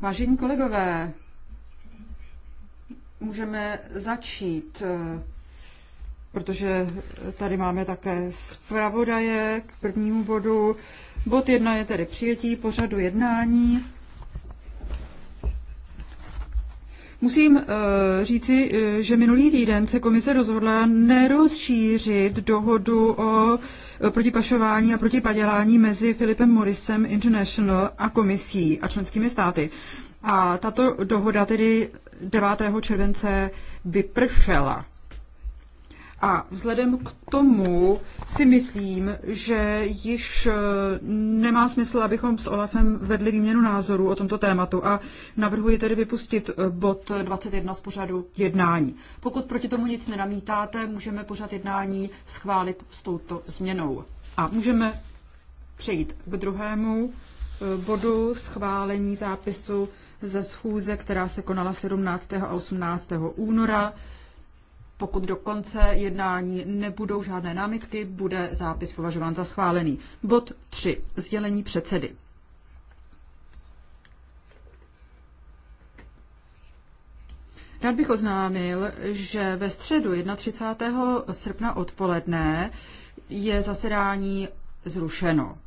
Vážení kolegové, můžeme začít, eh, protože tady máme také zpravodaje k prvnímu bodu. Bod jedna je tedy přijetí pořadu jednání. Musím eh, říci, eh, že minulý týden se komise rozhodla nerozšířit dohodu o eh, protipašování a protipadělání mezi Filipem Morrisem International a komisí a členskými státy. A tato dohoda tedy 9. července vypršela. A vzhledem k tomu si myslím, že již eh, nemá smysl, abychom s Olafem vedli výměnu názoru o tomto tématu a navrhuji tedy vypustit eh, bod 21 z pořadu jednání. Pokud proti tomu nic nenamítáte, můžeme pořad jednání schválit s touto změnou. A můžeme přejít k druhému eh, bodu schválení zápisu ze schůze, která se konala 17. a 18. února pokud do konce jednání nebudou žádné námitky, bude zápis považován za schválený. Bod 3. Sdělení předsedy. Rád bych oznámil, že ve středu 31. srpna odpoledne je zasedání zrušeno.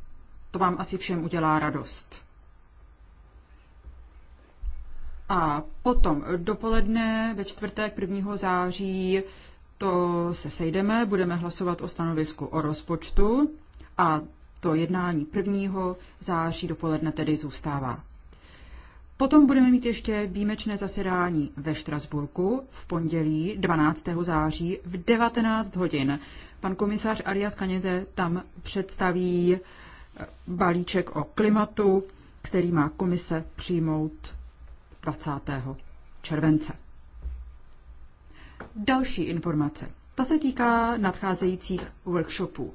To vám asi všem udělá radost. A potom dopoledne ve čtvrtek 1. září to se sejdeme, budeme hlasovat o stanovisku o rozpočtu a to jednání 1. září dopoledne tedy zůstává. Potom budeme mít ještě výjimečné zasedání ve Štrasburku v pondělí 12. září v 19 hodin. Pan komisař Arias Kaněte tam představí eh, balíček o klimatu, který má komise přijmout 20. července. Další informace. Ta se týká nadcházejících workshopů.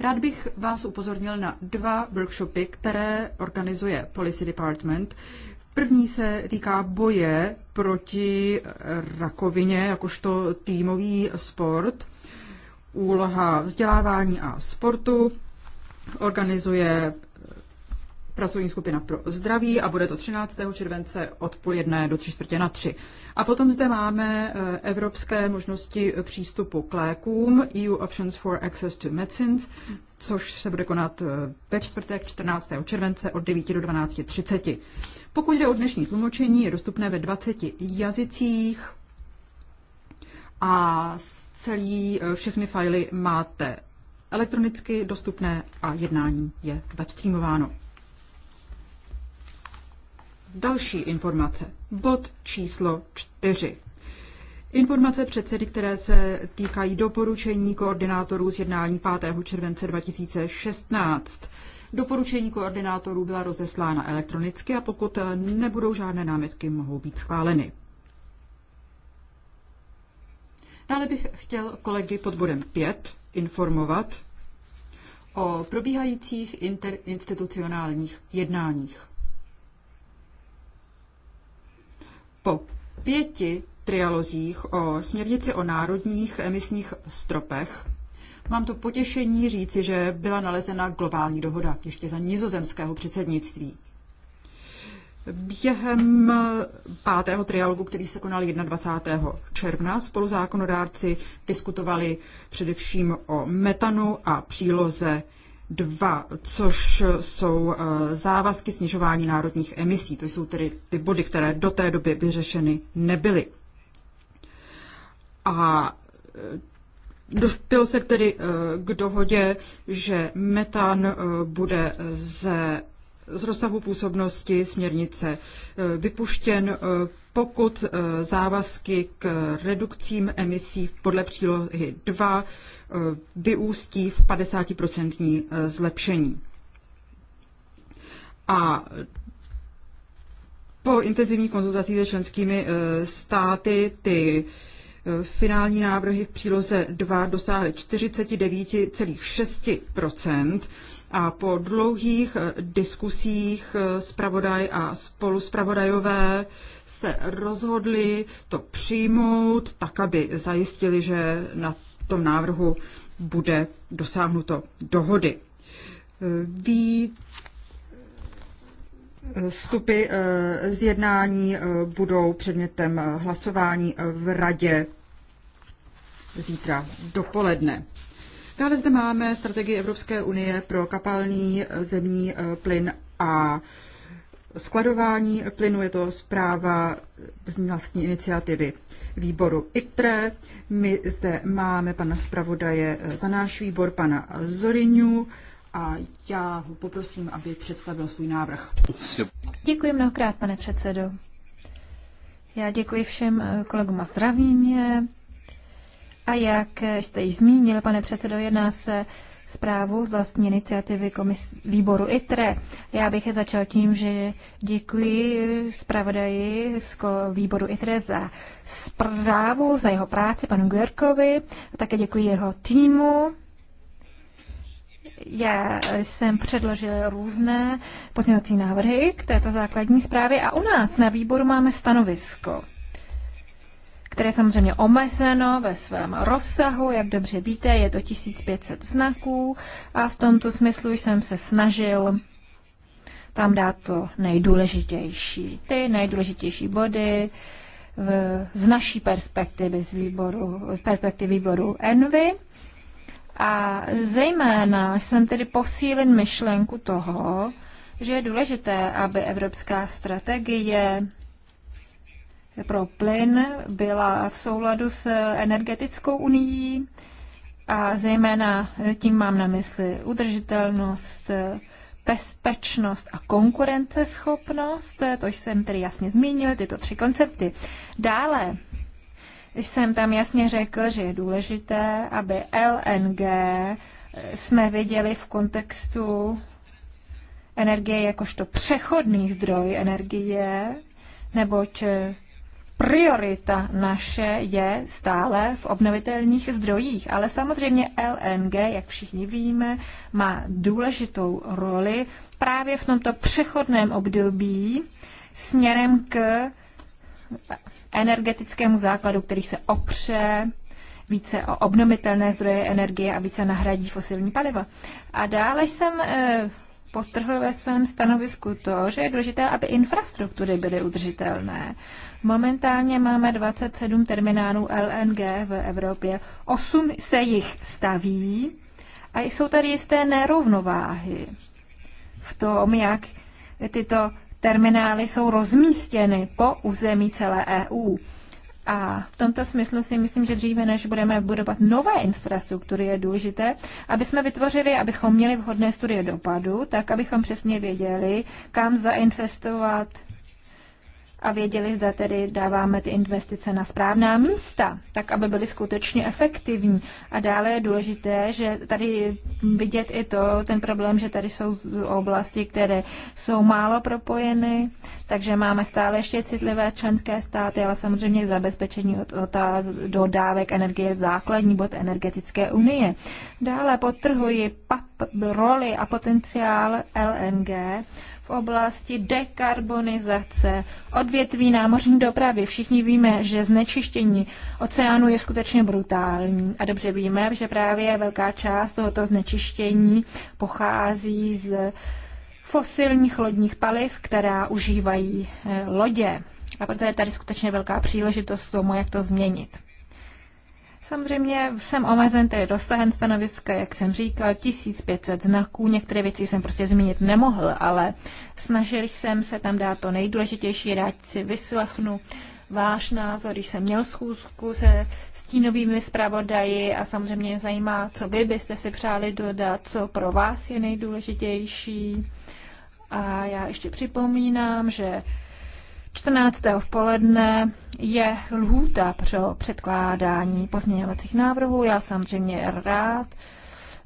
Rád bych vás upozornil na dva workshopy, které organizuje Policy Department. První se týká boje proti rakovině, jakožto týmový sport. Úloha vzdělávání a sportu organizuje pracovní skupina pro zdraví a bude to 13. července od půl jedné do tři čtvrtě na tři. A potom zde máme eh, evropské možnosti přístupu k lékům, EU Options for Access to Medicines, což se bude konat eh, ve čtvrtek 14. července od 9 do 12.30. Pokud jde o dnešní tlumočení, je dostupné ve 20 jazycích a celý eh, všechny fajly máte elektronicky dostupné a jednání je webstreamováno. Další informace. Bod číslo čtyři. Informace předsedy, které se týkají doporučení koordinátorů z jednání 5. července 2016. Doporučení koordinátorů byla rozeslána elektronicky a pokud nebudou žádné námitky, mohou být schváleny. Dále bych chtěl kolegy pod bodem 5 informovat o probíhajících interinstitucionálních jednáních. Po pěti trialozích o směrnici o národních emisních stropech mám to potěšení říci, že byla nalezena globální dohoda ještě za nizozemského předsednictví. Během pátého trialogu, který se konal 21. června, spoluzákonodárci diskutovali především o metanu a příloze 2, což jsou eh, závazky snižování národních emisí. To jsou tedy ty body, které do té doby vyřešeny nebyly. A eh, dospěl se tedy eh, k dohodě, že metan bude ze z rozsahu působnosti směrnice vypuštěn pokud eh, závazky k redukcím emisí podle přílohy 2 eh, vyústí v 50% eh, zlepšení. A po intenzivních konzultacích se členskými státy ty finální návrhy v příloze 2 dosáhly 49,6 a po dlouhých eh, diskusích eh, zpravodaj a spoluzpravodajové se rozhodli to přijmout, tak aby zajistili, že na tom návrhu bude dosáhnuto dohody. Eh, ví Vstupy z jednání budou předmětem hlasování v radě zítra dopoledne. Dále zde máme strategii Evropské unie pro kapalný zemní eh, plyn a skladování plynu. Je to zpráva z vlastní iniciativy výboru ITRE. My zde máme pana zpravodaje eh, za náš výbor, pana Zoriňu a já ho poprosím, aby představil svůj návrh. Děkuji mnohokrát, pane předsedo. Já děkuji všem eh, kolegům a zdravím je. A jak jste již zmínil, pane předsedo, jedná se zprávu z vlastní iniciativy komis- výboru ITRE. Já bych je začal tím, že děkuji zpravodaji z výboru ITRE za zprávu, za jeho práci panu Gjerkovi a také děkuji jeho týmu. Já jsem předložil různé pozměňovací návrhy k této základní zprávě a u nás na výboru máme stanovisko které je samozřejmě omezeno ve svém rozsahu, jak dobře víte, je to 1500 znaků a v tomto smyslu jsem se snažil tam dát to nejdůležitější, ty nejdůležitější body v, z naší perspektivy, z výboru, z perspektivy výboru Envy. A zejména jsem tedy posílen myšlenku toho, že je důležité, aby evropská strategie pro plyn byla v souladu s energetickou unii a zejména tím mám na mysli udržitelnost, bezpečnost a konkurenceschopnost, to jsem tedy jasně zmínil, tyto tři koncepty. Dále jsem tam jasně řekl, že je důležité, aby LNG jsme viděli v kontextu energie jakožto přechodný zdroj energie, neboť priorita naše je stále v obnovitelných zdrojích, ale samozřejmě LNG, jak všichni víme, má důležitou roli právě v tomto přechodném období směrem k energetickému základu, který se opře více o obnovitelné zdroje energie a více nahradí fosilní paliva. A dále jsem eh, potrhl ve svém stanovisku to, že je důležité, aby infrastruktury byly udržitelné. Momentálně máme 27 terminálů LNG v Evropě, 8 se jich staví a jsou tady jisté nerovnováhy v tom, jak tyto terminály jsou rozmístěny po území celé EU. A v tomto smyslu si myslím, že dříve, než budeme budovat nové infrastruktury, je důležité, aby jsme vytvořili, abychom měli vhodné studie dopadu, tak abychom přesně věděli, kam zainvestovat a věděli, zda tedy dáváme ty investice na správná místa, tak aby byly skutečně efektivní. A dále je důležité, že tady vidět i to, ten problém, že tady jsou oblasti, které jsou málo propojeny, takže máme stále ještě citlivé členské státy, ale samozřejmě zabezpečení od otáz, dodávek energie je základní bod energetické unie. Dále potrhuji PAP roli a potenciál LNG v oblasti dekarbonizace odvětví námořní dopravy. Všichni víme, že znečištění oceánu je skutečně brutální a dobře víme, že právě velká část tohoto znečištění pochází z fosilních lodních paliv, která užívají eh, lodě. A proto je tady skutečně velká příležitost k tomu, jak to změnit. Samozřejmě jsem omezen tedy dosahem stanoviska, jak jsem říkal, 1500 znaků, některé věci jsem prostě zmínit nemohl, ale snažil jsem se tam dát to nejdůležitější, rád si vyslechnu váš názor, když jsem měl schůzku se stínovými zpravodaji a samozřejmě mě zajímá, co vy byste si přáli dodat, co pro vás je nejdůležitější. A já ještě připomínám, že 14. v poledne je lhůta pro předkládání pozměňovacích návrhů. Já samozřejmě rád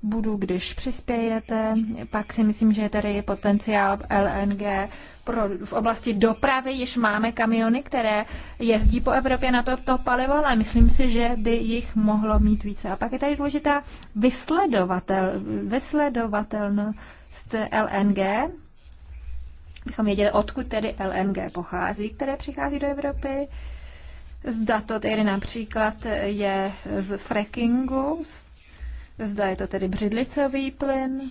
budu, když přispějete. Pak si myslím, že tady je potenciál LNG pro, v oblasti dopravy. Již máme kamiony, které jezdí po Evropě na toto to palivo, ale myslím si, že by jich mohlo mít více. A pak je tady důležitá vysledovatel, vysledovatelnost LNG abychom věděli, odkud tedy LNG pochází, které přichází do Evropy. Zda to tedy například je z frackingu, zda je to tedy břidlicový plyn,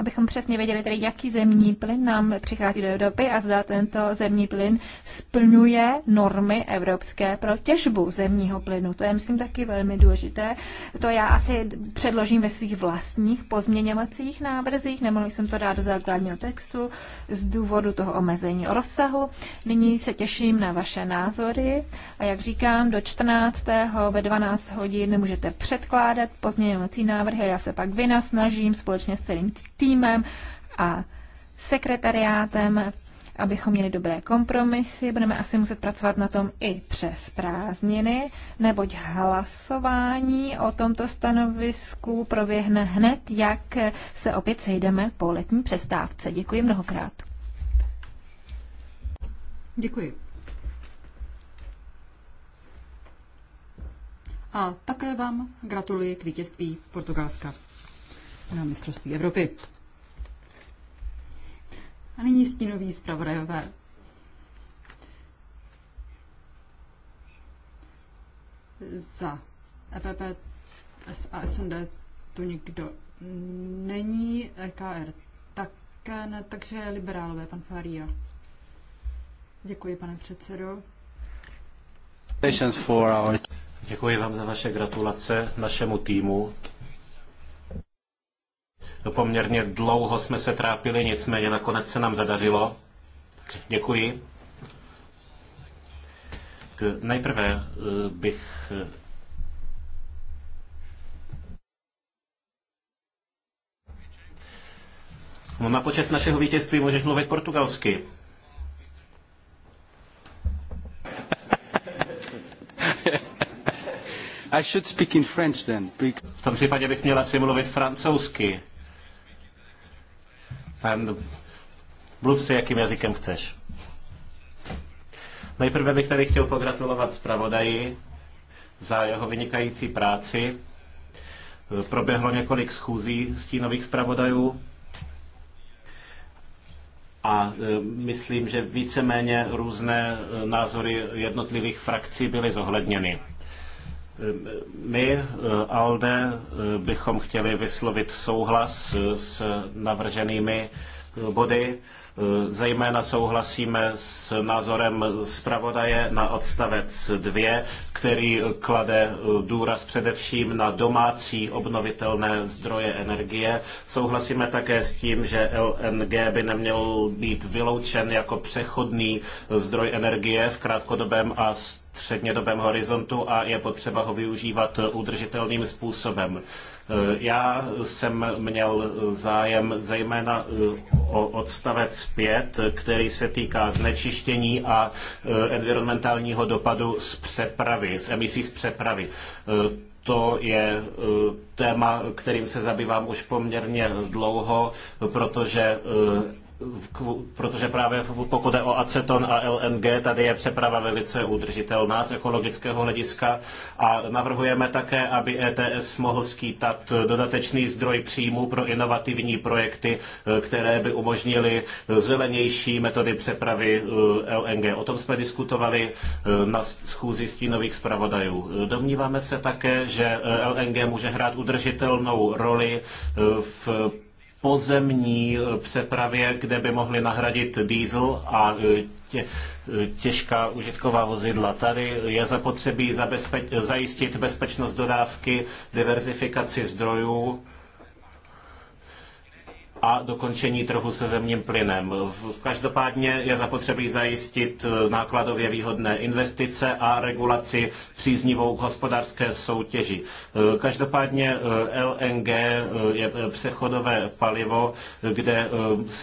abychom přesně věděli, tedy jaký zemní plyn nám přichází do Evropy a zda tento zemní plyn splňuje normy evropské pro těžbu zemního plynu. To je, myslím, taky velmi důležité. To já asi předložím ve svých vlastních pozměňovacích návrzích, nemohl jsem to dát do základního textu z důvodu toho omezení rozsahu. Nyní se těším na vaše názory a jak říkám, do 14. ve 12 hodin můžete předkládat pozměňovací návrhy a já se pak vynasnažím společně s celým týmem týmem a sekretariátem, abychom měli dobré kompromisy. Budeme asi muset pracovat na tom i přes prázdniny, neboť hlasování o tomto stanovisku proběhne hned, jak se opět sejdeme po letní přestávce. Děkuji mnohokrát. Děkuji. A také vám gratuluji k vítězství Portugalska na mistrovství Evropy. A nyní stínoví zpravodajové. Za EPP a SND tu nikdo není, EKR také ne, takže liberálové, pan Faria. Děkuji, pane předsedo. Děkuji vám za vaše gratulace našemu týmu. No poměrně dlouho jsme se trápili, nicméně nakonec se nám zadařilo. Děkuji. Nejprve eh, bych No na počest našeho vítězství můžeš mluvit portugalsky. I should speak in French then. V tom případě bych měla si mluvit francouzsky. And mluv si, jakým jazykem chceš. Nejprve bych tady chtěl pogratulovat zpravodaji za jeho vynikající práci. Proběhlo několik schůzí stínových zpravodajů a e, myslím, že víceméně různé e, názory jednotlivých frakcí byly zohledněny. My, eh, ALDE, eh, bychom chtěli vyslovit souhlas eh, s navrženými body Eh, zejména souhlasíme s názorem zpravodaje na odstavec 2, který klade eh, důraz především na domácí obnovitelné zdroje energie. Souhlasíme také s tím, že LNG by neměl být vyloučen jako přechodný eh, zdroj energie v krátkodobém a střednědobém horizontu a je potřeba ho využívat udržitelným způsobem. Já jsem měl zájem zejména odstavec 5, který se týká znečištění a eh, environmentálního dopadu z přepravy, z emisí z přepravy. Eh, to je eh, téma, kterým se zabývám už poměrně dlouho, protože protože právě pokud je o aceton a LNG, tady je přeprava velice udržitelná z ekologického hlediska a navrhujeme také, aby ETS mohl skýtat dodatečný zdroj příjmu pro inovativní projekty, eh, které by umožnily eh, zelenější metody přepravy eh, LNG. O tom jsme diskutovali na schůzi stínových zpravodajů. Domníváme se také, že LNG může hrát udržitelnou roli v pozemní eh, přepravě, kde by mohli nahradit diesel a eh, tě, eh, těžká užitková vozidla. Tady je zapotřebí zabezpe, zajistit bezpečnost dodávky, diverzifikaci zdrojů a dokončení trhu se zemním plynem. Každopádně je zapotřebí zajistit eh, nákladově výhodné investice a regulaci příznivou k hospodářské soutěži. Eh, každopádně eh, LNG je přechodové palivo, kde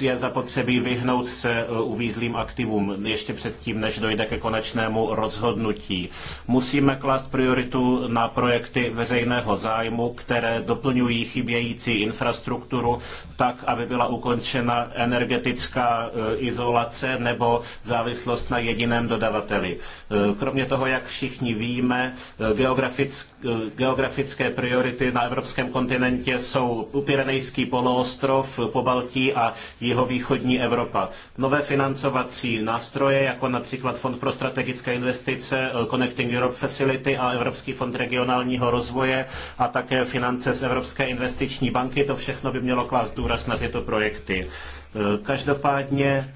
je zapotřebí vyhnout se uvízlým aktivům ještě předtím, než dojde ke konečnému rozhodnutí. Musíme klást prioritu na projekty veřejného zájmu, které doplňují chybějící infrastrukturu tak, aby byla ukončena energetická eh, izolace nebo závislost na jediném dodavateli. Eh, kromě toho, jak všichni víme, eh, geografické priority na evropském kontinentě jsou Pyrenejský poloostrov, Pobaltí a jihovýchodní Evropa. Nové financovací nástroje, jako například Fond pro strategické investice, Connecting Europe Facility a Evropský fond regionálního rozvoje a také finance z Evropské investiční banky, to všechno by mělo klást důraz důraz na tyto projekty. E, každopádně e,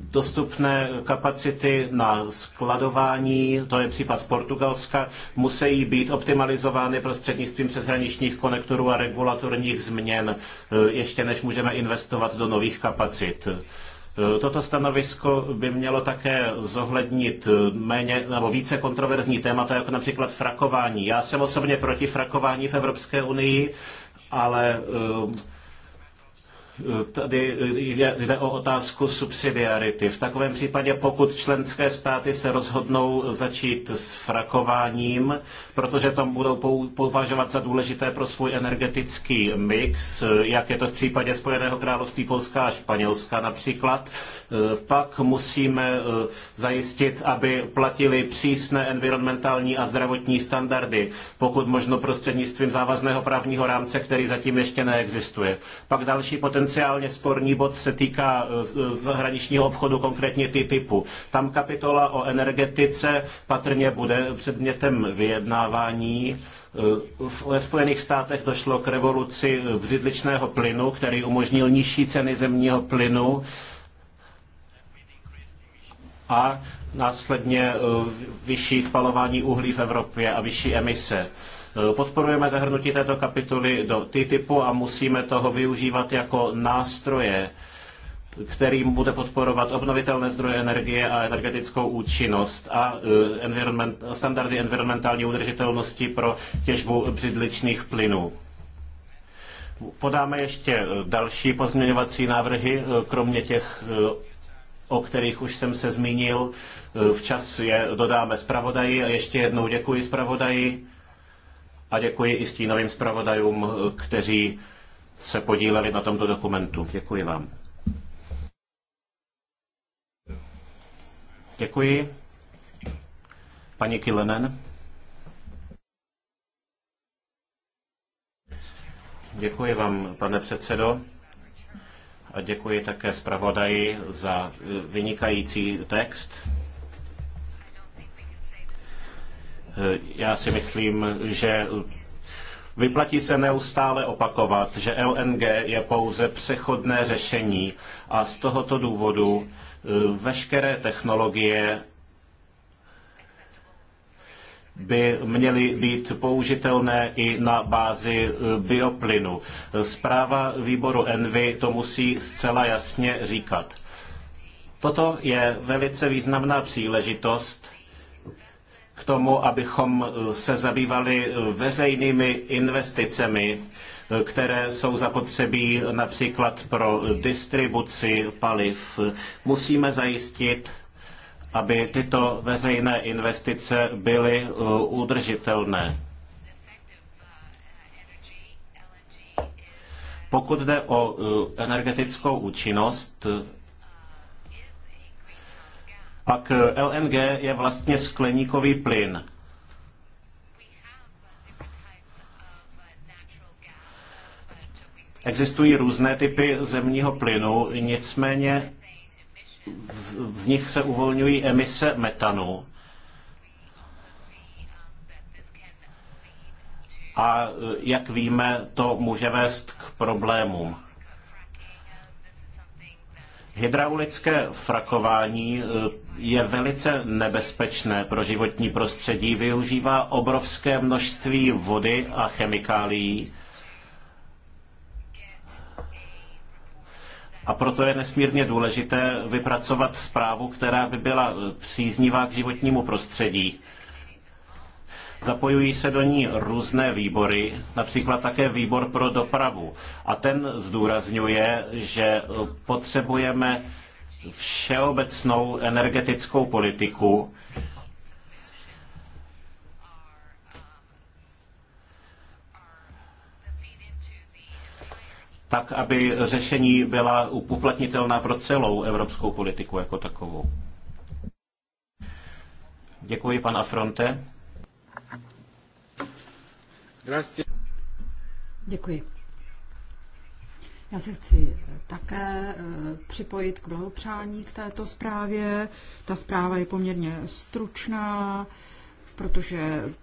dostupné kapacity na skladování, to je případ Portugalska, musí být optimalizovány prostřednictvím přeshraničních konektorů a regulatorních změn, e, ještě než můžeme investovat do nových kapacit. Toto stanovisko by mělo také zohlednit méně nebo více kontroverzní témata, jako například frakování. Já jsem osobně proti frakování v Evropské unii, ale eh, Tady jde o otázku subsidiarity. V takovém případě, pokud členské státy se rozhodnou začít s frakováním, protože to budou považovat za důležité pro svůj energetický mix, jak je to v případě Spojeného království Polska a Španělska například, eh, pak musíme eh, zajistit, aby platili přísné environmentální a zdravotní standardy, pokud možno prostřednictvím závazného právního rámce, který zatím ještě neexistuje. Pak další potenciální potenciálně sporný bod se týká e, e, zahraničního obchodu, konkrétně ty typu. Tam kapitola o energetice patrně bude předmětem vyjednávání. E, ve Spojených státech došlo k revoluci břidličného plynu, který umožnil nižší ceny zemního plynu a následně vyšší spalování uhlí v Evropě a vyšší emise. Eh, podporujeme zahrnutí této kapitoly do TTIPu a musíme toho využívat jako nástroje, kterým bude podporovat obnovitelné zdroje energie a energetickou účinnost a eh, environment, standardy environmentální udržitelnosti pro těžbu břidličných plynů. Podáme ještě eh, další pozměňovací návrhy, kromě těch, o kterých už jsem se zmínil. Včas je dodáme zpravodaji a ještě jednou děkuji zpravodaji a děkuji i stínovým zpravodajům, eh, kteří se podíleli na tomto dokumentu. Děkuji vám. Děkuji. Paní Kilenen. Děkuji vám, pane předsedo. A děkuji také zpravodaji za eh, vynikající text. Eh, já si myslím, že Vyplatí se neustále opakovat, že LNG je pouze přechodné řešení a z tohoto důvodu eh, veškeré technologie by měly být použitelné i na bázi eh, bioplynu. Zpráva výboru Envy to musí zcela jasně říkat. Toto je velice významná příležitost, k tomu, abychom eh, se zabývali eh, veřejnými investicemi, eh, které jsou zapotřebí například pro distribuci paliv. Musíme zajistit, aby tyto veřejné investice byly udržitelné. Pokud jde o energetickou účinnost, pak eh, LNG je vlastně skleníkový plyn. Existují různé typy zemního plynu, nicméně z nich se uvolňují emise metanu. A eh, jak víme, to může vést k problémům. Hydraulické frakování eh, je velice nebezpečné pro životní prostředí, využívá obrovské množství vody a chemikálií. A proto je nesmírně důležité vypracovat zprávu, která by byla příznivá k životnímu prostředí. Zapojují se do ní různé výbory, například také výbor pro dopravu. A ten zdůrazňuje, že potřebujeme všeobecnou energetickou politiku, tak, aby řešení byla uplatnitelná pro celou evropskou politiku jako takovou. Děkuji, pan Afronte. Děkuji. Já se chci eh, také eh, připojit k blahopřání k této zprávě. Ta zpráva je poměrně stručná, protože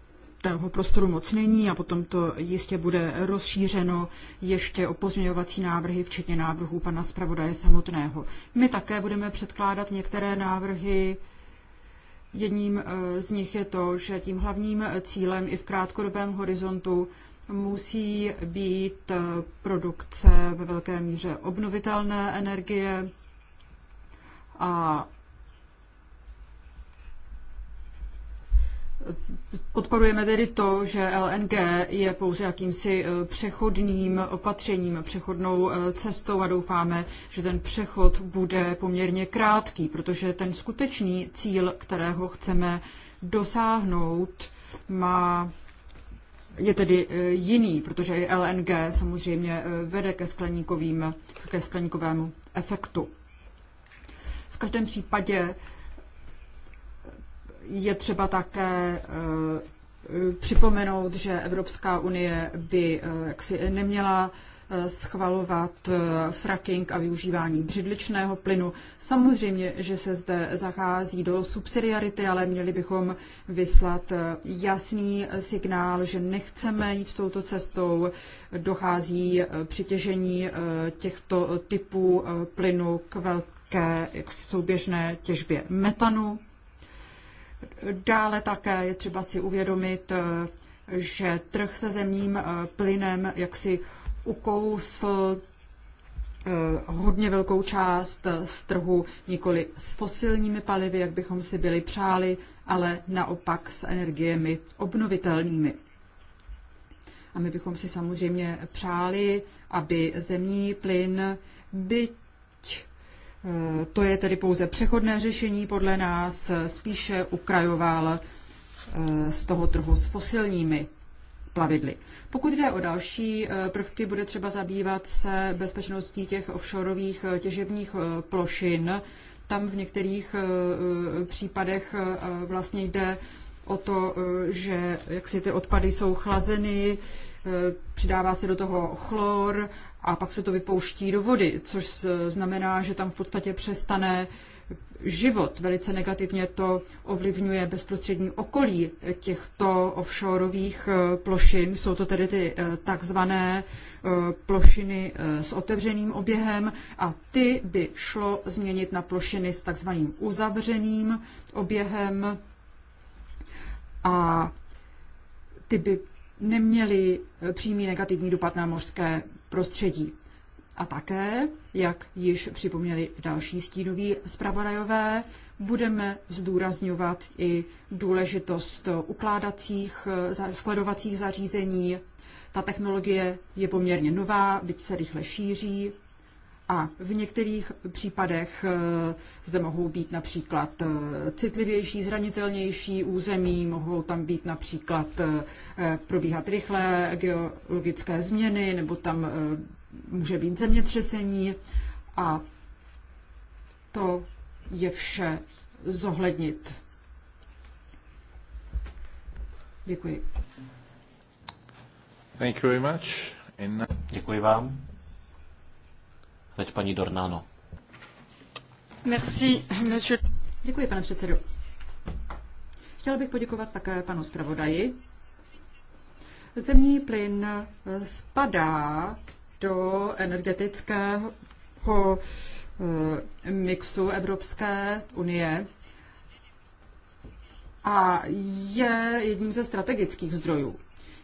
toho prostoru moc není a potom to jistě bude rozšířeno ještě o pozměňovací návrhy, včetně návrhů pana zpravodaje samotného. My také budeme předkládat některé návrhy. Jedním eh, z nich je to, že tím hlavním cílem i v krátkodobém horizontu musí být produkce ve velké míře obnovitelné energie a Podporujeme tedy to, že LNG je pouze jakýmsi eh, přechodným opatřením, přechodnou eh, cestou a doufáme, že ten přechod bude poměrně krátký, protože ten skutečný cíl, kterého chceme dosáhnout, má je tedy e, jiný, protože i LNG samozřejmě e, vede ke, skleníkovým, ke skleníkovému efektu. V každém případě e, je třeba také připomenout, že Evropská unie by jaksi neměla Eh, schvalovat eh, fracking a využívání břidličného plynu. Samozřejmě, že se zde zachází do subsidiarity, ale měli bychom vyslat eh, jasný signál, že nechceme jít touto cestou. Dochází přitěžení těchto typů plynu k velké souběžné těžbě metanu. Dále také je třeba si uvědomit, že trh se zemním plynem jaksi ukousl eh, hodně velkou část eh, z trhu nikoli s fosilními palivy, jak bychom si byli přáli, ale naopak s energiemi obnovitelnými. A my bychom si samozřejmě přáli, aby zemní plyn, byť eh, to je tedy pouze přechodné řešení podle nás, spíše ukrajoval z toho trhu s fosilními plavidly. Pokud jde o další eh, prvky, bude třeba zabývat se bezpečností těch offshoreových eh, těžebních eh, plošin. Tam v některých případech vlastně jde o to, že jak si ty odpady jsou chlazeny, přidává se do toho chlor a pak se to vypouští do vody, což znamená, že tam v podstatě přestane uh, život. Velice negativně to ovlivňuje bezprostřední okolí těchto offshoreových eh, plošin. Jsou to tedy ty eh, takzvané eh, plošiny s otevřeným oběhem a ty by šlo změnit na plošiny s takzvaným uzavřeným oběhem a ty by neměly přímý negativní dopad na mořské prostředí. A také, jak již připomněli další stínoví zpravodajové, budeme zdůrazňovat i důležitost ukládacích, skladovacích zařízení. Ta technologie je poměrně nová, byť se rychle šíří. A v některých případech eh, zde mohou být například eh, citlivější, zranitelnější území, mohou tam být například eh, probíhat rychlé geologické změny, nebo tam může být zemětřesení a to je vše zohlednit. Děkuji. Thank you very much. In... Děkuji vám. Teď paní Dornáno. Merci, monsieur. Děkuji, pane předsedo. Chtěla bych poděkovat také panu zpravodaji. Zemní plyn spadá do energetického eh, mixu Evropské unie a je jedním ze strategických zdrojů.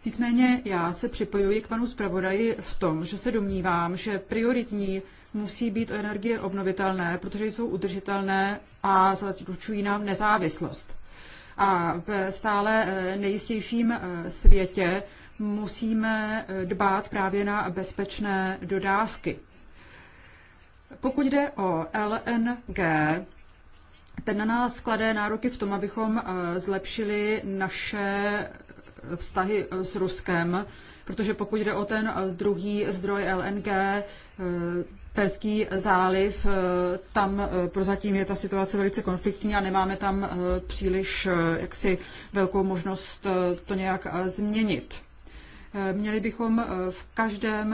Nicméně já se připojuji k panu zpravodaji v tom, že se domnívám, že prioritní musí být energie obnovitelné, protože jsou udržitelné a zaručují nám nezávislost. A ve stále eh, nejistějším eh, světě musíme eh, dbát právě na bezpečné dodávky. Pokud jde o LNG, ten na nás skladé nároky v tom, abychom eh, zlepšili naše eh, vztahy s Ruskem, protože pokud jde o ten druhý zdroj LNG, Perský záliv, tam prozatím je ta situace velice konfliktní a nemáme tam příliš jaksi velkou možnost to nějak změnit. Eh, měli bychom eh, v každém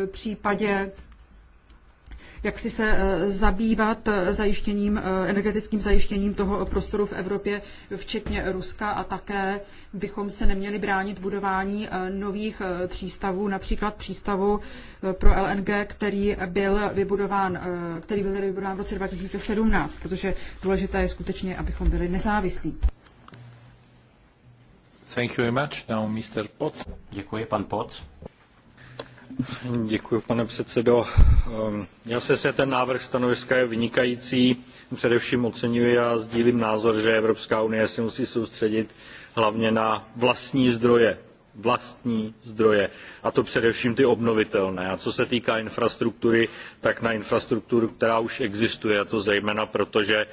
eh, případě jak si se zabývat zajištěním, energetickým zajištěním toho prostoru v Evropě, včetně Ruska a také bychom se neměli bránit budování nových přístavů, například přístavu pro LNG, který byl vybudován, který byl vybudován v roce 2017, protože důležité je skutečně, abychom byli nezávislí. Thank you very much. Now Mr. Potts. Děkuji, pan Potts. Děkuji, pane předsedo. Um, já si se ten návrh stanoviska je vynikající. Především oceňuji a sdílím názor, že Evropská unie se musí soustředit hlavně na vlastní zdroje vlastní zdroje, a to především ty obnovitelné. A co se týká infrastruktury, tak na infrastrukturu, která už existuje, a to zejména proto, že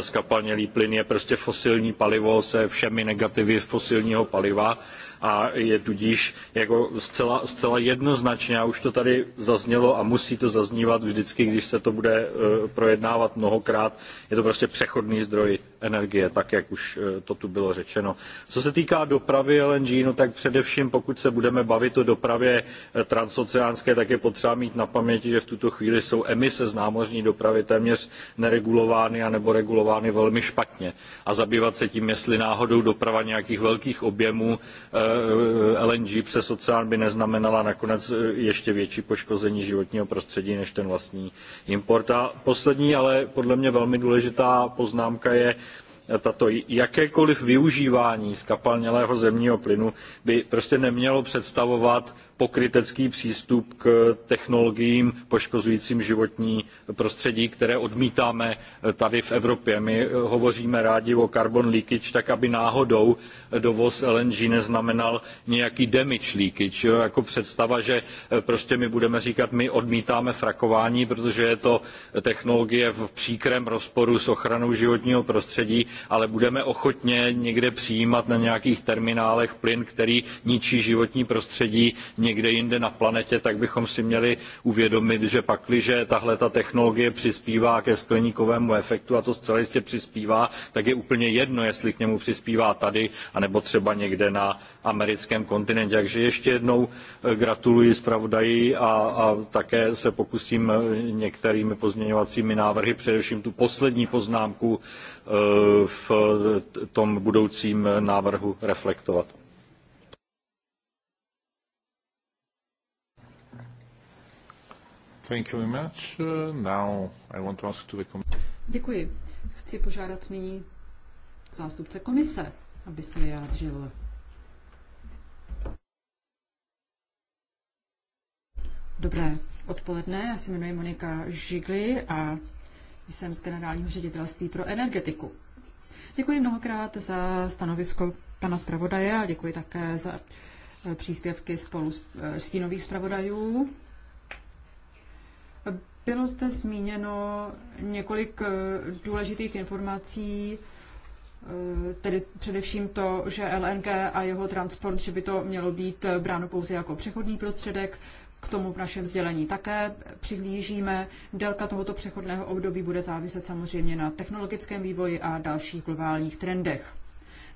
skapalnělý eh, plyn je prostě fosilní palivo se všemi negativy fosilního paliva, a je tudíž jako zcela, zcela jednoznačně, a už to tady zaznělo a musí to zaznívat vždycky, když se to bude e, projednávat mnohokrát, je to prostě přechodný zdroj energie, tak jak už e, to tu bylo řečeno. Co se týká dopravy LNG, no tak především pokud se budeme bavit o dopravě e, transoceánské, tak je potřeba mít na paměti, že v tuto chvíli jsou emise z námořní dopravy téměř neregulovány anebo regulovány velmi špatně. A zabývat se tím, jestli náhodou doprava nějakých velkých objemů Eh, LNG přes oceán by neznamenala nakonec eh, ještě větší poškození životního prostředí než ten vlastní import. A poslední, ale podle mě velmi důležitá poznámka je, eh, tato jakékoliv využívání skapalnělého zemního plynu by prostě nemělo představovat pokrytecký přístup k technologiím poškozujícím životní prostředí, které odmítáme tady v Evropě. My hovoříme rádi o carbon leakage, tak aby náhodou dovoz LNG neznamenal nějaký damage leakage. Jo? Jako představa, že prostě my budeme říkat, my odmítáme frakování, protože je to technologie v příkrém rozporu s ochranou životního prostředí, ale budeme ochotně někde přijímat na nějakých terminálech plyn, který ničí životní prostředí, někde jinde na planetě, tak bychom si měli uvědomit, že pakliže tahle ta technologie přispívá ke skleníkovému efektu a to zcela jistě přispívá, tak je úplně jedno, jestli k němu přispívá tady, anebo třeba někde na americkém kontinentě. Takže ještě jednou eh, gratuluji zpravodaji a, a také se pokusím eh, některými pozměňovacími návrhy, především tu poslední poznámku eh, v tom budoucím návrhu reflektovat. Thank you very much. Uh, now I want to ask to the Děkuji. Chci požádat nyní zástupce komise, aby se vyjádřil. Dobré odpoledne, já se jmenuji Monika Žigli a jsem z Generálního ředitelství pro energetiku. Děkuji mnohokrát za stanovisko pana zpravodaje a děkuji také za eh, příspěvky spolu s eh, stínových zpravodajů. Bylo zde zmíněno několik eh, důležitých informací, eh, tedy především to, že LNG a jeho transport, že by to mělo být eh, bráno pouze jako přechodný prostředek, k tomu v našem vzdělení také přihlížíme. Délka tohoto přechodného období bude záviset samozřejmě na technologickém vývoji a dalších globálních trendech.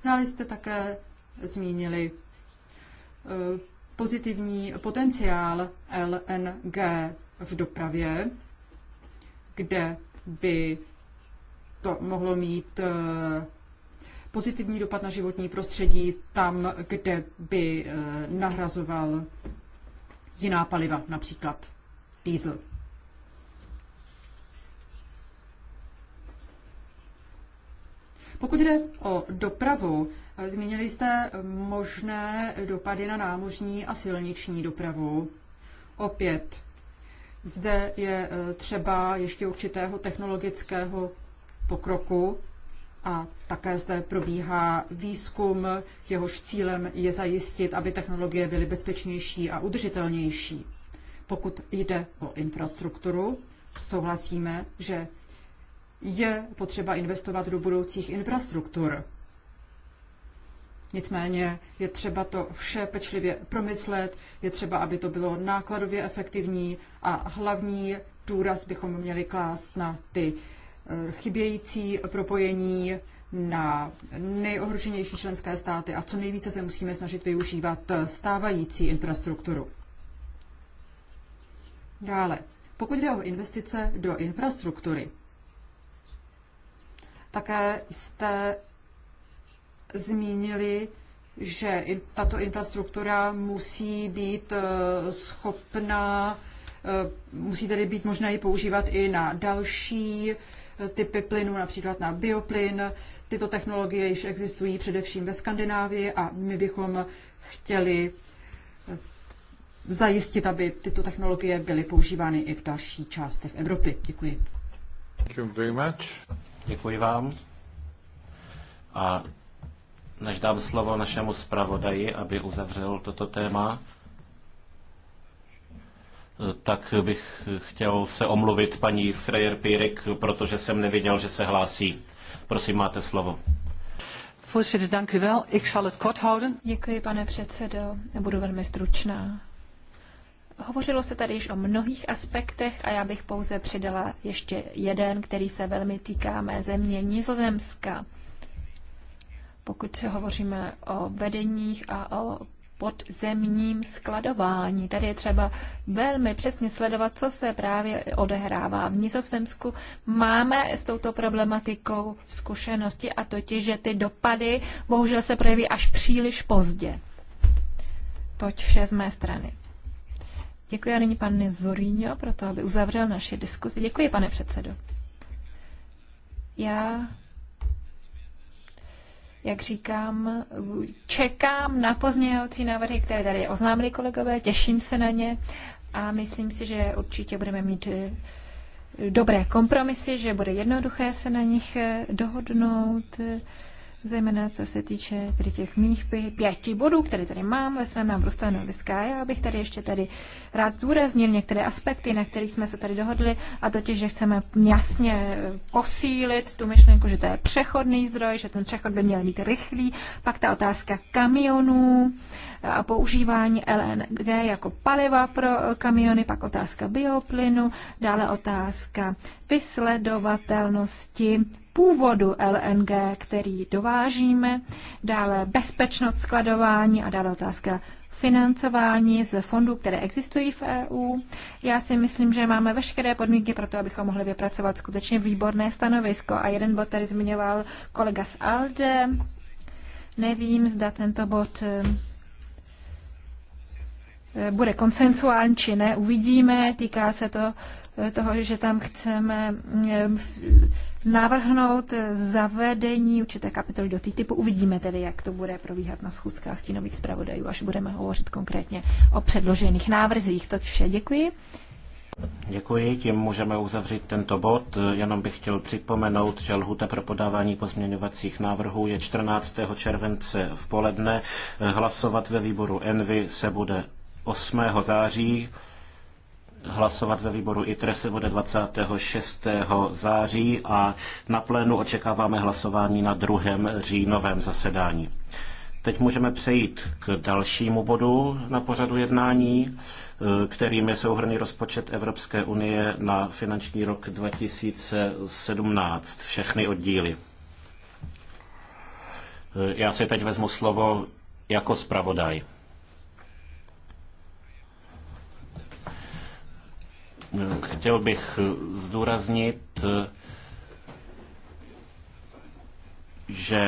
Dále jste také zmínili pozitivní potenciál LNG v dopravě, kde by to mohlo mít eh, pozitivní dopad na životní prostředí tam, kde by eh, nahrazoval jiná paliva, například diesel. Pokud jde o dopravu, eh, zmínili jste možné dopady na námořní a silniční dopravu. Opět zde je e, třeba ještě určitého technologického pokroku a také zde probíhá výzkum, jehož cílem je zajistit, aby technologie byly bezpečnější a udržitelnější. Pokud jde o infrastrukturu, souhlasíme, že je potřeba investovat do budoucích infrastruktur. Nicméně je třeba to vše pečlivě promyslet, je třeba, aby to bylo nákladově efektivní a hlavní důraz bychom měli klást na ty eh, chybějící propojení na nejohroženější členské státy a co nejvíce se musíme snažit využívat stávající infrastrukturu. Dále, pokud jde o investice do infrastruktury, také jste zmínili, že tato infrastruktura musí být eh, schopná, eh, musí tedy být možné ji používat i na další eh, typy plynu, například na bioplyn. Tyto technologie již existují především ve Skandinávii a my bychom chtěli zajistit, aby tyto technologie byly používány i v dalších částech Evropy. Děkuji. Thank you very much. Děkuji vám. A než dám slovo našemu zpravodaji, aby uzavřel toto téma, tak bych chtěl se omluvit paní Schreier Pírek, protože jsem neviděl, že se hlásí. Prosím, máte slovo. Děkuji, pane předsedo. Budu velmi stručná. Hovořilo se tady již o mnohých aspektech a já bych pouze přidala ještě jeden, který se velmi týká mé země Nizozemska pokud se hovoříme o vedeních a o podzemním skladování. Tady je třeba velmi přesně sledovat, co se právě odehrává. V Nizozemsku máme s touto problematikou zkušenosti a totiž, že ty dopady bohužel se projeví až příliš pozdě. Toť vše z mé strany. Děkuji a nyní pan Zoríňo, proto aby uzavřel naše diskuzi. Děkuji, pane předsedo. Já jak říkám, čekám na pozměňovací návrhy, které tady oznámili kolegové, těším se na ně a myslím si, že určitě budeme mít eh, dobré kompromisy, že bude jednoduché se na nich eh, dohodnout zejména co se týče tady těch mých pěti bodů, které tady mám ve svém návrhu stanoviska. Já bych tady ještě tady rád zdůraznil některé aspekty, na kterých jsme se tady dohodli, a totiž, že chceme jasně e, posílit tu myšlenku, že to je přechodný zdroj, že ten přechod by měl být rychlý. Pak ta otázka kamionů, a používání LNG jako paliva pro kamiony, pak otázka bioplynu, dále otázka vysledovatelnosti původu LNG, který dovážíme, dále bezpečnost skladování a dále otázka financování z fondů, které existují v EU. Já si myslím, že máme veškeré podmínky pro to, abychom mohli vypracovat skutečně výborné stanovisko. A jeden bod tady zmiňoval kolega z ALDE. Nevím, zda tento bod eh, Eh, bude konsensuální či ne, uvidíme. Týká se to eh, toho, že tam chceme mm, eh, navrhnout zavedení určité kapitoly do typu. Uvidíme tedy, jak to bude probíhat na schůzkách stínových zpravodajů, až budeme hovořit konkrétně o předložených návrzích. To vše děkuji. Děkuji, tím můžeme uzavřít tento bod. Jenom bych chtěl připomenout, že lhuta pro podávání pozměňovacích návrhů je 14. července v poledne. Hlasovat ve výboru Envy se bude 8. září. Hlasovat ve výboru ITRE se bude 26. září a na plénu očekáváme hlasování na druhém říjnovém zasedání. Teď můžeme přejít k dalšímu bodu na pořadu jednání, eh, kterým je souhrný rozpočet Evropské unie na finanční rok 2017, všechny oddíly. Eh, já si teď vezmu slovo jako zpravodaj. Chtěl bych zdůraznit, že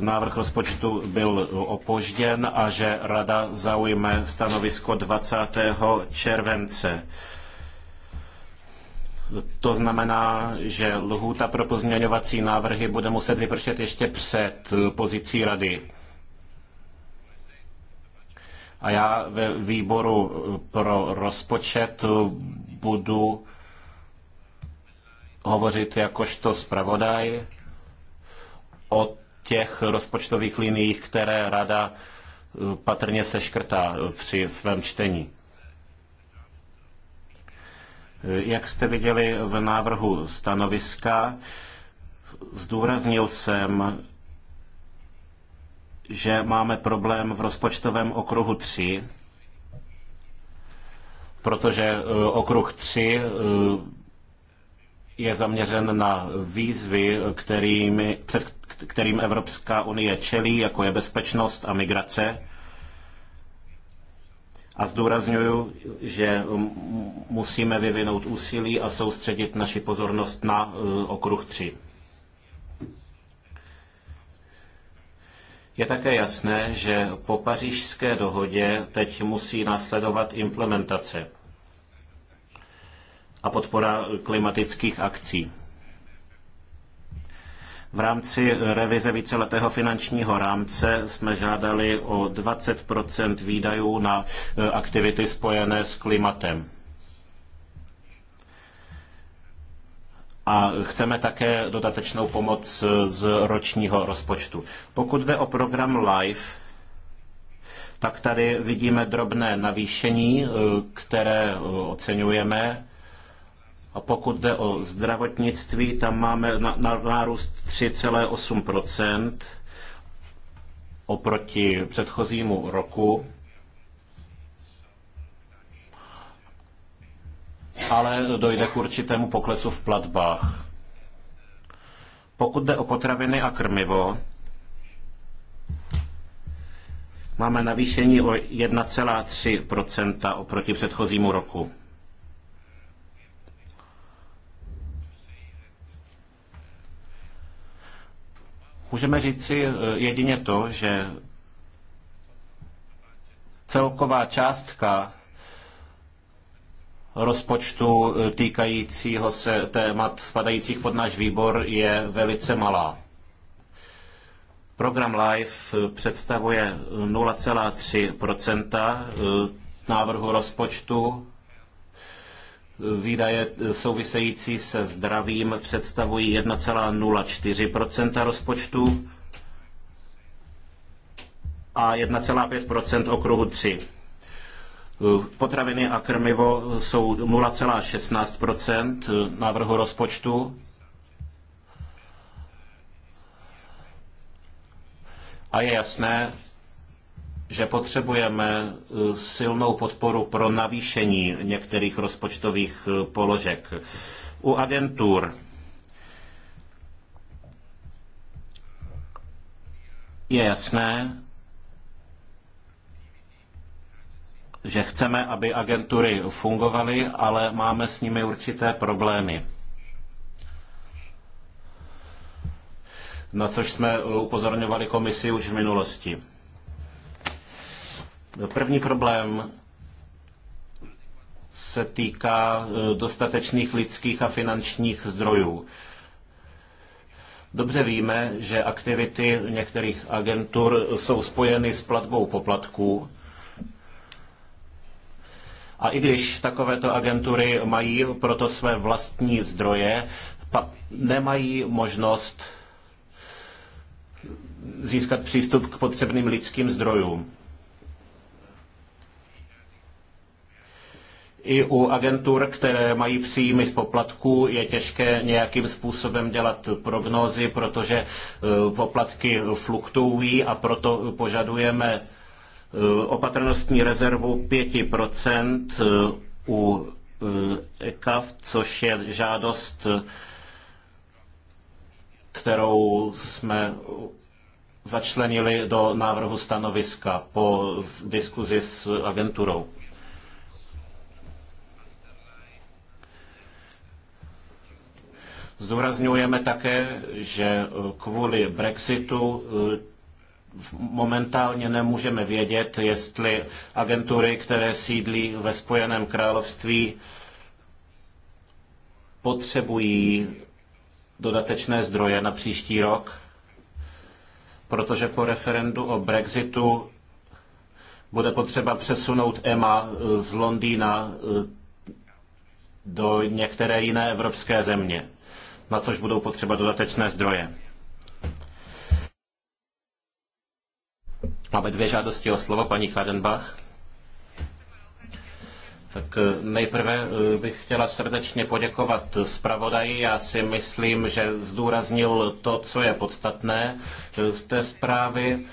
návrh rozpočtu byl opožděn a že Rada zaujme stanovisko 20. července. To znamená, že lhůta pro pozměňovací návrhy bude muset vypršet ještě před pozicí Rady a já ve výboru eh, pro rozpočet eh, budu hovořit jakožto zpravodaj o těch rozpočtových liniích, které rada eh, patrně seškrtá při svém čtení. Jak jste viděli v návrhu stanoviska, zdůraznil jsem, že máme problém v rozpočtovém okruhu 3, protože e, okruh 3 e, je zaměřen na výzvy, kterými, před kterým Evropská unie čelí, jako je bezpečnost a migrace. A zdůrazňuju, že musíme vyvinout úsilí a soustředit naši pozornost na e, okruh 3. Je také jasné, že po pařížské dohodě teď musí následovat implementace a podpora klimatických akcí. V rámci revize víceletého finančního rámce jsme žádali o 20 výdajů na e, aktivity spojené s klimatem. a chceme také dodatečnou pomoc z ročního rozpočtu. Pokud jde o program LIFE, tak tady vidíme drobné navýšení, eh, které eh, oceňujeme. A pokud jde o zdravotnictví, tam máme nárůst 3,8 oproti předchozímu roku. ale dojde k určitému poklesu v platbách. Pokud jde o potraviny a krmivo, máme navýšení o 1,3 oproti předchozímu roku. Můžeme říci eh, jedině to, že celková částka rozpočtu eh, týkajícího se témat spadajících pod náš výbor je velice malá. Program LIFE eh, představuje 0,3 eh, návrhu rozpočtu. Výdaje související se zdravím představují 1,04 rozpočtu a 1,5 okruhu 3. Potraviny a krmivo jsou 0,16 návrhu rozpočtu. A je jasné, že potřebujeme eh, silnou podporu pro navýšení některých rozpočtových eh, položek. U agentur je jasné, že chceme, aby agentury fungovaly, ale máme s nimi určité problémy. Na což jsme upozorňovali komisi už v minulosti. První problém se týká eh, dostatečných lidských a finančních zdrojů. Dobře víme, že aktivity některých agentur jsou spojeny s platbou poplatků a i když takovéto agentury mají proto své vlastní zdroje, nemají možnost získat přístup k potřebným lidským zdrojům. I u agentur, které mají příjmy z poplatků, je těžké nějakým způsobem dělat prognózy, protože eh, poplatky fluktuují a proto požadujeme Eh, opatrnostní rezervu 5% eh, u eh, ECAF, což je žádost, kterou jsme začlenili do návrhu stanoviska po diskuzi s agenturou. Zdůrazňujeme také, že kvůli Brexitu momentálně nemůžeme vědět, jestli agentury, které sídlí ve Spojeném království, potřebují dodatečné zdroje na příští rok, protože po referendu o Brexitu bude potřeba přesunout EMA z Londýna eh, do některé jiné evropské země, na což budou potřeba dodatečné zdroje. Máme dvě žádosti o slovo, paní Kladenbach. Tak eh, nejprve eh, bych chtěla srdečně poděkovat zpravodaji. Já si myslím, že zdůraznil to, co je podstatné eh, z té zprávy.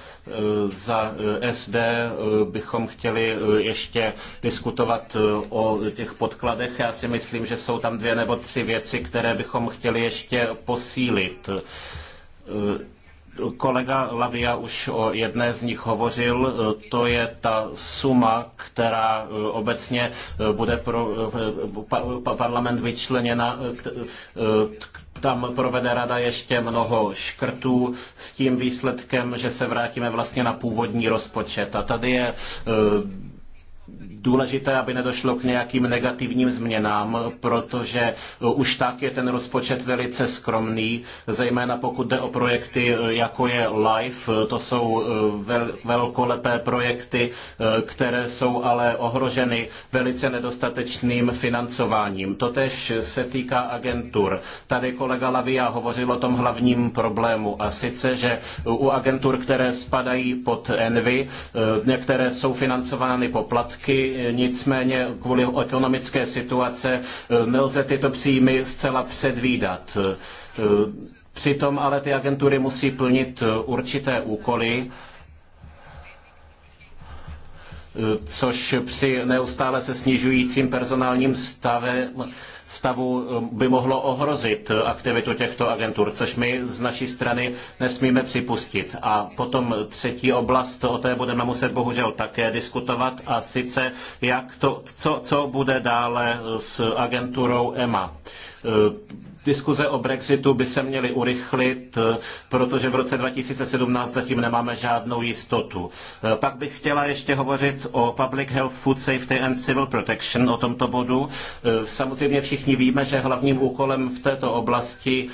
Za SD bychom chtěli ještě diskutovat o těch podkladech. Já si myslím, že jsou tam dvě nebo tři věci, které bychom chtěli ještě posílit Kolega Lavia už o jedné z nich hovořil, to je ta suma, která eh, obecně eh, bude pro eh, parlament vyčleněna, tam provede rada ještě mnoho škrtů s tím výsledkem, že se vrátíme vlastně na původní rozpočet. A tady je důležité, aby nedošlo k nějakým negativním změnám, protože e, už tak je ten rozpočet velice skromný, zejména pokud jde o projekty, e, jako je LIFE, e, to jsou velkolepé projekty, které jsou ale ohroženy velice nedostatečným financováním. Totež se týká agentur. Tady kolega Lavia hovořil o tom hlavním problému a sice, že u agentur, které spadají pod Envy, některé jsou financovány poplatky, výpadky, nicméně kvůli ekonomické situace eh, nelze tyto příjmy zcela předvídat. Eh, přitom ale ty agentury musí plnit eh, určité úkoly, což při neustále se snižujícím personálním stavem stavu um, by mohlo ohrozit uh, aktivitu těchto agentur, což my z naší strany nesmíme připustit. A potom třetí oblast, o té budeme muset bohužel také diskutovat, a sice jak to, co, co bude dále s agenturou EMA uh, Diskuze o Brexitu by se měly urychlit, eh, protože v roce 2017 zatím nemáme žádnou jistotu. Eh, pak bych chtěla ještě hovořit o Public Health, Food Safety and Civil Protection, o tomto bodu. Eh, samozřejmě všichni víme, že hlavním úkolem v této oblasti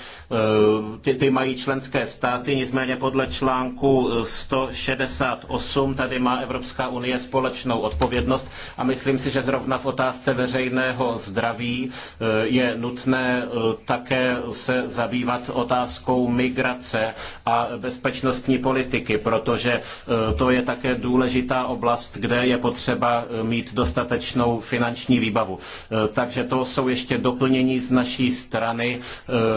ty, ty mají členské státy, nicméně podle článku 168 tady má Evropská unie společnou odpovědnost a myslím si, že zrovna v otázce veřejného zdraví je nutné ta také se zabývat otázkou migrace a bezpečnostní politiky, protože e, to je také důležitá oblast, kde je potřeba e, mít dostatečnou finanční výbavu. E, takže to jsou ještě doplnění z naší strany.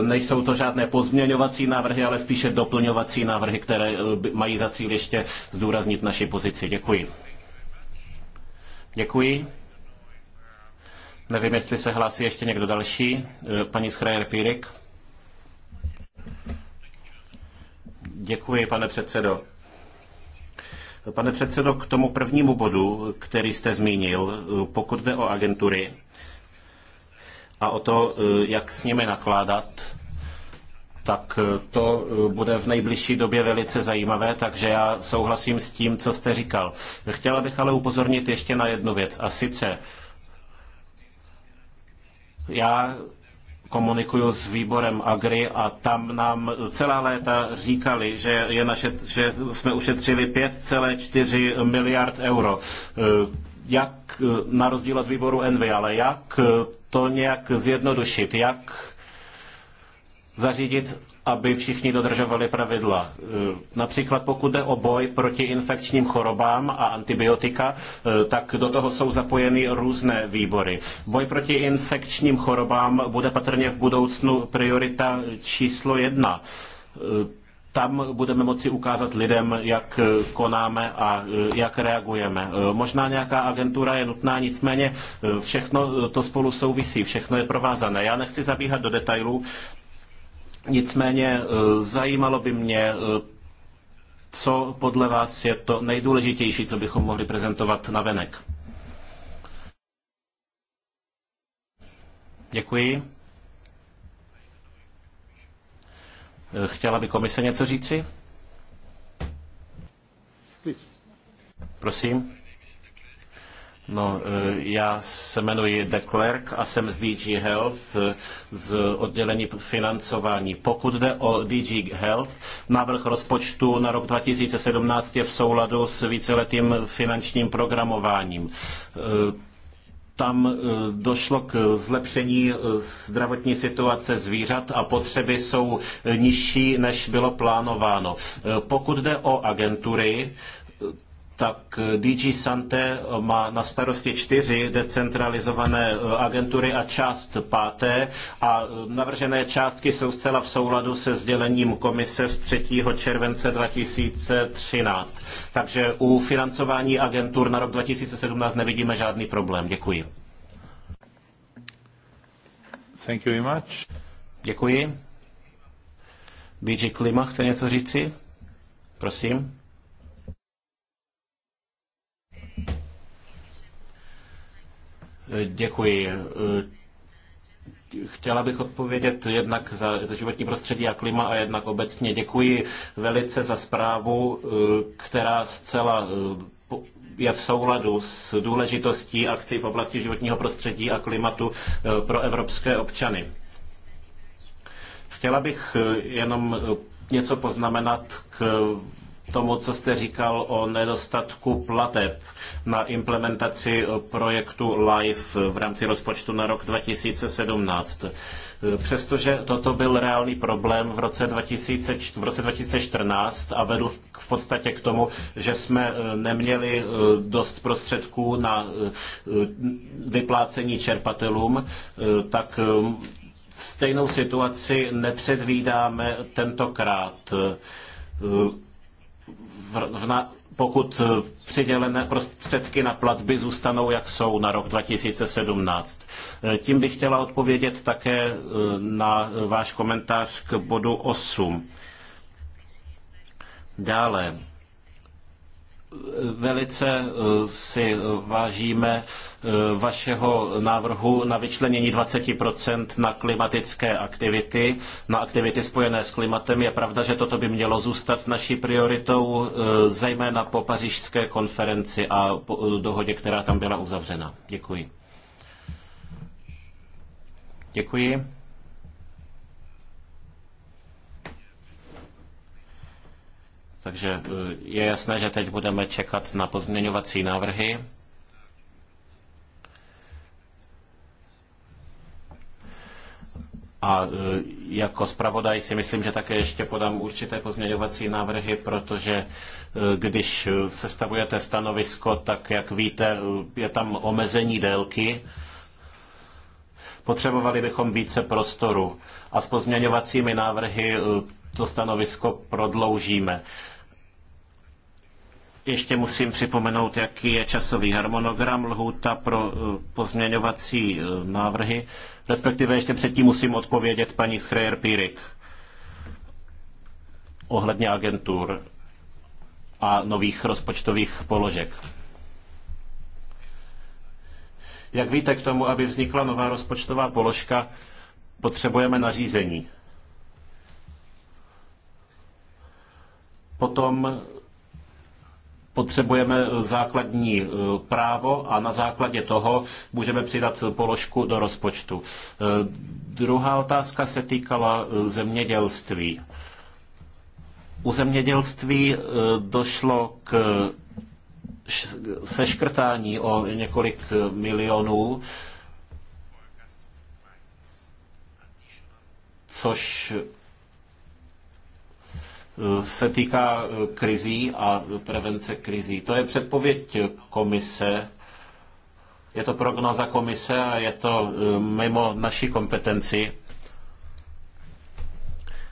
Nejsou to žádné pozměňovací návrhy, ale spíše doplňovací návrhy, které mají za cíl ještě zdůraznit naši pozici. Děkuji. Děkuji. Nevím, jestli se hlásí ještě někdo další. E, paní Schreier Pírik. Děkuji, pane předsedo. Pane předsedo, k tomu prvnímu bodu, který jste zmínil, e, pokud jde o agentury a o to, e, jak s nimi nakládat, tak to bude v nejbližší době velice zajímavé, takže já souhlasím s tím, co jste říkal. Chtěla bych ale upozornit ještě na jednu věc, a sice já komunikuju s výborem Agri a tam nám celá léta říkali, že, je naše, že jsme ušetřili 5,4 miliard euro. Eh, jak, eh, na rozdíl od výboru Envy, ale jak eh, to nějak zjednodušit, jak zařídit, aby všichni dodržovali pravidla. E, například pokud jde o boj proti infekčním chorobám a antibiotika, e, tak do toho jsou zapojeny různé výbory. Boj proti infekčním chorobám bude patrně v budoucnu priorita číslo jedna. E, tam budeme moci ukázat lidem, jak konáme a jak reagujeme. Možná nějaká agentura je nutná, nicméně všechno to spolu souvisí, všechno je provázané. Já nechci zabíhat do detailů, Nicméně eh, zajímalo by mě, eh, co podle vás je to nejdůležitější, co bychom mohli prezentovat na venek. Děkuji. Eh, chtěla by komise něco říci? Prosím. No, e, já se jmenuji De Klerk a jsem z DG Health, e, z oddělení financování. Pokud jde o DG Health, návrh rozpočtu na rok 2017 je v souladu s víceletým finančním programováním e, tam došlo k zlepšení zdravotní situace zvířat a potřeby jsou nižší, než bylo plánováno. Pokud jde o agentury, tak eh, DG Sante eh, má na starosti čtyři decentralizované eh, agentury a část páté a navržené částky jsou zcela v souladu se sdělením komise z 3. července 2013. Takže u financování agentur na rok 2017 nevidíme žádný problém. Děkuji. Thank you very much. Děkuji. DG Klima chce něco říci? Prosím. Děkuji. Chtěla bych odpovědět jednak za, za životní prostředí a klima a jednak obecně. Děkuji velice za zprávu, která zcela je v souladu s důležitostí akcí v oblasti životního prostředí a klimatu pro evropské občany. Chtěla bych jenom něco poznamenat k tomu, co jste říkal o nedostatku plateb na implementaci projektu LIFE v rámci rozpočtu na rok 2017. Přestože toto byl reálný problém v roce, 2000, v roce 2014 a vedl v podstatě k tomu, že jsme eh, neměli eh, dost prostředků na eh, vyplácení čerpatelům, tak stejnou situaci nepředvídáme tentokrát v, v na, pokud eh, přidělené prostředky na platby zůstanou, jak jsou na rok 2017. Eh, tím bych chtěla odpovědět také eh, na váš komentář k bodu 8. Dále, Velice eh, si vážíme eh, vašeho návrhu na vyčlenění 20% na klimatické aktivity, na aktivity spojené s klimatem. Je pravda, že toto by mělo zůstat naší prioritou, eh, zejména po pařížské konferenci a po dohodě, která tam byla uzavřena. Děkuji. Děkuji. Takže e, je jasné, že teď budeme čekat na pozměňovací návrhy. A e, jako zpravodaj si myslím, že také ještě podám určité pozměňovací návrhy, protože e, když sestavujete stanovisko, tak jak víte, je tam omezení délky. Potřebovali bychom více prostoru a s pozměňovacími návrhy to stanovisko prodloužíme. Ještě musím připomenout, jaký je časový harmonogram lhůta pro eh, pozměňovací eh, návrhy. Respektive ještě předtím musím odpovědět paní Schreier Pírik ohledně agentur a nových rozpočtových položek. Jak víte, k tomu, aby vznikla nová rozpočtová položka, potřebujeme nařízení. Potom potřebujeme eh, základní eh, právo a na základě toho můžeme přidat položku do rozpočtu. Eh, druhá otázka se týkala zemědělství. U zemědělství došlo k seškrtání o několik milionů, což Eh, se týká eh, krizí a prevence krizí. To je předpověď komise, je to prognoza komise a je to eh, mimo naší kompetenci.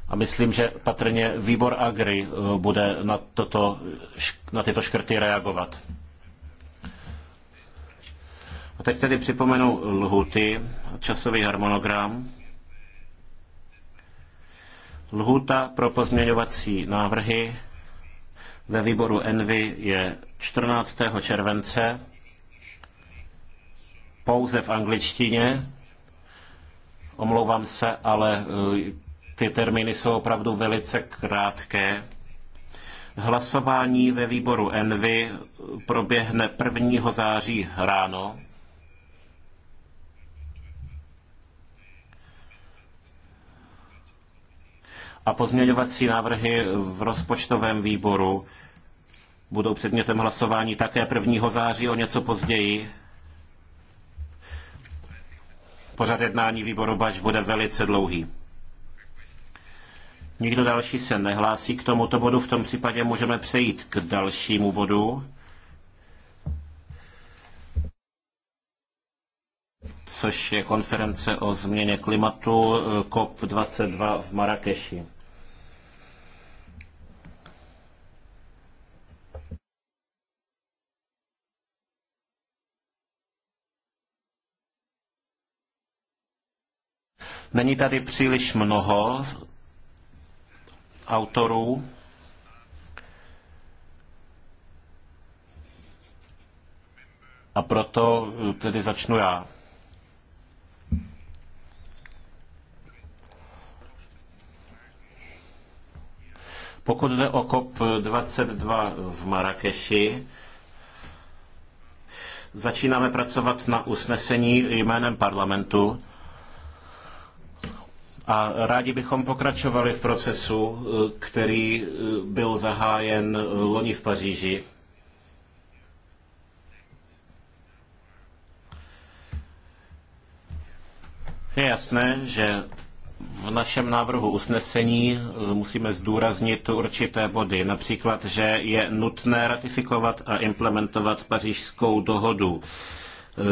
A myslím, že patrně výbor Agri bude na, toto, na tyto škrty reagovat. A teď tedy připomenu lhuty, časový harmonogram. Lhuta pro pozměňovací návrhy ve výboru Envy je 14. července pouze v angličtině. Omlouvám se, ale e, ty termíny jsou opravdu velice krátké. Hlasování ve výboru Envy proběhne 1. září ráno a pozměňovací návrhy v rozpočtovém výboru budou předmětem hlasování také 1. září o něco později. Pořad jednání výboru Bač bude velice dlouhý. Nikdo další se nehlásí k tomuto bodu, v tom případě můžeme přejít k dalšímu bodu. což je konference o změně klimatu eh, COP22 v Marrakeši. Není tady příliš mnoho autorů. A proto eh, tedy začnu já. Pokud jde o COP22 v Marrakeši, začínáme pracovat na usnesení jménem parlamentu, a rádi bychom pokračovali v procesu, eh, který eh, byl zahájen eh, loni v Paříži. Je jasné, že v našem návrhu usnesení musíme zdůraznit určité body, například, že je nutné ratifikovat a implementovat pařížskou dohodu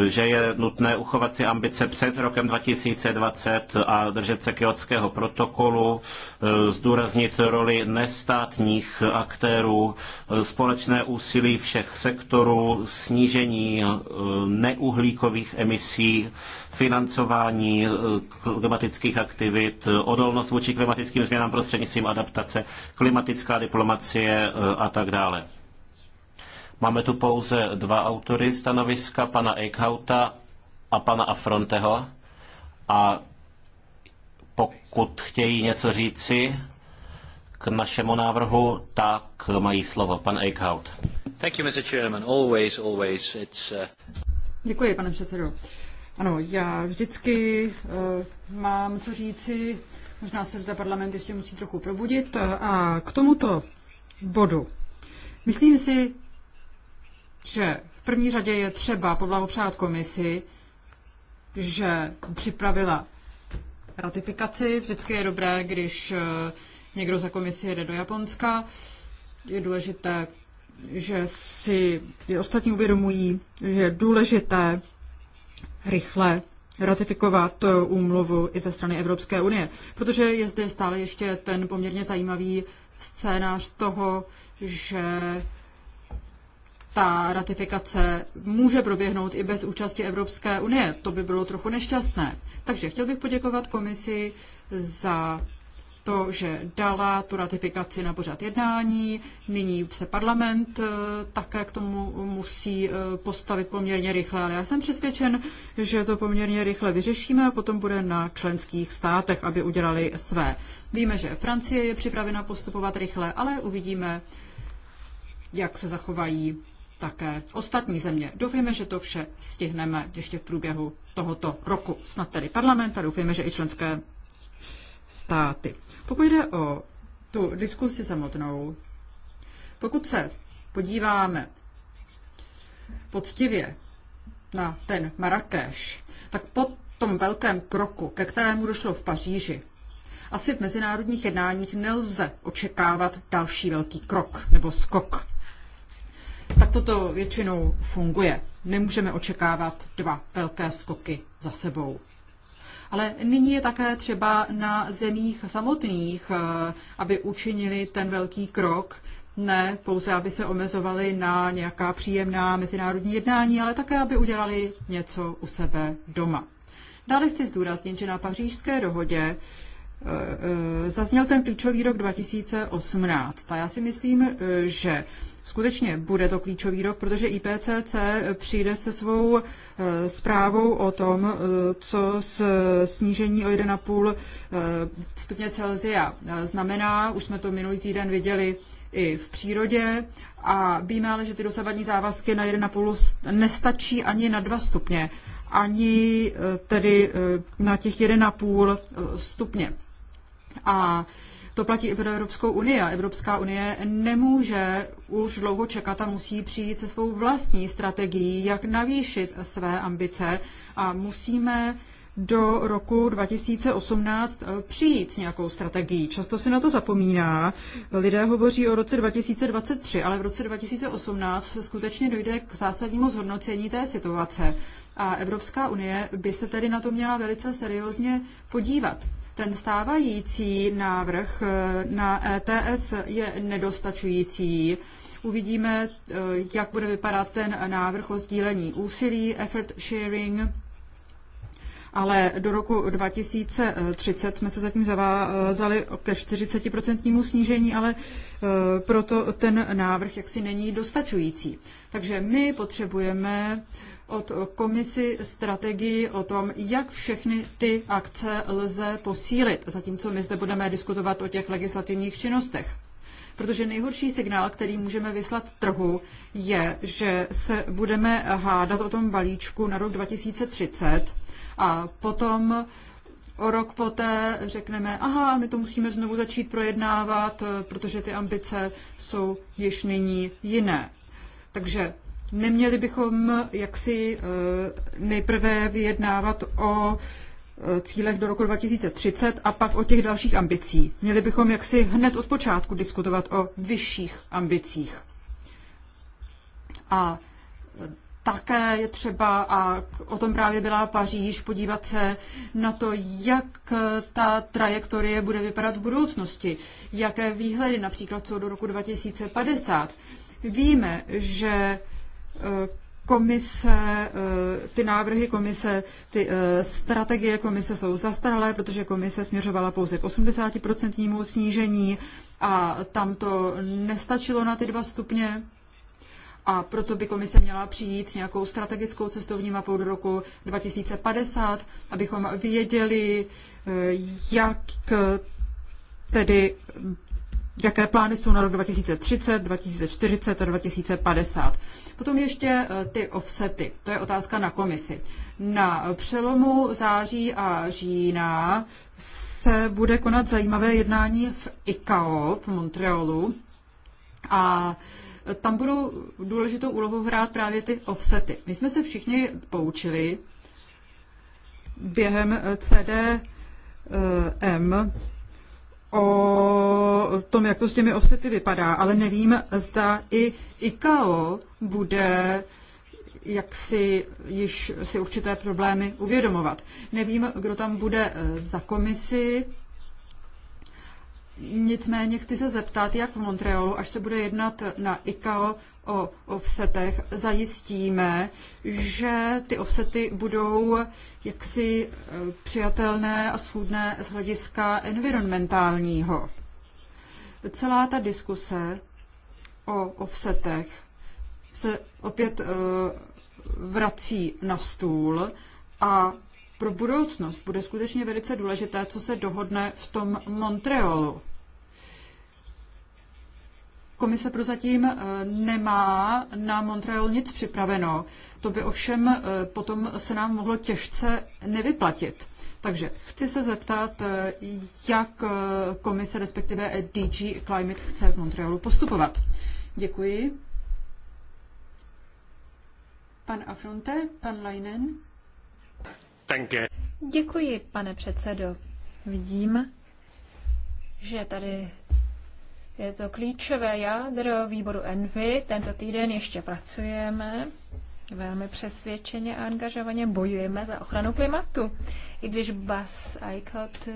že je nutné uchovat si ambice před rokem 2020 a držet se kyotského protokolu, e, zdůraznit roli nestátních aktérů, e, společné úsilí všech sektorů, snížení e, neuhlíkových emisí, financování klimatických aktivit, odolnost vůči klimatickým změnám prostřednictvím adaptace, klimatická diplomacie a tak dále. Máme tu pouze dva autory stanoviska, pana Eichhauta a pana Afronteho. A pokud chtějí něco říci k našemu návrhu, tak mají slovo. Pan Eichhout. Thank you, Mr. Chairman. Always, always. It's, uh... Děkuji, pane předsedo. Ano, já vždycky uh, mám co říci. Možná se zde parlament ještě musí trochu probudit. A k tomuto bodu. Myslím si, že v první řadě je třeba poblahopřát komisi, že připravila ratifikaci. Vždycky je dobré, když eh, někdo za komisi jede do Japonska. Je důležité, že si ostatní uvědomují, že je důležité rychle ratifikovat eh, úmluvu i ze strany Evropské unie, protože je zde stále ještě ten poměrně zajímavý scénář toho, že ta ratifikace může proběhnout i bez účasti Evropské unie. To by bylo trochu nešťastné. Takže chtěl bych poděkovat komisi za to, že dala tu ratifikaci na pořad jednání. Nyní se parlament eh, také k tomu musí eh, postavit poměrně rychle, ale já jsem přesvědčen, že to poměrně rychle vyřešíme a potom bude na členských státech, aby udělali své. Víme, že Francie je připravena postupovat rychle, ale uvidíme, jak se zachovají také ostatní země. Doufejme, že to vše stihneme ještě v průběhu tohoto roku. Snad tedy parlament a doufejme, že i členské státy. Pokud jde o tu diskusi samotnou, pokud se podíváme poctivě na ten Marrakeš, tak po tom velkém kroku, ke kterému došlo v Paříži, asi v mezinárodních jednáních nelze očekávat další velký krok nebo skok tak toto většinou funguje. Nemůžeme očekávat dva velké skoky za sebou. Ale nyní je také třeba na zemích samotných, eh, aby učinili ten velký krok, ne pouze, aby se omezovali na nějaká příjemná mezinárodní jednání, ale také, aby udělali něco u sebe doma. Dále chci zdůraznit, že na pařížské dohodě eh, eh, zazněl ten klíčový rok 2018. A já si myslím, že skutečně bude to klíčový rok, protože IPCC přijde se svou eh, zprávou o tom, eh, co s snížení o 1,5 eh, stupně Celsia znamená. Už jsme to minulý týden viděli i v přírodě a víme ale, že ty dosavadní závazky na 1,5 nestačí ani na 2 stupně, ani tedy na těch 1,5 stupně. A to platí i pro Evropskou unii. A Evropská unie nemůže už dlouho čekat a musí přijít se svou vlastní strategií, jak navýšit své ambice a musíme do roku 2018 eh, přijít s nějakou strategií. Často se na to zapomíná. Lidé hovoří o roce 2023, ale v roce 2018 skutečně dojde k zásadnímu zhodnocení té situace. A Evropská unie by se tedy na to měla velice seriózně podívat. Ten stávající návrh eh, na ETS je nedostačující. Uvidíme, eh, jak bude vypadat ten návrh o sdílení úsilí, effort sharing, ale do roku 2030 jsme se zatím zavázali ke 40% snížení, ale eh, proto ten návrh jaksi není dostačující. Takže my potřebujeme od komisi strategii o tom, jak všechny ty akce lze posílit, zatímco my zde budeme diskutovat o těch legislativních činnostech. Protože nejhorší signál, který můžeme vyslat trhu, je, že se budeme hádat o tom balíčku na rok 2030 a potom o rok poté řekneme, aha, my to musíme znovu začít projednávat, protože ty ambice jsou již nyní jiné. Takže Neměli bychom jaksi eh, nejprve vyjednávat o eh, cílech do roku 2030 a pak o těch dalších ambicích. Měli bychom jaksi hned od počátku diskutovat o vyšších ambicích. A eh, také je třeba, a o tom právě byla Paříž, podívat se na to, jak ta trajektorie bude vypadat v budoucnosti, jaké výhledy například jsou do roku 2050. Víme, že Eh, komise, eh, ty návrhy komise, ty eh, strategie komise jsou zastaralé, protože komise směřovala pouze k 80% snížení a tam to nestačilo na ty dva stupně. A proto by komise měla přijít s nějakou strategickou cestovní mapou do roku 2050, abychom věděli, jak tedy jaké plány jsou na rok 2030, 2040 a 2050. Potom ještě eh, ty offsety, to je otázka na komisi. Na přelomu září a října se bude konat zajímavé jednání v ICAO v Montrealu a tam budou důležitou úlohu hrát právě ty offsety. My jsme se všichni poučili během eh, CDM, eh, o tom, jak to s těmi offsety vypadá, ale nevím, zda i ICAO bude jak si již si určité problémy uvědomovat. Nevím, kdo tam bude za komisi, Nicméně chci se zeptat, jak v Montrealu, až se bude jednat na ICAO o offsetech, zajistíme, že ty offsety budou jaksi e, přijatelné a schůdné z hlediska environmentálního. Celá ta diskuse o offsetech se opět e, vrací na stůl a pro budoucnost bude skutečně velice důležité, co se dohodne v tom Montrealu. Komise prozatím e, nemá na Montreal nic připraveno. To by ovšem e, potom se nám mohlo těžce nevyplatit. Takže chci se zeptat, e, jak komise, respektive DG Climate chce v Montrealu postupovat. Děkuji. Pan Afronte, pan Leinen. Děkuji, pane předsedo. Vidím, že tady je to klíčové jádro výboru Envy. Tento týden ještě pracujeme velmi přesvědčeně a angažovaně bojujeme za ochranu klimatu. I když Bas Eichot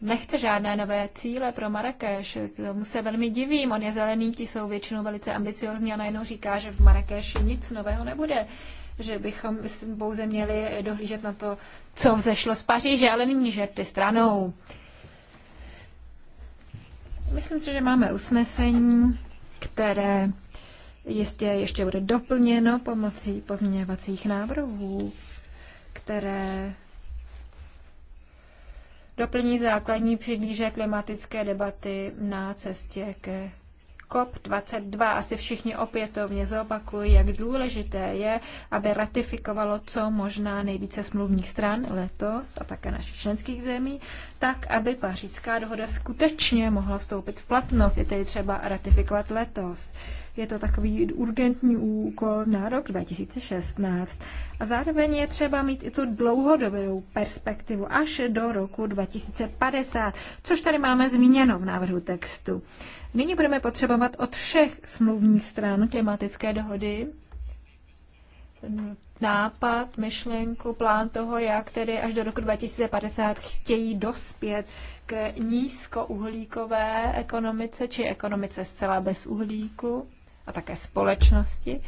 nechce žádné nové cíle pro Marrakeš, tomu se velmi divím, on je zelený, ti jsou většinou velice ambiciozní a najednou říká, že v Marrakeši nic nového nebude že bychom pouze měli dohlížet na to, co vzešlo z Paříže, ale nyní žerty stranou. Myslím si, že máme usnesení, které jistě ještě bude doplněno pomocí pozměňovacích návrhů, které doplní základní přiblíže klimatické debaty na cestě ke COP22. Asi všichni opětovně zopakují, jak důležité je, aby ratifikovalo co možná nejvíce smluvních stran letos a také našich členských zemí tak, aby pařížská dohoda skutečně mohla vstoupit v platnost. Je tedy třeba ratifikovat letos. Je to takový urgentní úkol na rok 2016. A zároveň je třeba mít i tu dlouhodobou perspektivu až do roku 2050, což tady máme zmíněno v návrhu textu. Nyní budeme potřebovat od všech smluvních stran klimatické dohody, nápad, myšlenku, plán toho, jak tedy až do roku 2050 chtějí dospět k nízkouhlíkové ekonomice či ekonomice zcela bez uhlíku a také společnosti.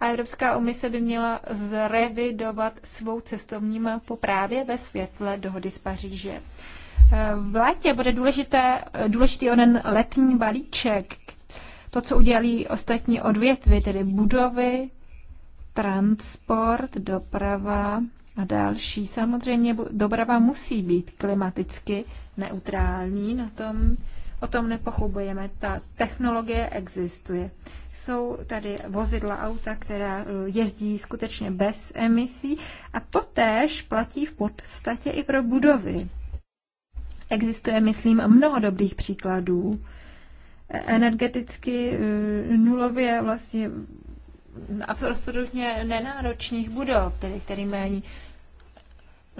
A Evropská umise by měla zrevidovat svou cestovní mapu právě ve světle dohody z Paříže. V létě bude důležité, důležitý onen letní balíček, to, co udělí ostatní odvětvy, tedy budovy, transport, doprava a další. Samozřejmě doprava musí být klimaticky neutrální, na tom, o tom nepochybujeme. Ta technologie existuje. Jsou tady vozidla auta, která eh, jezdí skutečně bez emisí a to též platí v podstatě i pro budovy. Existuje, myslím, mnoho dobrých příkladů e, energeticky eh, nulově vlastně absolutně nenáročných budov, tedy který mají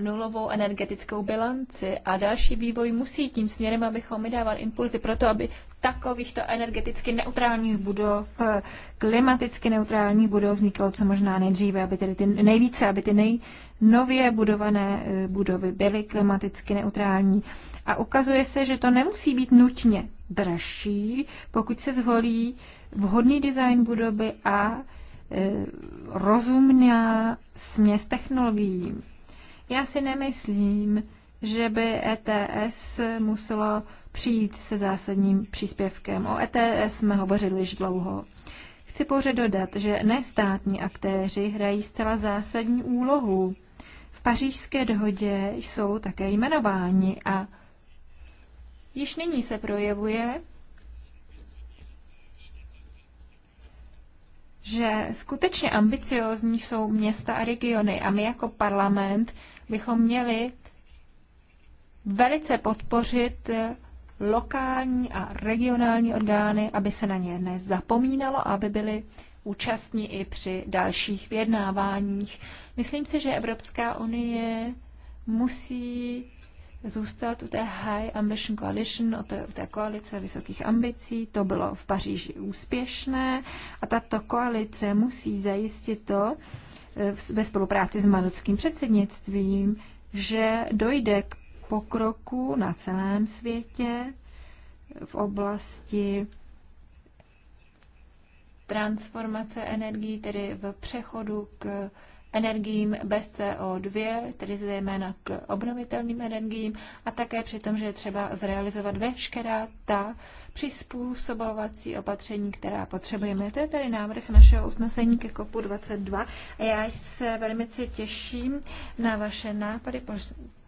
nulovou energetickou bilanci a další vývoj musí tím směrem, abychom mi dávali impulzy pro to, aby takovýchto energeticky neutrálních budov, eh, klimaticky neutrálních budov vzniklo co možná nejdříve, aby tedy ty nejvíce, aby ty nejnově budované eh, budovy byly klimaticky neutrální. A ukazuje se, že to nemusí být nutně dražší, pokud se zvolí vhodný design budovy a rozumná směs technologií. Já si nemyslím, že by ETS muselo přijít se zásadním příspěvkem. O ETS jsme hovořili již dlouho. Chci pouze dodat, že nestátní aktéři hrají zcela zásadní úlohu. V pařížské dohodě jsou také jmenováni a již nyní se projevuje, že skutečně ambiciozní jsou města a regiony a my jako parlament bychom měli velice podpořit eh, lokální a regionální orgány, aby se na ně nezapomínalo a aby byly účastní i při dalších vyjednáváních. Myslím si, že Evropská unie musí zůstat u té High Ambition Coalition, o té, u té koalice vysokých ambicí. To bylo v Paříži úspěšné a tato koalice musí zajistit to eh, ve spolupráci s malickým předsednictvím, že dojde k pokroku na celém světě v oblasti transformace energií, tedy v přechodu k energiím bez CO2, tedy zejména k obnovitelným energiím a také při tom, že je třeba zrealizovat veškerá ta přizpůsobovací opatření, která potřebujeme. To je tedy návrh našeho usnesení ke kopu 22 a já se velmi těším na vaše nápady,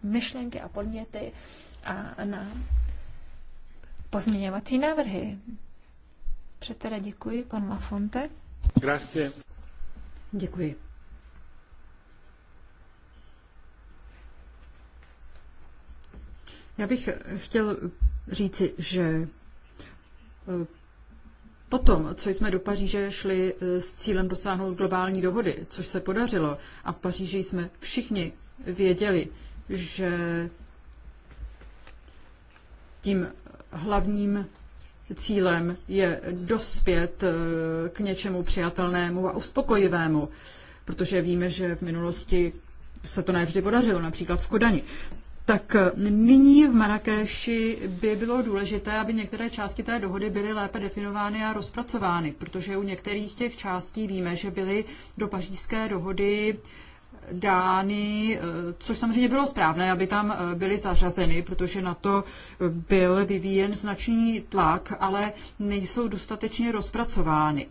myšlenky a podněty a na pozměňovací návrhy. Předseda, děkuji, pan Lafonte. Grazie. Děkuji. Já bych chtěl říci, že eh, Potom, co jsme do Paříže šli eh, s cílem dosáhnout globální dohody, což se podařilo, a v Paříži jsme všichni věděli, že tím hlavním cílem je dospět eh, k něčemu přijatelnému a uspokojivému, protože víme, že v minulosti se to nevždy podařilo, například v Kodani tak eh, nyní v Marrakeši by bylo důležité, aby některé části té dohody byly lépe definovány a rozpracovány, protože u některých těch částí víme, že byly do pařížské dohody eh, dány, eh, což samozřejmě bylo správné, aby tam byly zařazeny, protože na to byl vyvíjen značný tlak, ale nejsou dostatečně rozpracovány.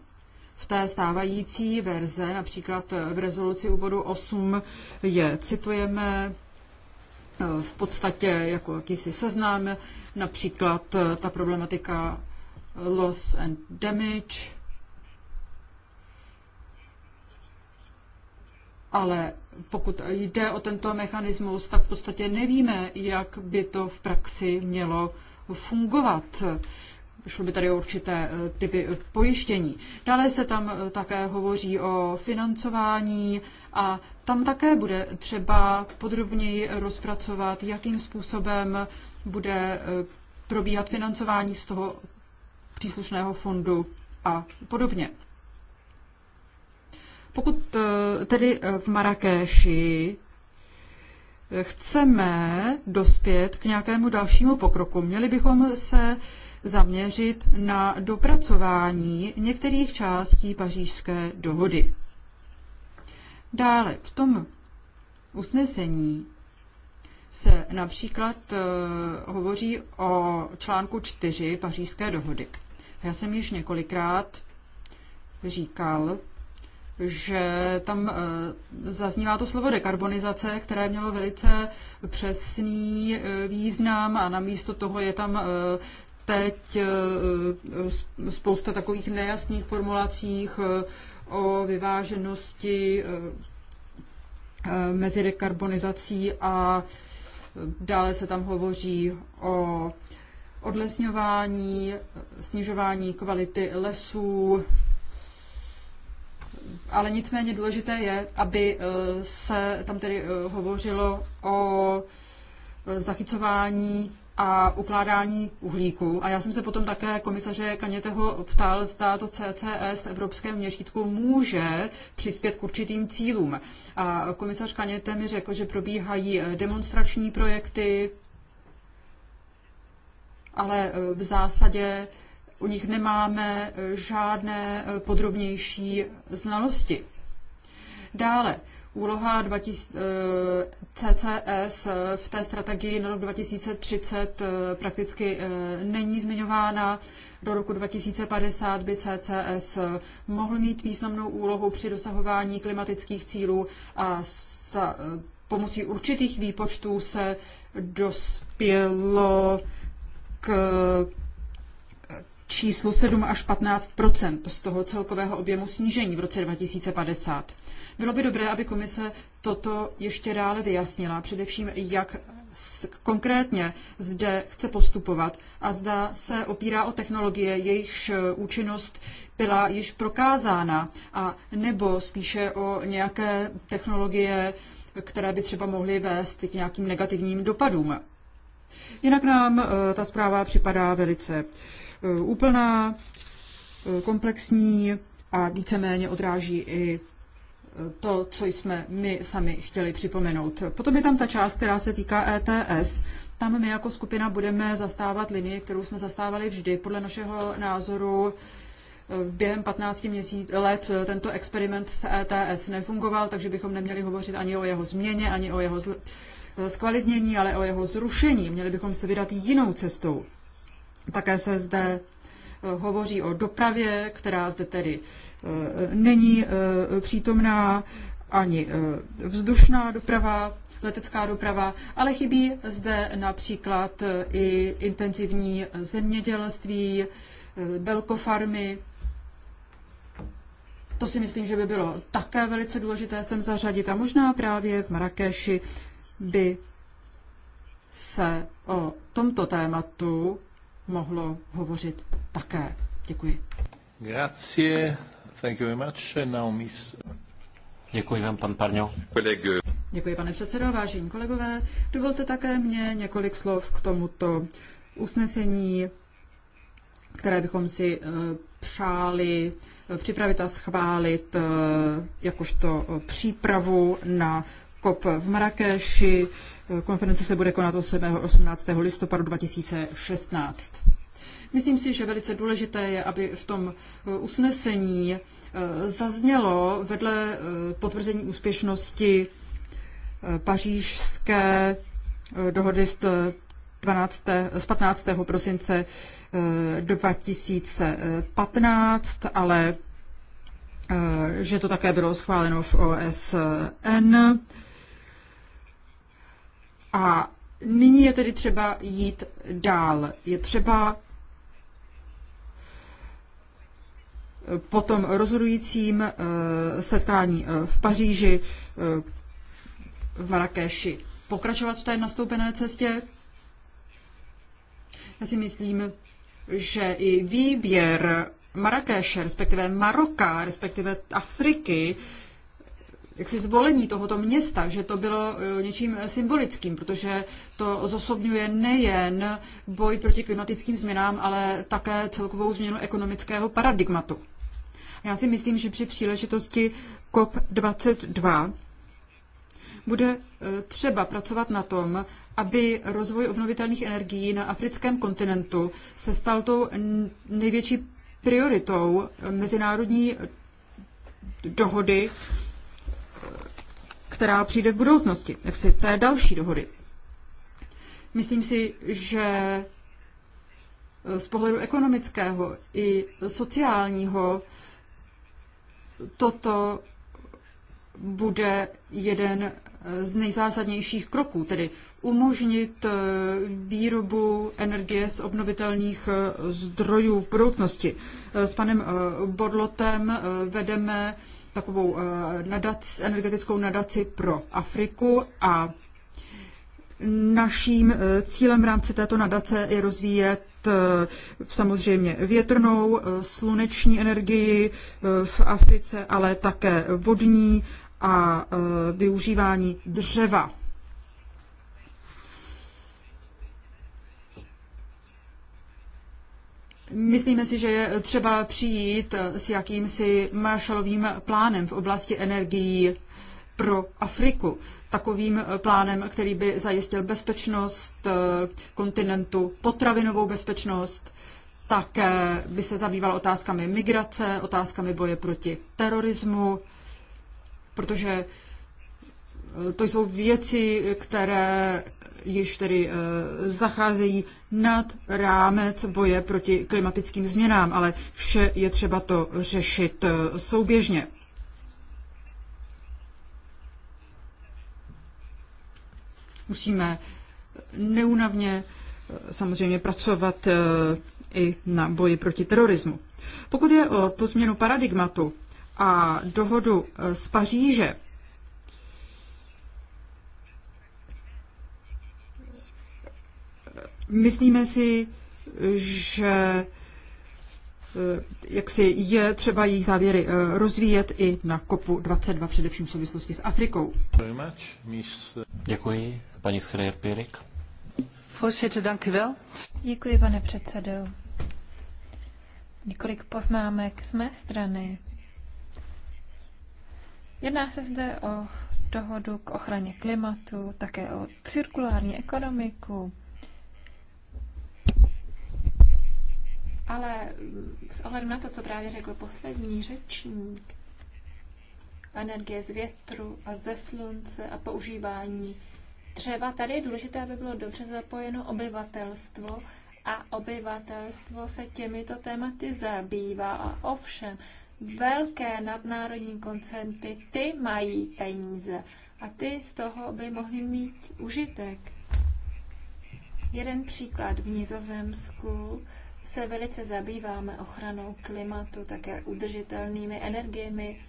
V té stávající verze, například v rezoluci úvodu 8, je, citujeme, Eh, v podstatě jako jakýsi seznám, například eh, ta problematika loss and damage, ale pokud jde o tento mechanismus, tak v podstatě nevíme, jak by to v praxi mělo fungovat šlo by tady o určité eh, typy eh, pojištění. Dále se tam eh, také hovoří o financování a tam také bude třeba podrobněji rozpracovat, jakým způsobem bude probíhat financování z toho příslušného fondu a podobně. Pokud tedy v Marrakeši chceme dospět k nějakému dalšímu pokroku, měli bychom se zaměřit na dopracování některých částí pařížské dohody. Dále v tom usnesení se například eh, hovoří o článku 4 pařížské dohody. Já jsem již několikrát říkal, že tam eh, zaznívá to slovo dekarbonizace, které mělo velice přesný eh, význam a namísto toho je tam teď eh, eh, spousta takových nejasných formulacích eh, o vyváženosti mezi dekarbonizací a dále se tam hovoří o odlesňování, snižování kvality lesů, ale nicméně důležité je, aby se tam tedy hovořilo o zachycování a ukládání uhlíku. A já jsem se potom také komisaře Kaněteho ptal, zda to CCS v evropském měřítku může přispět k určitým cílům. A komisař Kaněte mi řekl, že probíhají eh, demonstrační projekty, ale eh, v zásadě u nich nemáme eh, žádné podrobnější znalosti. Dále, úloha 20, eh, CCS v té strategii na rok 2030 eh, prakticky eh, není zmiňována. Do roku 2050 by CCS mohl mít významnou úlohu při dosahování klimatických cílů a za pomocí určitých výpočtů se dospělo k číslu 7 až 15 z toho celkového objemu snížení v roce 2050. Bylo by dobré, aby komise toto ještě dále vyjasnila, především jak konkrétně zde chce postupovat a zda se opírá o technologie, jejichž účinnost byla již prokázána, a nebo spíše o nějaké technologie, které by třeba mohly vést k nějakým negativním dopadům. Jinak nám eh, ta zpráva připadá velice Eh, úplná, eh, komplexní a víceméně odráží i eh, to, co jsme my sami chtěli připomenout. Potom je tam ta část, která se týká ETS. Tam my jako skupina budeme zastávat linii, kterou jsme zastávali vždy. Podle našeho názoru během 15 měsíc, let tento experiment s ETS nefungoval, takže bychom neměli hovořit ani o jeho změně, ani o jeho zkvalitnění, ale o jeho zrušení. Měli bychom se vydat jinou cestou. Také se zde eh, hovoří o dopravě, která zde tedy eh, není eh, přítomná ani vzdušná doprava, letecká doprava, ale chybí zde například i intenzivní zemědělství, velkofarmy. To si myslím, že by bylo také velice důležité sem zařadit a možná právě v Marrakeši by se o tomto tématu mohlo hovořit také. Děkuji. Grazie. Thank you very much. now miss... Děkuji vám, pan Parňo. Děkuji, pane předsedo, vážení kolegové. Dovolte také mě několik slov k tomuto usnesení, které bychom si eh, přáli eh, připravit a schválit eh, jakožto přípravu na COP v Marrakeši Konference se bude konat 7. 18. listopadu 2016. Myslím si, že velice důležité je, aby v tom eh, usnesení eh, zaznělo vedle eh, potvrzení úspěšnosti pařížské dohody z 12, z 15. prosince 2015, ale že to také bylo schváleno v OSN a nyní je tedy třeba jít dál. Je třeba po tom rozhodujícím eh, setkání eh, v Paříži, eh, v Marrakeši, pokračovat v té nastoupené cestě? Já si myslím, že i výběr Marrakeše, respektive Maroka, respektive Afriky, jaksi zvolení tohoto města, že to bylo e, něčím symbolickým, protože to zosobňuje nejen boj proti klimatickým změnám, ale také celkovou změnu ekonomického paradigmatu. Já si myslím, že při příležitosti COP22 bude e, třeba pracovat na tom, aby rozvoj obnovitelných energií na africkém kontinentu se stal tou největší prioritou mezinárodní dohody která přijde v budoucnosti, jak si té další dohody. Myslím si, že eh, z pohledu ekonomického i sociálního toto bude jeden eh, z nejzásadnějších kroků, tedy umožnit eh, výrobu energie z obnovitelných zdrojů v budoucnosti. S panem Bodlotem vedeme takovou eh, nadac, energetickou nadaci pro Afriku a naším eh, cílem v rámci této nadace je rozvíjet eh, samozřejmě větrnou, sluneční energii v Africe, ale také vodní a využívání dřeva. Myslíme si, že je třeba přijít s jakýmsi Marshallovým plánem v oblasti energií pro Afriku. Takovým plánem, který by zajistil bezpečnost eh, kontinentu, potravinovou bezpečnost, tak by se zabýval otázkami migrace, otázkami boje proti terorismu, protože eh, to jsou věci, které již tedy eh, zacházejí nad rámec boje proti klimatickým změnám, ale vše je třeba to řešit eh, souběžně. Musíme neunavně eh, samozřejmě pracovat eh, i na boji proti terorismu. Pokud je o tu změnu paradigmatu a dohodu z Paříže, Myslíme si, že eh, jak si je třeba jejich závěry eh, rozvíjet i na kopu 22, především v souvislosti s Afrikou. Děkuji, paní Schreier Pěrik. Děkuji, pane předsedo. Několik poznámek z mé strany. Jedná se zde o dohodu k ochraně klimatu, také o cirkulární ekonomiku. Ale s ohledem na to, co právě řekl poslední řečník, energie z větru a ze slunce a používání dřeva, tady je důležité, aby bylo dobře zapojeno obyvatelstvo a obyvatelstvo se těmito tématy zabývá. A ovšem, velké nadnárodní koncenty, ty mají peníze a ty z toho by mohly mít užitek. Jeden příklad v Nizozemsku se velice zabýváme ochranou klimatu, také udržitelnými energiemi,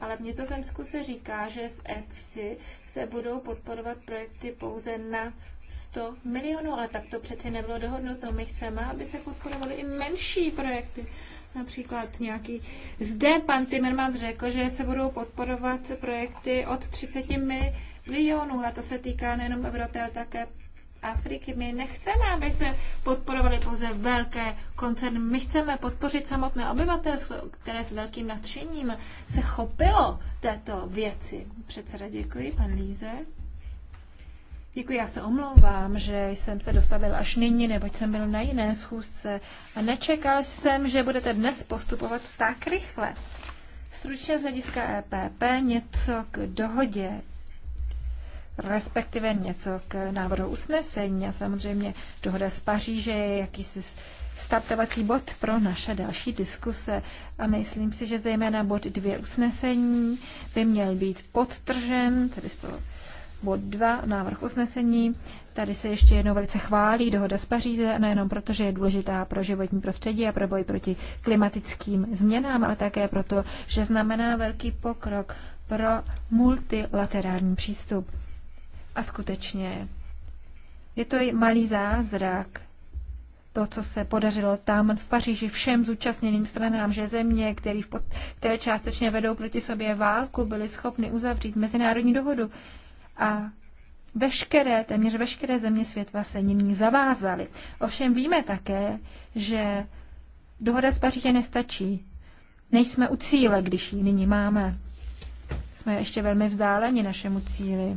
ale v Nizozemsku se říká, že z EFSI se budou podporovat projekty pouze na 100 milionů, ale tak to přeci nebylo dohodnuto. My chceme, aby se podporovaly i menší projekty. Například nějaký... Zde pan Timmermans řekl, že se budou podporovat projekty od 30 milionů a to se týká nejenom Evropy, ale také Afriky. My nechceme, aby se podporovaly pouze velké koncerny. My chceme podpořit samotné obyvatelstvo, které s velkým nadšením se chopilo této věci. Předseda, děkuji. Pan Líze. Děkuji, já se omlouvám, že jsem se dostavil až nyní, neboť jsem byl na jiné schůzce a nečekal jsem, že budete dnes postupovat tak rychle. Stručně z hlediska EPP něco k dohodě respektive něco k návrhu usnesení a samozřejmě dohoda z Paříže je jakýsi startovací bod pro naše další diskuse a myslím si, že zejména bod dvě usnesení by měl být podtržen, tedy z toho bod dva návrh usnesení. Tady se ještě jednou velice chválí dohoda z Paříze, nejenom proto, že je důležitá pro životní prostředí a pro boj proti klimatickým změnám, ale také proto, že znamená velký pokrok pro multilaterální přístup. A skutečně je to i malý zázrak, to, co se podařilo tam v Paříži všem zúčastněným stranám, že země, který v pod, které částečně vedou proti sobě válku, byly schopny uzavřít mezinárodní dohodu. A veškeré, téměř veškeré země světa se nyní zavázaly. Ovšem víme také, že dohoda z Paříže nestačí. Nejsme u cíle, když ji nyní máme. Jsme ještě velmi vzdáleni našemu cíli.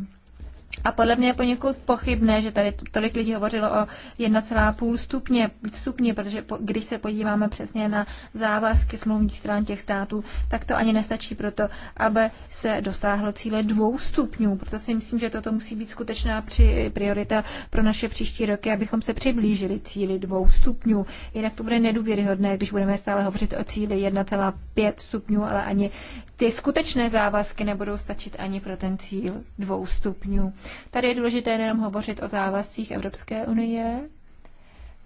A podle mě je poněkud pochybné, že tady tolik lidí hovořilo o 1,5 stupně, stupně, protože po, když se podíváme přesně na závazky smluvních stran těch států, tak to ani nestačí proto, aby se dosáhlo cíle dvou stupňů. Proto si myslím, že toto musí být skutečná při, priorita pro naše příští roky, abychom se přiblížili cíli dvou stupňů. Jinak to bude nedůvěryhodné, když budeme stále hovořit o cíli 1,5 stupňů, ale ani ty skutečné závazky nebudou stačit ani pro ten cíl dvou stupňů. Tady je důležité jenom hovořit o závazcích Evropské unie,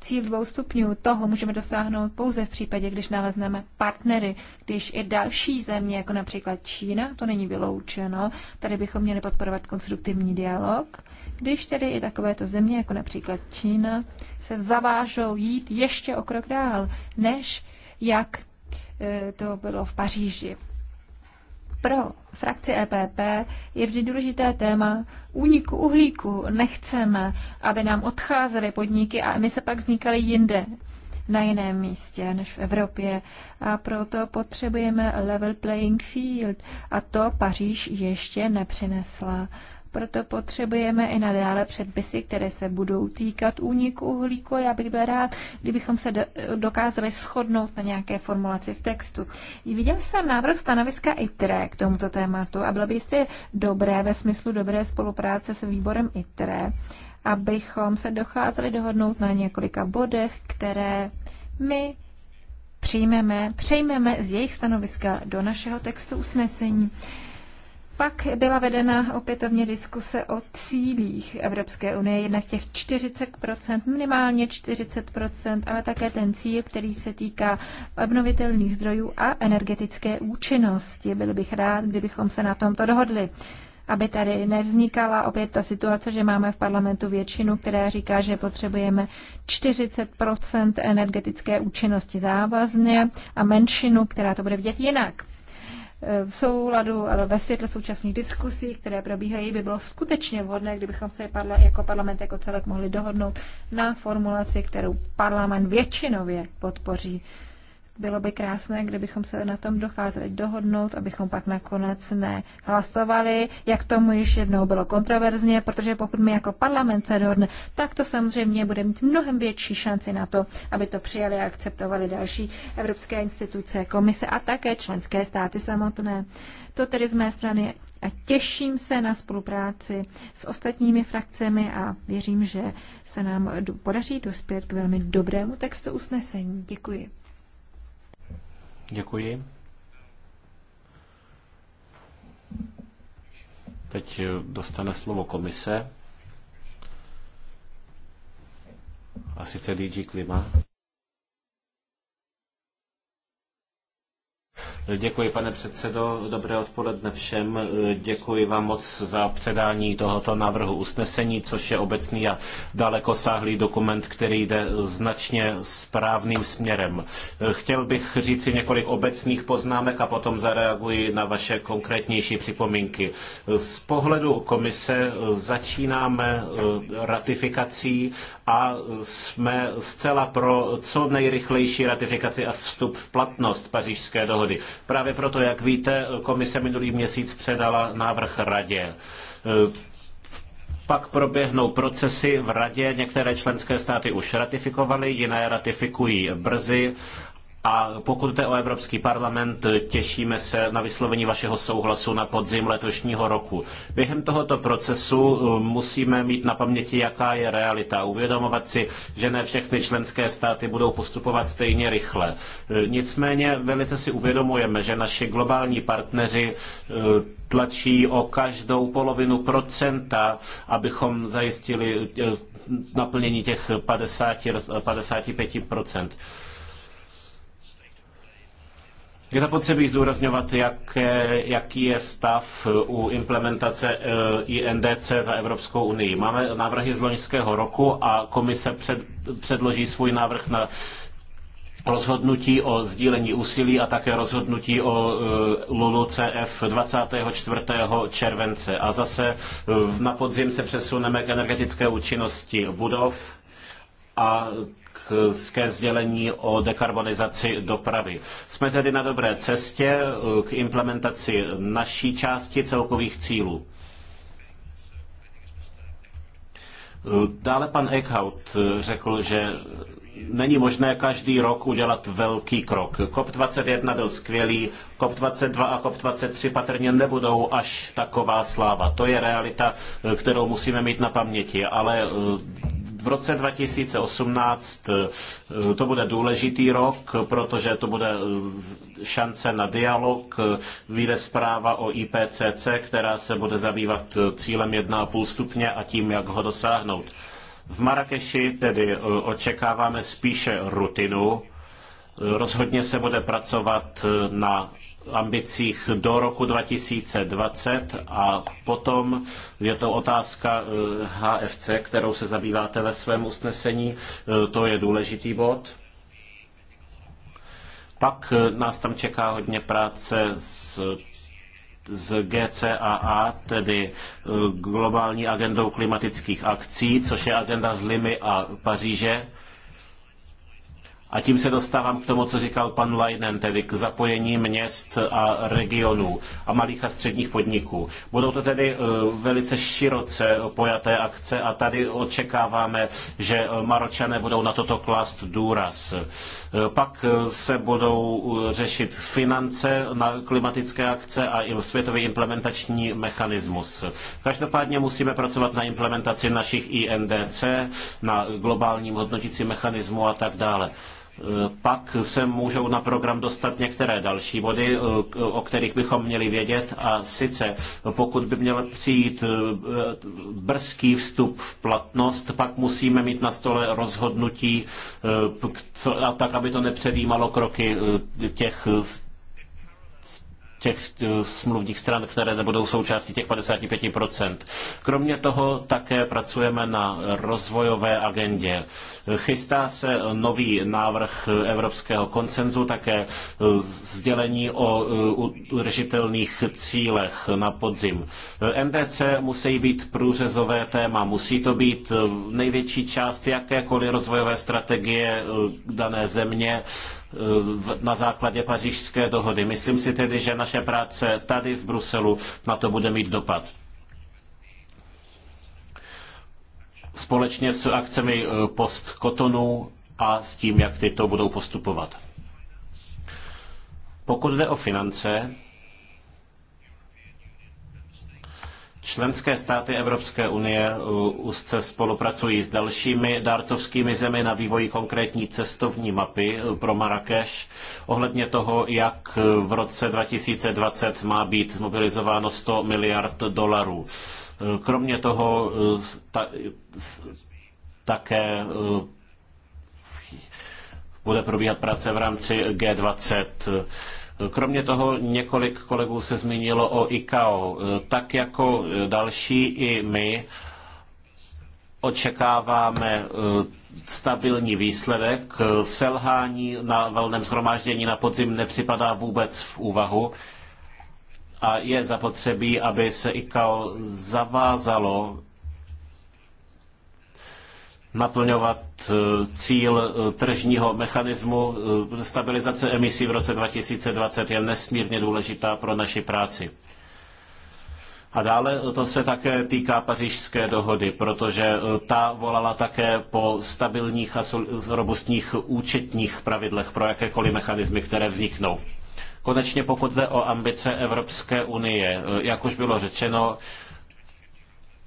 cíl dvou stupňů, toho můžeme dosáhnout pouze v případě, když nalezneme partnery, když i další země, jako například Čína, to není vyloučeno, tady bychom měli podporovat konstruktivní dialog, když tedy i takovéto země, jako například Čína, se zavážou jít ještě o krok dál, než jak eh, to bylo v Paříži pro frakci EPP je vždy důležité téma úniku uhlíku. Nechceme, aby nám odcházely podniky a my se pak vznikaly jinde na jiném místě než v Evropě. A proto potřebujeme level playing field. A to Paříž ještě nepřinesla. Proto potřebujeme i nadále předpisy, které se budou týkat úniku uhlíku. Já bych byl rád, kdybychom se dokázali shodnout na nějaké formulaci v textu. Viděl jsem návrh stanoviska ITRE k tomuto tématu a bylo by jistě dobré ve smyslu dobré spolupráce s výborem ITRE, abychom se docházeli dohodnout na několika bodech, které my přijmeme, přejmeme z jejich stanoviska do našeho textu usnesení. Pak byla vedena opětovně diskuse o cílích Evropské unie, jednak těch 40%, minimálně 40%, ale také ten cíl, který se týká obnovitelných zdrojů a energetické účinnosti. Byl bych rád, kdybychom se na tomto dohodli aby tady nevznikala opět ta situace, že máme v parlamentu většinu, která říká, že potřebujeme 40 energetické účinnosti závazně a menšinu, která to bude vidět jinak v souladu, ale ve světle současných diskusí, které probíhají, by bylo skutečně vhodné, kdybychom se jako parlament jako celek mohli dohodnout na formulaci, kterou parlament většinově podpoří. Bylo by krásné, kdybychom se na tom docházeli dohodnout, abychom pak nakonec nehlasovali, jak tomu již jednou bylo kontroverzně, protože pokud my jako parlament se dohodne, tak to samozřejmě bude mít mnohem větší šanci na to, aby to přijali a akceptovali další evropské instituce, komise a také členské státy samotné. To tedy z mé strany a těším se na spolupráci s ostatními frakcemi a věřím, že se nám podaří dospět k velmi dobrému textu usnesení. Děkuji. Děkuji. Teď eh, dostane slovo komise. A sice DG Klima. Děkuji, pane předsedo. Dobré odpoledne všem. Děkuji vám moc za předání tohoto návrhu usnesení, což je obecný a dalekosáhlý dokument, který jde značně správným směrem. Chtěl bych říci několik obecných poznámek a potom zareaguji na vaše konkrétnější připomínky. Z pohledu komise začínáme eh, ratifikací a jsme zcela pro co nejrychlejší ratifikaci a vstup v platnost pařížské dohody dohody. Právě proto, jak víte, komise minulý měsíc předala návrh radě e, pak proběhnou procesy v radě. Některé členské státy už ratifikovaly, jiné ratifikují brzy a pokud jde o Evropský parlament, těšíme se na vyslovení vašeho souhlasu na podzim letošního roku. Během tohoto procesu eh, musíme mít na paměti, jaká je realita. Uvědomovat si, že ne všechny členské státy budou postupovat stejně rychle. Eh, nicméně velice si uvědomujeme, že naši globální partneři eh, tlačí o každou polovinu procenta, abychom zajistili naplnění těch 50, 55 procent. Je zapotřebí zdůrazňovat, jak, jaký je stav u implementace eh, INDC za Evropskou unii. Máme návrhy z loňského roku a komise před, předloží svůj návrh na rozhodnutí o sdílení úsilí a také rozhodnutí o eh, LULUCF 24. července. A zase eh, na podzim se přesuneme k energetické účinnosti budov a ke sdělení o dekarbonizaci dopravy. Jsme tedy na dobré cestě eh, k implementaci naší části celkových cílů. Eh, dále pan Eckhout eh, řekl, že není možné každý rok udělat velký krok. COP21 byl skvělý, COP22 a COP23 patrně nebudou až taková sláva. To je realita, kterou musíme mít na paměti, ale v roce 2018 eh, eh, to bude důležitý rok, protože to bude eh, šance na dialog. Vyjde zpráva o IPCC, která se bude zabývat cílem 1,5 stupně a tím, jak ho dosáhnout. V Marrakeši tedy očekáváme spíše rutinu. Rozhodně se bude pracovat na ambicích do roku 2020 a potom je to otázka HFC, eh, kterou se zabýváte ve svém usnesení. Eh, to je důležitý bod. Pak eh, nás tam čeká hodně práce s z GCAA, tedy globální agendou klimatických akcí, což je agenda z Limy a Paříže. A tím se dostávám k tomu, co říkal pan Leinen, tedy k zapojení měst a regionů a malých a středních podniků. Budou to tedy eh, velice široce pojaté akce a tady očekáváme, že Maročané budou na toto klást důraz. Eh, pak eh, se budou řešit finance na klimatické akce a i světový implementační mechanismus. Každopádně musíme pracovat na implementaci našich INDC, na globálním hodnotícím mechanismu a tak dále. Eh, pak se můžou na program dostat některé další body, eh, o kterých bychom měli vědět. A sice, pokud by měl přijít eh, brzký vstup v platnost, pak musíme mít na stole rozhodnutí, a tak, aby to nepředjímalo kroky těch těch eh, smluvních stran, které nebudou součástí těch 55%. Kromě toho také pracujeme na rozvojové agendě. Chystá se nový návrh evropského koncenzu, také eh, sdělení o eh, udržitelných cílech na podzim. NDC musí být průřezové téma, musí to být největší část jakékoliv rozvojové strategie dané země na základě pařížské dohody. Myslím si tedy, že naše práce tady v Bruselu na to bude mít dopad. Společně s akcemi eh, post Kotonu a s tím, jak tyto budou postupovat. Pokud jde o finance, Členské státy Evropské unie uh, úzce spolupracují s dalšími dárcovskými zemi na vývoji konkrétní cestovní mapy uh, pro Marrakeš ohledně toho, jak uh, v roce 2020 má být zmobilizováno 100 miliard dolarů. Kromě toho ta, také bude probíhat práce v rámci G20. Kromě toho několik kolegů se zmínilo o ICAO. Tak jako další i my očekáváme eh, stabilní výsledek. Selhání na valném zhromáždění na podzim nepřipadá vůbec v úvahu a je zapotřebí, aby se ICAO zavázalo naplňovat e, cíl e, tržního mechanismu e, stabilizace emisí v roce 2020 je nesmírně důležitá pro naši práci. A dále to se také týká pařížské dohody, protože ta volala také po stabilních a robustních účetních pravidlech pro jakékoliv mechanismy, které vzniknou. Konečně pokud jde o ambice Evropské unie, jak už bylo řečeno,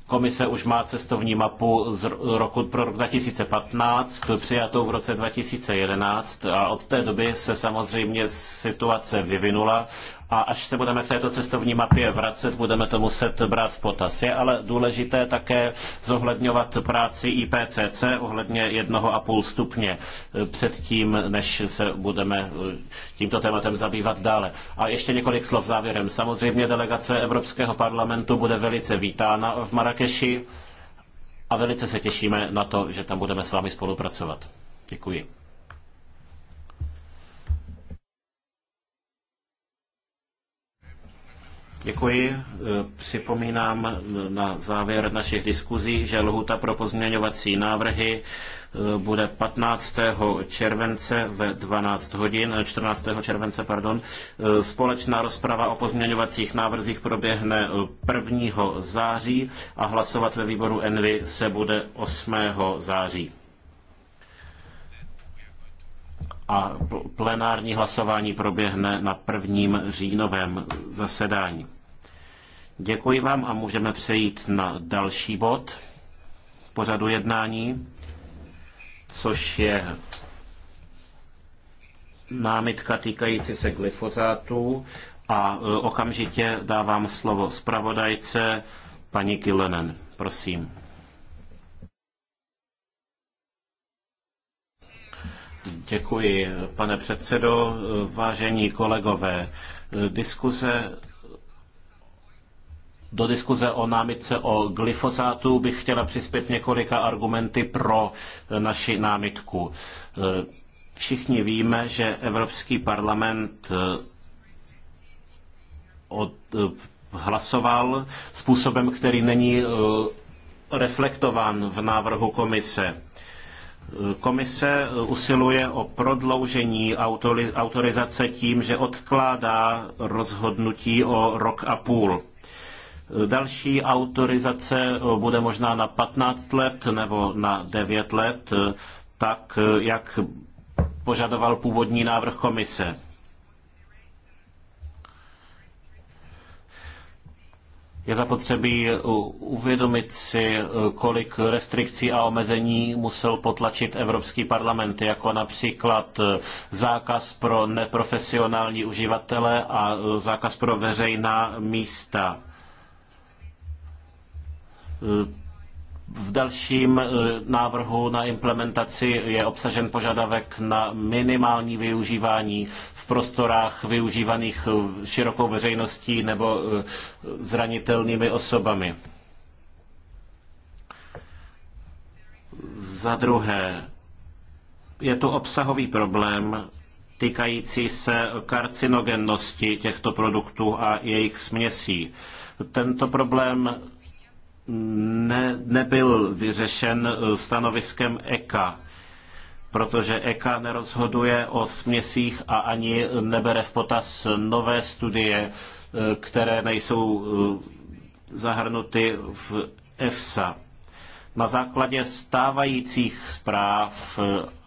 Komise už má cestovní mapu z roku, pro rok 2015, přijatou v roce 2011 a od té doby se samozřejmě situace vyvinula a až se budeme k této cestovní mapě vracet, budeme to muset brát v potaz. Je ale důležité také zohledňovat práci IPCC ohledně jednoho a půl stupně e, předtím, než se budeme e, tímto tématem zabývat dále. A ještě několik slov závěrem. Samozřejmě delegace Evropského parlamentu bude velice vítána v Marrakeši a velice se těšíme na to, že tam budeme s vámi spolupracovat. Děkuji. Děkuji. E, připomínám na závěr našich diskuzí, že lhuta pro pozměňovací návrhy e, bude 15. července ve 12 hodin, 14. července, pardon. E, společná rozprava o pozměňovacích návrzích proběhne 1. září a hlasovat ve výboru Envy se bude 8. září a plenární hlasování proběhne na prvním říjnovém zasedání. Děkuji vám a můžeme přejít na další bod pořadu jednání, což je námitka týkající se glyfozátu a e, okamžitě dávám slovo zpravodajce paní Kilenen. Prosím. Děkuji, pane předsedo. Vážení kolegové, diskuze do diskuze o námitce o glyfosátu bych chtěla přispět několika argumenty pro naši námitku. Všichni víme, že Evropský parlament eh, od, eh, hlasoval způsobem, který není eh, reflektován v návrhu komise. Komise usiluje o prodloužení autorizace tím, že odkládá rozhodnutí o rok a půl. Další autorizace bude možná na 15 let nebo na 9 let, tak jak požadoval původní návrh komise. Je zapotřebí eh, uvědomit si, eh, kolik restrikcí a omezení musel potlačit Evropský parlament, jako například eh, zákaz pro neprofesionální uživatele a zákaz pro veřejná místa v dalším eh, návrhu na implementaci je obsažen požadavek na minimální využívání v prostorách využívaných eh, širokou veřejností nebo eh, zranitelnými osobami. Za druhé, je tu obsahový problém týkající se karcinogennosti těchto produktů a jejich směsí. Tento problém ne, nebyl vyřešen eh, stanoviskem EKA, protože EKA nerozhoduje o směsích a ani nebere v potaz nové studie, eh, které nejsou eh, zahrnuty v EFSA. Na základě stávajících zpráv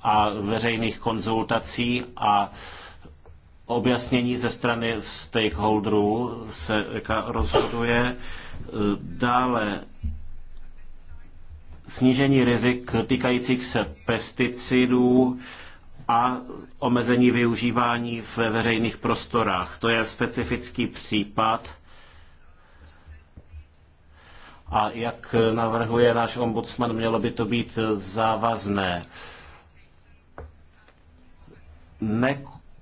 a veřejných konzultací a objasnění ze strany stakeholderů se EKA rozhoduje, Eh, dále snížení rizik týkajících se pesticidů a omezení využívání ve veřejných prostorách. To je specifický případ. A jak navrhuje náš ombudsman, mělo by to být závazné. Ne-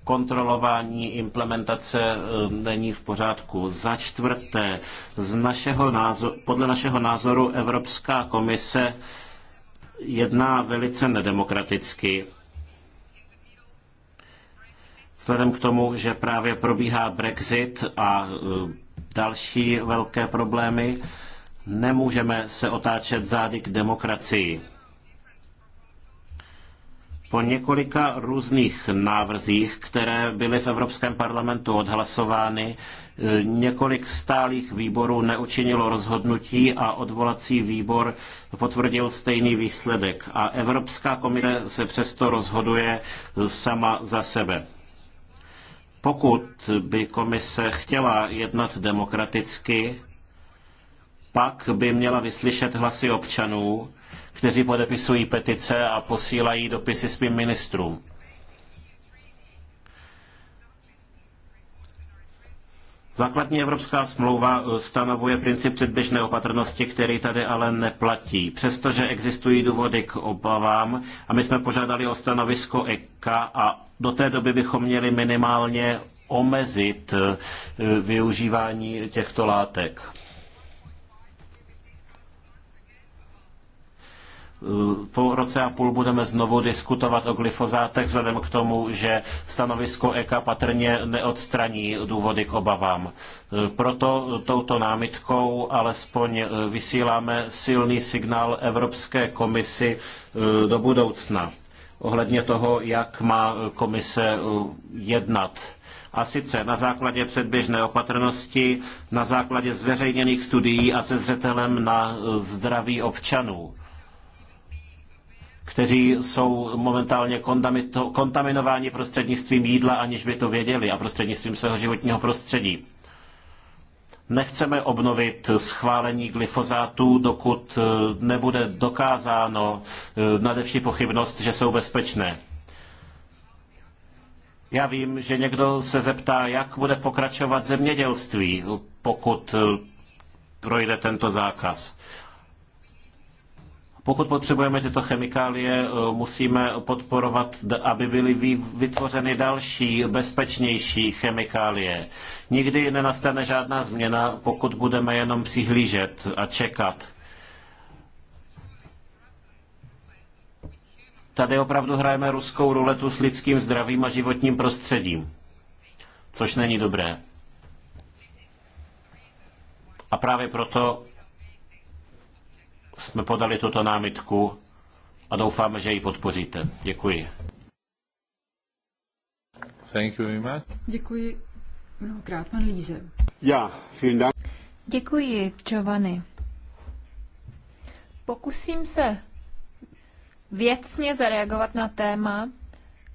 kontrolování implementace eh, není v pořádku. Za čtvrté, z našeho názoru, podle našeho názoru Evropská komise jedná velice nedemokraticky. Vzhledem k tomu, že právě probíhá Brexit a eh, další velké problémy, nemůžeme se otáčet zády k demokracii. Po několika různých návrzích, které byly v Evropském parlamentu odhlasovány, e, několik stálých výborů neučinilo rozhodnutí a odvolací výbor potvrdil stejný výsledek. A Evropská komise se přesto rozhoduje sama za sebe. Pokud by komise chtěla jednat demokraticky, pak by měla vyslyšet hlasy občanů kteří podepisují petice a posílají dopisy svým ministrům. Základní evropská smlouva eh, stanovuje princip předběžné opatrnosti, který tady ale neplatí. Přestože existují důvody k obavám a my jsme požádali o stanovisko EK a do té doby bychom měli minimálně omezit eh, využívání těchto látek. po roce a půl budeme znovu diskutovat o glyfozátech vzhledem k tomu, že stanovisko EKA patrně neodstraní důvody k obavám. Proto touto námitkou alespoň vysíláme silný signál Evropské komisi eh, do budoucna ohledně toho, jak má komise eh, jednat a sice na základě předběžné opatrnosti, na základě zveřejněných studií a se zřetelem na eh, zdraví občanů kteří jsou momentálně kontaminováni prostřednictvím jídla, aniž by to věděli a prostřednictvím svého životního prostředí. Nechceme obnovit schválení glyfozátů, dokud e, nebude dokázáno e, nadevší pochybnost, že jsou bezpečné. Já vím, že někdo se zeptá, jak bude pokračovat zemědělství, pokud e, projde tento zákaz. Pokud potřebujeme tyto chemikálie, eh, musíme podporovat, aby byly vytvořeny další, bezpečnější chemikálie. Nikdy nenastane žádná změna, pokud budeme jenom přihlížet a čekat. Tady opravdu hrajeme ruskou ruletu s lidským zdravím a životním prostředím, což není dobré. A právě proto jsme podali tuto námitku a doufáme, že ji podpoříte. Děkuji. Thank you very much. Děkuji mnohokrát, pan Líze. Já, vielen Dank. Děkuji, Giovanni. Pokusím se věcně zareagovat na téma,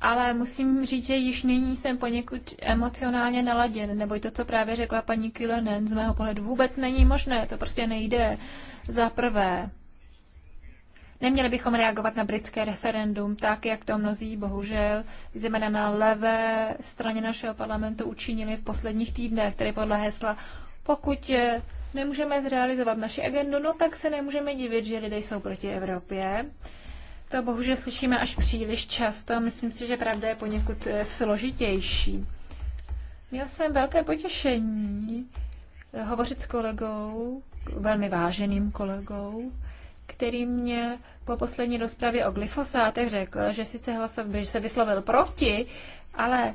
ale musím říct, že již nyní jsem poněkud emocionálně naladěn, nebo to, co právě řekla paní Kilenen, z mého pohledu vůbec není možné, to prostě nejde. Za prvé, Neměli bychom reagovat na britské referendum tak, jak to mnozí bohužel zejména na levé straně našeho parlamentu učinili v posledních týdnech, které podle hesla pokud eh, nemůžeme zrealizovat naši agendu, no tak se nemůžeme divit, že lidé jsou proti Evropě. To bohužel slyšíme až příliš často a myslím si, že pravda je poněkud eh, složitější. Měl jsem velké potěšení eh, hovořit s kolegou, velmi váženým kolegou, který mě po poslední rozpravě o glyfosátech řekl, že sice hlasov, že se vyslovil proti, ale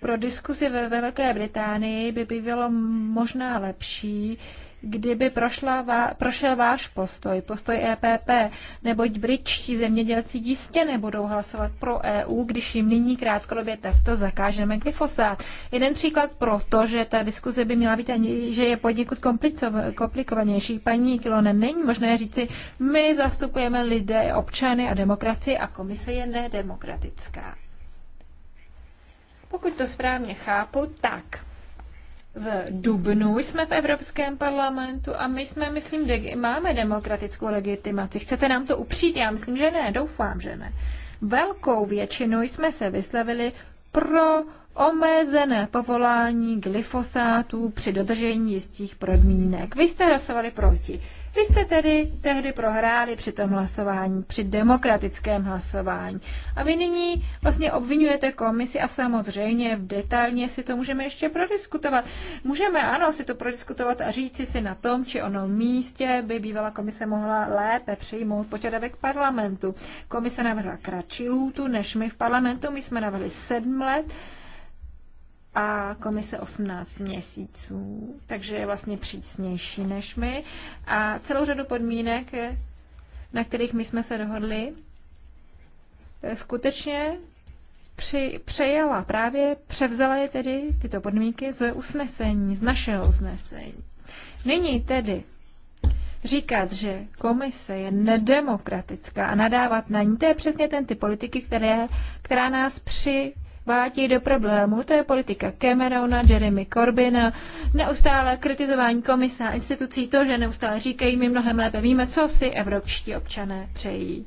pro diskuzi ve, ve Velké Británii by bylo možná lepší, kdyby prošla vá, prošel váš postoj, postoj EPP, neboť britští zemědělci jistě nebudou hlasovat pro EU, když jim nyní krátkodobě takto zakážeme glyfosát. Jeden příklad proto, že ta diskuze by měla být, ani, že je poněkud komplikovanější. Paní Kilone, není možné říci, my zastupujeme lidé, občany a demokracii a komise je nedemokratická. Pokud to správně chápu, tak v Dubnu jsme v Evropském parlamentu a my jsme, myslím, de- máme demokratickou legitimaci. Chcete nám to upřít? Já myslím, že ne, doufám, že ne. Velkou většinou jsme se vyslavili pro omezené povolání glyfosátů při dodržení jistých podmínek. Vy jste hlasovali proti. Vy jste tedy tehdy prohráli při tom hlasování, při demokratickém hlasování. A vy nyní vlastně obvinujete komisi a samozřejmě v detailně si to můžeme ještě prodiskutovat. Můžeme, ano, si to prodiskutovat a říci si na tom, či ono místě by bývala komise mohla lépe přijmout požadavek parlamentu. Komise navrhla kratší lůtu než my v parlamentu, my jsme navrhli sedm let a komise 18 měsíců, takže je vlastně přísnější než my. A celou řadu podmínek, na kterých my jsme se dohodli, skutečně při, přejela, právě převzala je tedy tyto podmínky z usnesení, z našeho usnesení. Nyní tedy říkat, že komise je nedemokratická a nadávat na ní, to je přesně ten typ politiky, které, která nás při vádí do problému. To je politika Camerona, Jeremy Corbyna, neustále kritizování komisa institucí, to, že neustále říkají, my mnohem lépe víme, co si evropští občané přejí.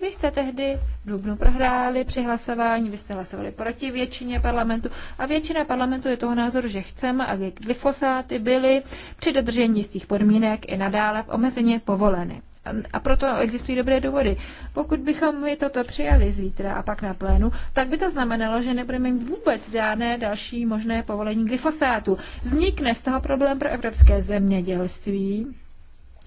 Vy jste tehdy v Dubnu prohráli při hlasování, vy jste hlasovali proti většině parlamentu a většina parlamentu je toho názoru, že chceme, aby glyfosáty byly při dodržení z těch podmínek i nadále v omezeně povoleny a proto existují dobré důvody. Pokud bychom my toto přijali zítra a pak na plénu, tak by to znamenalo, že nebudeme mít vůbec žádné další možné povolení glyfosátu. Vznikne z toho problém pro evropské zemědělství,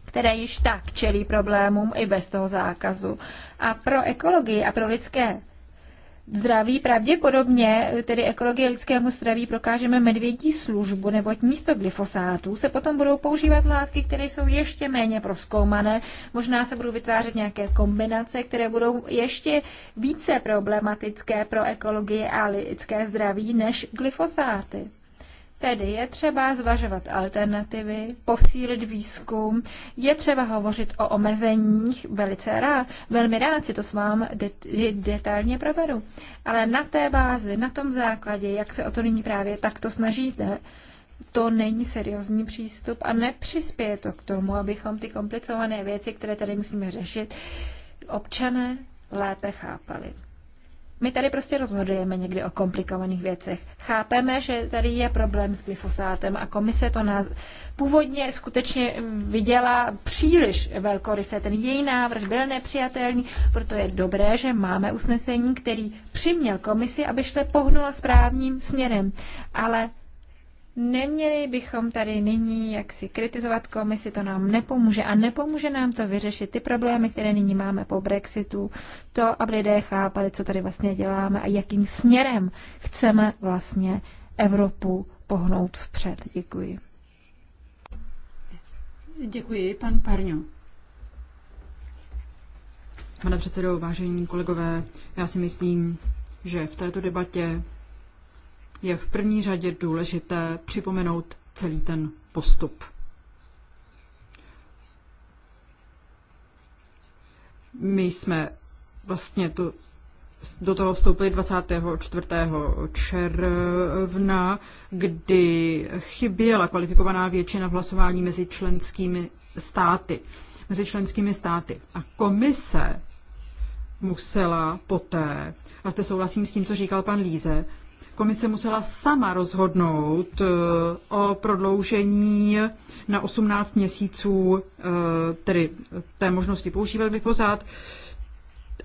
které již tak čelí problémům i bez toho zákazu. A pro ekologii a pro lidské zdraví, pravděpodobně eh, tedy ekologie lidskému zdraví prokážeme medvědí službu, neboť místo glyfosátů se potom budou používat látky, které jsou ještě méně proskoumané. Možná se budou vytvářet nějaké kombinace, které budou ještě více problematické pro ekologie, a lidské zdraví než glyfosáty. Tedy je třeba zvažovat alternativy, posílit výzkum, je třeba hovořit o omezeních velice rád. Velmi rád si to s vám det- detailně provedu. Ale na té bázi, na tom základě, jak se o to nyní právě takto snažíte, to není seriózní přístup a nepřispěje to k tomu, abychom ty komplikované věci, které tady musíme řešit, občané lépe chápali. My tady prostě rozhodujeme někdy o komplikovaných věcech. Chápeme, že tady je problém s glyfosátem a komise to nás původně skutečně viděla příliš velkoryse. Ten její návrh byl nepřijatelný, proto je dobré, že máme usnesení, který přiměl komisi, aby se pohnula správným směrem. Ale Neměli bychom tady nyní jak si kritizovat komisi, to nám nepomůže a nepomůže nám to vyřešit ty problémy, které nyní máme po Brexitu, to, aby lidé chápali, co tady vlastně děláme a jakým směrem chceme vlastně Evropu pohnout vpřed. Děkuji. Děkuji, pan Parňo. Pane předsedo, vážení kolegové, já si myslím, že v této debatě je v první řadě důležité připomenout celý ten postup. My jsme vlastně to, do toho vstoupili 24. června, kdy chyběla kvalifikovaná většina v hlasování mezi členskými státy. Mezi členskými státy. A komise musela poté, a zde souhlasím s tím, co říkal pan Líze, komise musela sama rozhodnout eh, o prodloužení na 18 měsíců, eh, tedy té možnosti používat glyfozát,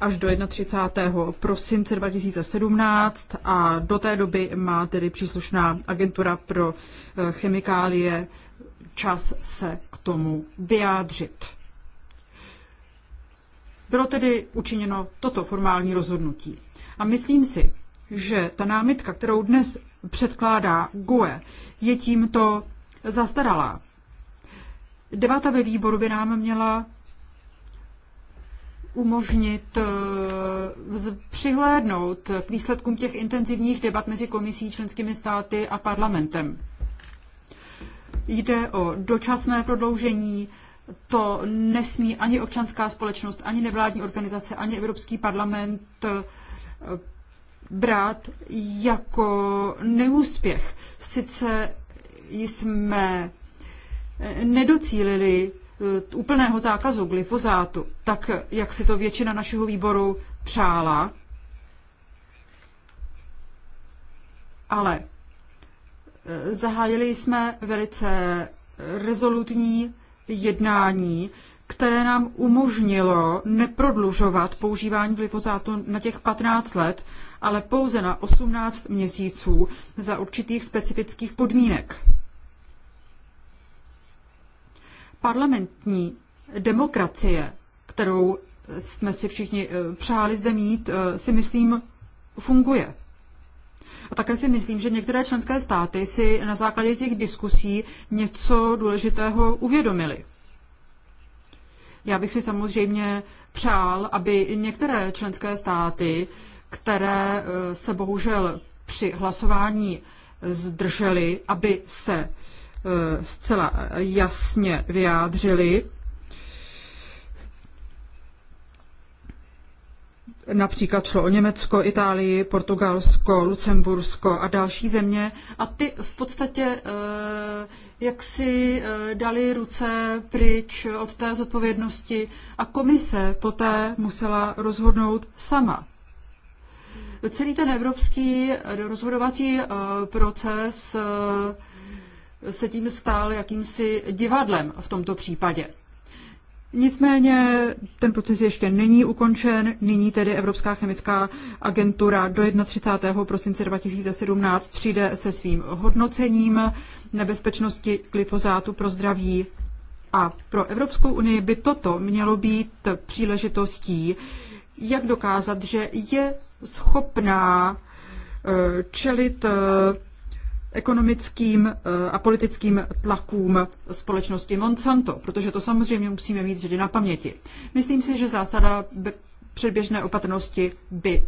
až do 31. prosince 2017 a do té doby má tedy příslušná agentura pro eh, chemikálie čas se k tomu vyjádřit. Bylo tedy učiněno toto formální rozhodnutí. A myslím si, že ta námitka, kterou dnes předkládá GUE, je tímto zastaralá. Debata ve výboru by nám měla umožnit eh, přihlédnout k výsledkům těch intenzivních debat mezi komisí, členskými státy a parlamentem. Jde o dočasné prodloužení, to nesmí ani občanská společnost, ani nevládní organizace, ani Evropský parlament eh, brát jako neúspěch. Sice jsme eh, nedocílili eh, úplného zákazu glyfozátu, tak jak si to většina našeho výboru přála, ale eh, zahájili jsme velice rezolutní jednání, které nám umožnilo neprodlužovat používání glyfozátu na těch 15 let ale pouze na 18 měsíců za určitých specifických podmínek. Parlamentní demokracie, kterou jsme si všichni eh, přáli zde mít, eh, si myslím, funguje. A také si myslím, že některé členské státy si na základě těch diskusí něco důležitého uvědomili. Já bych si samozřejmě přál, aby některé členské státy které eh, se bohužel při hlasování zdrželi, aby se eh, zcela jasně vyjádřili. Například šlo o Německo, Itálii, Portugalsko, Lucembursko a další země. A ty v podstatě eh, jak si dali ruce pryč od té zodpovědnosti a komise poté musela rozhodnout sama celý ten evropský eh, rozhodovací eh, proces eh, se tím stál jakýmsi divadlem v tomto případě. Nicméně ten proces ještě není ukončen, nyní tedy Evropská chemická agentura do 31. prosince 2017 přijde se svým hodnocením nebezpečnosti glyfozátu pro zdraví a pro Evropskou unii by toto mělo být příležitostí, jak dokázat, že je schopná eh, čelit eh, ekonomickým eh, a politickým tlakům společnosti Monsanto, protože to samozřejmě musíme mít vždy na paměti. Myslím si, že zásada předběžné opatrnosti by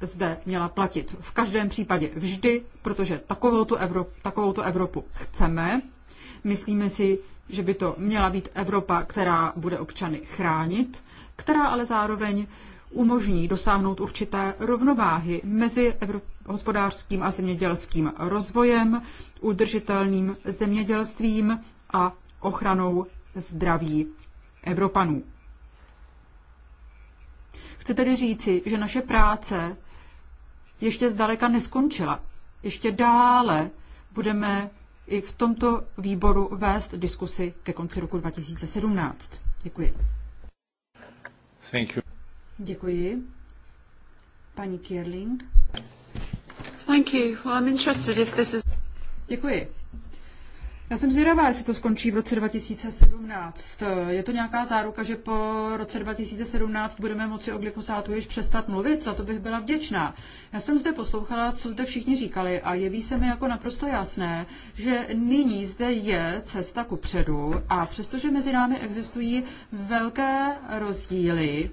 zde měla platit. V každém případě vždy, protože takovou tu, Evropu, Evropu chceme. Myslíme si, že by to měla být Evropa, která bude občany chránit, která ale zároveň umožní dosáhnout určité rovnováhy mezi hospodářským a zemědělským rozvojem, udržitelným zemědělstvím a ochranou zdraví Evropanů. Chci tedy říci, že naše práce ještě zdaleka neskončila. Ještě dále budeme i v tomto výboru vést diskusy ke konci roku 2017. Děkuji. Thank you. Děkuji. Paní Kierling. Thank you. Well, I'm interested if this is... Děkuji. Já jsem zvědavá, jestli to skončí v roce 2017. Je to nějaká záruka, že po roce 2017 budeme moci o glyfosátu již přestat mluvit? Za to bych byla vděčná. Já jsem zde poslouchala, co zde všichni říkali a jeví se mi jako naprosto jasné, že nyní zde je cesta ku předu a přestože mezi námi existují velké rozdíly,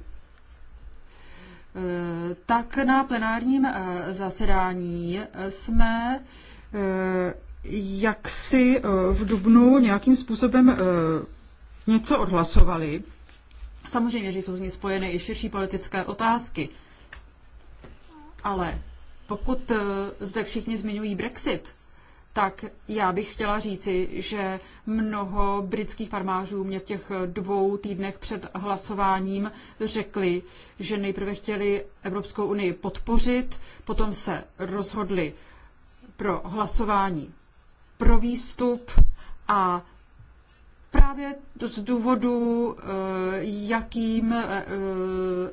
Eh, tak na plenárním eh, zasedání jsme eh, jaksi v Dubnu nějakým způsobem něco odhlasovali. Samozřejmě, že jsou s ní spojeny i širší politické otázky. Ale pokud zde všichni zmiňují Brexit, tak já bych chtěla říci, že mnoho britských farmářů mě v těch dvou týdnech před hlasováním řekli, že nejprve chtěli Evropskou unii podpořit, potom se rozhodli pro hlasování pro výstup a právě z důvodu, eh, jakým eh,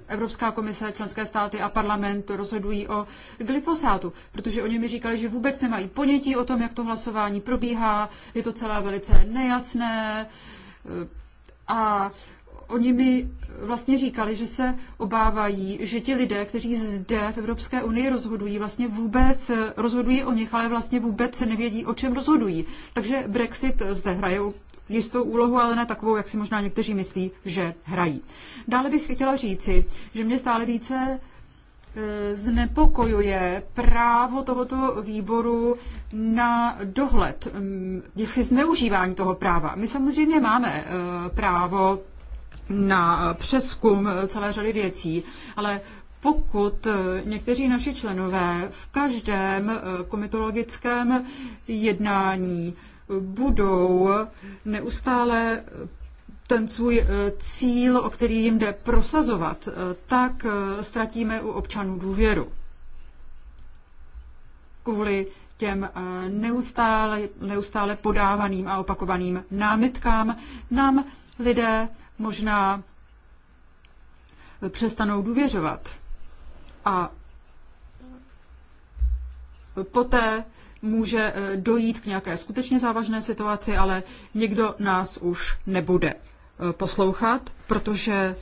Evropská komise, členské státy a parlament rozhodují o glyfosátu, protože oni mi říkali, že vůbec nemají ponětí o tom, jak to hlasování probíhá, je to celé velice nejasné eh, a oni mi vlastně říkali, že se obávají, že ti lidé, kteří zde v Evropské unii rozhodují, vlastně vůbec rozhodují o nich, ale vlastně vůbec nevědí, o čem rozhodují. Takže Brexit zde hraje jistou úlohu, ale ne takovou, jak si možná někteří myslí, že hrají. Dále bych chtěla říci, že mě stále více e, znepokojuje právo tohoto výboru na dohled, jestli zneužívání toho práva. My samozřejmě máme e, právo na přeskum celé řady věcí, ale pokud e, někteří naši členové v každém komitologickém jednání budou neustále ten svůj eh, cíl, o který jim jde prosazovat, eh, tak eh, ztratíme u občanů důvěru. Kvůli těm neustále, neustále podávaným a opakovaným námitkám nám lidé možná přestanou důvěřovat. A poté může eh, dojít k nějaké skutečně závažné situaci, ale nikdo nás už nebude eh, poslouchat, protože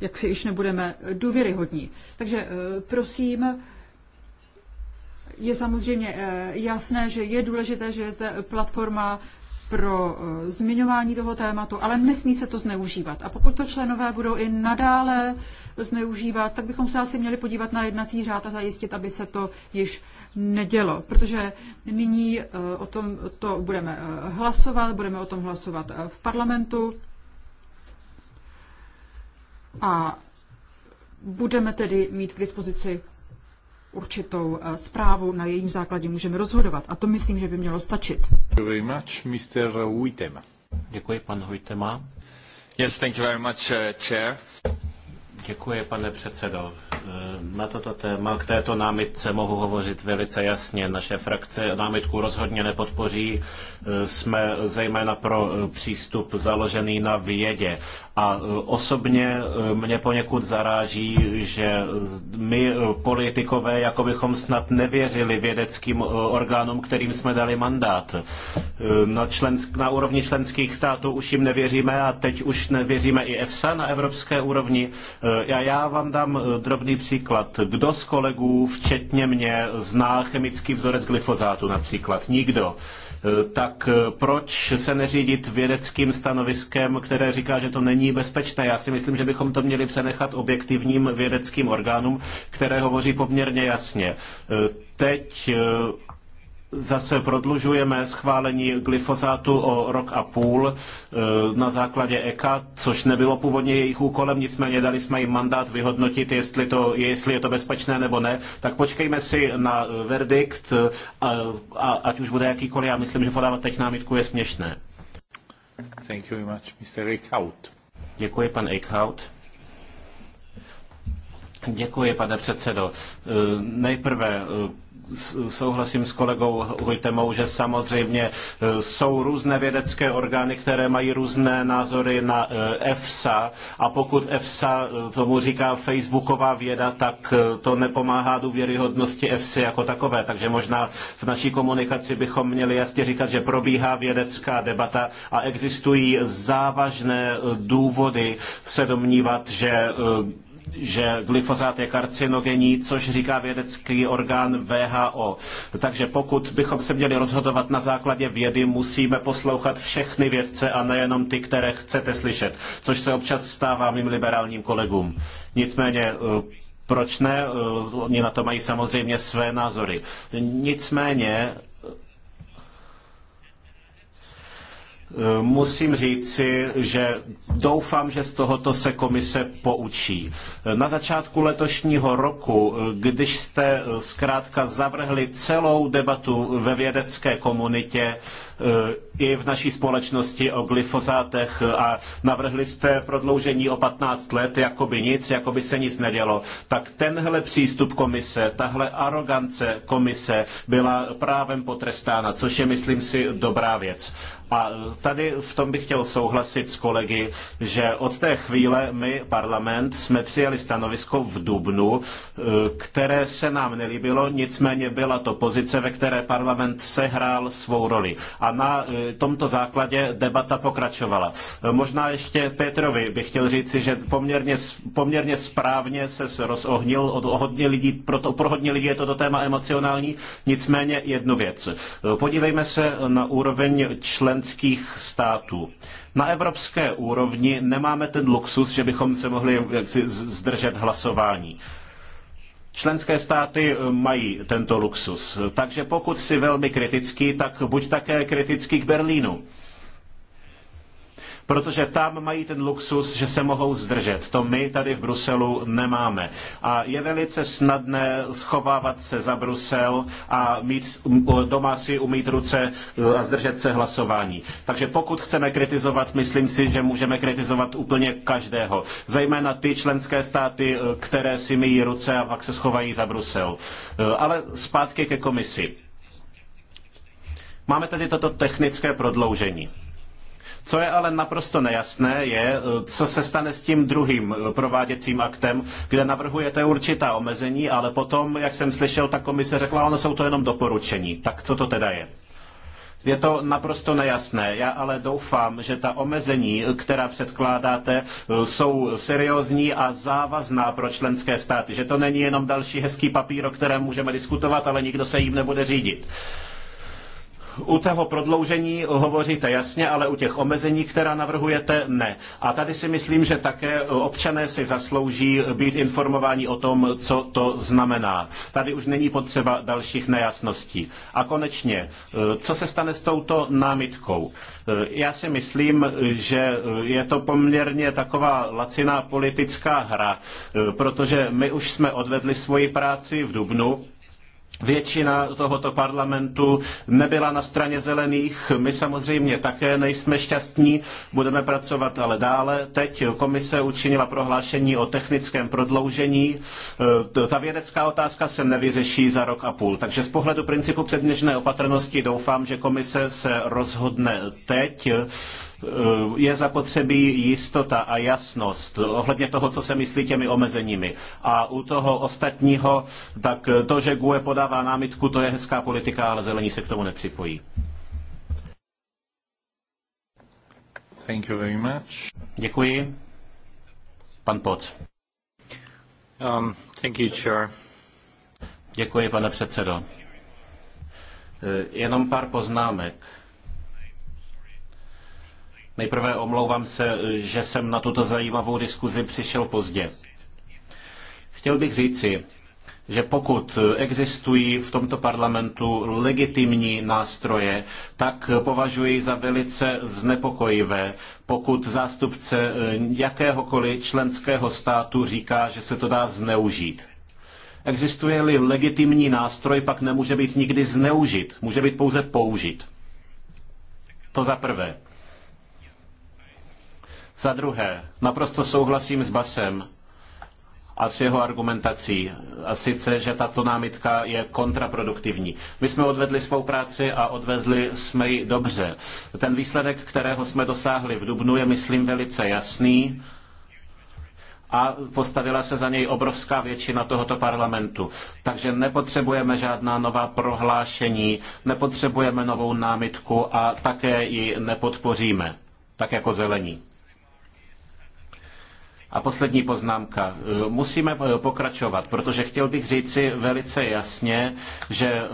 jak si již nebudeme důvěryhodní. Takže eh, prosím, je samozřejmě jasné, že je důležité, že je zde platforma pro eh, zmiňování toho tématu, ale nesmí se to zneužívat. A pokud to členové budou i nadále zneužívat, tak bychom se asi měli podívat na jednací řád a zajistit, aby se to již nedělo. Protože nyní eh, o tom to budeme eh, hlasovat, budeme o tom hlasovat v parlamentu. A budeme tedy mít k dispozici určitou eh, zprávu, na jejím základě můžeme rozhodovat. A to myslím, že by mělo stačit. Very much, Mr. Děkuji, pan Huitema. Yes, thank you very much, uh, chair. Děkuji, pane předsedo. Eh, na toto téma, k této námitce mohu hovořit velice jasně. Naše frakce námitku rozhodně nepodpoří. Eh, jsme zejména pro eh, přístup založený na vědě. A osobně mě poněkud zaráží, že my politikové, jako bychom snad nevěřili vědeckým orgánům, kterým jsme dali mandát. Na, člensk, na úrovni členských států už jim nevěříme a teď už nevěříme i EFSA na evropské úrovni. Eh, já, já vám dám eh, drobný příklad. Kdo z kolegů, včetně mě, zná chemický vzorec glyfozátu například? Nikdo. Eh, tak proč se neřídit vědeckým stanoviskem, které říká, že to není bezpečné? Já si myslím, že bychom to měli přenechat objektivním vědeckým orgánům, které hovoří poměrně jasně teď zase prodlužujeme schválení glyfosátu o rok a půl e, na základě EKA, což nebylo původně jejich úkolem, nicméně dali jsme jim mandát vyhodnotit, jestli, to, jestli je to bezpečné nebo ne. Tak počkejme si na verdikt, e, a, a, ať už bude jakýkoliv. Já myslím, že podávat teď námitku je směšné. Thank you very much, Mr. Eichhout. Děkuji, pan Eichhout. Děkuji, pane předsedo. E, nejprve souhlasím s kolegou Hojtemou, že samozřejmě e, jsou různé vědecké orgány, které mají různé názory na e, EFSA a pokud EFSA e, tomu říká facebooková věda, tak to nepomáhá důvěryhodnosti EFSA jako takové. Takže možná v naší komunikaci bychom měli jasně říkat, že probíhá vědecká debata a existují závažné důvody se domnívat, že že glyfozát je karcinogenní, což říká vědecký orgán WHO. Takže pokud bychom se měli rozhodovat na základě vědy, musíme poslouchat všechny vědce a nejenom ty, které chcete slyšet, což se občas stává mým liberálním kolegům. Nicméně eh, proč ne? Eh, oni na to mají samozřejmě své názory. Nicméně Musím říci, že doufám, že z tohoto se komise poučí. Na začátku letošního roku, když jste zkrátka zavrhli celou debatu ve vědecké komunitě, i v naší společnosti o glyfozátech a navrhli jste prodloužení o 15 let, jako by nic, jako by se nic nedělo. Tak tenhle přístup komise, tahle arogance komise byla právem potrestána, což je, myslím si, dobrá věc. A tady v tom bych chtěl souhlasit s kolegy, že od té chvíle my, parlament, jsme přijali stanovisko v Dubnu, které se nám nelíbilo, nicméně byla to pozice, ve které parlament sehrál svou roli. A na e, tomto základě debata pokračovala. E, možná ještě Petrovi bych chtěl říci, že poměrně, poměrně správně se rozohnil, od hodně lidí, proto, pro hodně lidí je toto téma emocionální, nicméně jednu věc. E, podívejme se na úroveň členských států. Na evropské úrovni nemáme ten luxus, že bychom se mohli jaksi zdržet hlasování. Členské státy eh, mají tento luxus, takže pokud si velmi kritický, tak buď také kritický k Berlínu protože tam mají ten luxus, že se mohou zdržet. To my tady v Bruselu nemáme. A je velice snadné schovávat se za Brusel a mít, doma si umít ruce e, a zdržet se hlasování. Takže pokud chceme kritizovat, myslím si, že můžeme kritizovat úplně každého. Zejména ty členské státy, e, které si myjí ruce a pak se schovají za Brusel. E, ale zpátky ke komisi. Máme tady toto technické prodloužení. Co je ale naprosto nejasné, je, eh, co se stane s tím druhým eh, prováděcím aktem, kde navrhujete určitá omezení, ale potom, jak jsem slyšel, ta komise řekla, ona jsou to jenom doporučení. Tak co to teda je? Je to naprosto nejasné. Já ale doufám, že ta omezení, eh, která předkládáte, jsou seriózní a závazná pro členské státy. Že to není jenom další hezký papír, o kterém můžeme diskutovat, ale nikdo se jím nebude řídit u toho prodloužení hovoříte jasně, ale u těch omezení, která navrhujete, ne. A tady si myslím, že také občané si zaslouží být informováni o tom, co to znamená. Tady už není potřeba dalších nejasností. A konečně, co se stane s touto námitkou? Já si myslím, že je to poměrně taková laciná politická hra, protože my už jsme odvedli svoji práci v Dubnu většina tohoto parlamentu nebyla na straně zelených. My samozřejmě také nejsme šťastní, budeme pracovat ale dále. Teď komise učinila prohlášení o technickém prodloužení. E, ta vědecká otázka se nevyřeší za rok a půl. Takže z pohledu principu předměžné opatrnosti doufám, že komise se rozhodne teď Eh, je zapotřebí jistota a jasnost ohledně toho, co se myslí těmi omezeními. A u toho ostatního, tak to, že GUE podává námitku, to je hezká politika, ale zelení se k tomu nepřipojí. Thank you very much. Děkuji. Pan Pot. Um, thank you, chair. Děkuji, pane předsedo. Eh, jenom pár poznámek. Nejprve omlouvám se, že jsem na tuto zajímavou diskuzi přišel pozdě. Chtěl bych říci, že pokud existují v tomto parlamentu legitimní nástroje, tak považuji za velice znepokojivé, pokud zástupce jakéhokoliv členského státu říká, že se to dá zneužít. Existuje-li legitimní nástroj, pak nemůže být nikdy zneužit, může být pouze použit. To za prvé. Za druhé, naprosto souhlasím s Basem a s jeho argumentací. A sice, že tato námitka je kontraproduktivní. My jsme odvedli svou práci a odvezli jsme ji dobře. Ten výsledek, kterého jsme dosáhli v Dubnu, je, myslím, velice jasný a postavila se za něj obrovská většina tohoto parlamentu. Takže nepotřebujeme žádná nová prohlášení, nepotřebujeme novou námitku a také ji nepodpoříme, tak jako zelení. A poslední poznámka. Eh, musíme eh, pokračovat, protože chtěl bych říci velice jasně, že eh,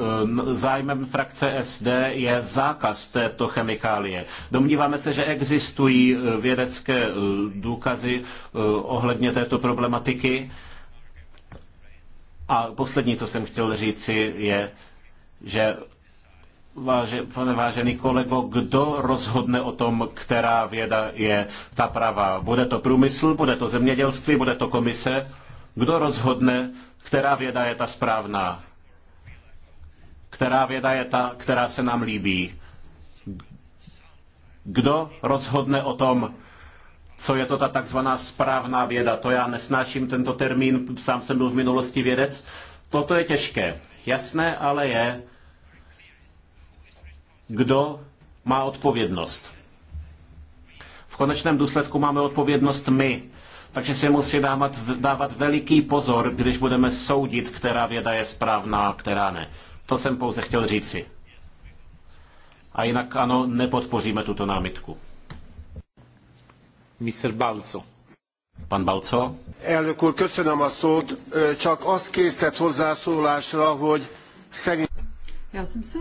zájmem frakce SD je zákaz této chemikálie. Domníváme se, že existují vědecké důkazy ohledně této problematiky. A poslední, co jsem chtěl říci, je, že Váže, pane vážený kolego, kdo rozhodne o tom, která věda je ta pravá? Bude to průmysl, bude to zemědělství, bude to komise? Kdo rozhodne, která věda je ta správná? Která věda je ta, která se nám líbí? Kdo rozhodne o tom, co je to ta takzvaná správná věda? To já nesnáším tento termín, sám jsem byl v minulosti vědec. Toto je těžké. Jasné ale je, kdo má odpovědnost. V konečném důsledku máme odpovědnost my, takže si musí dávat, dávat veliký pozor, když budeme soudit, která věda je správná a která ne. To jsem pouze chtěl říci. A jinak ano, nepodpoříme tuto námitku. Mr. Balco. Pan Balco. Elnök úr, köszönöm a szót. Csak azt készített hozzászólásra, hogy szerint... Já jsem se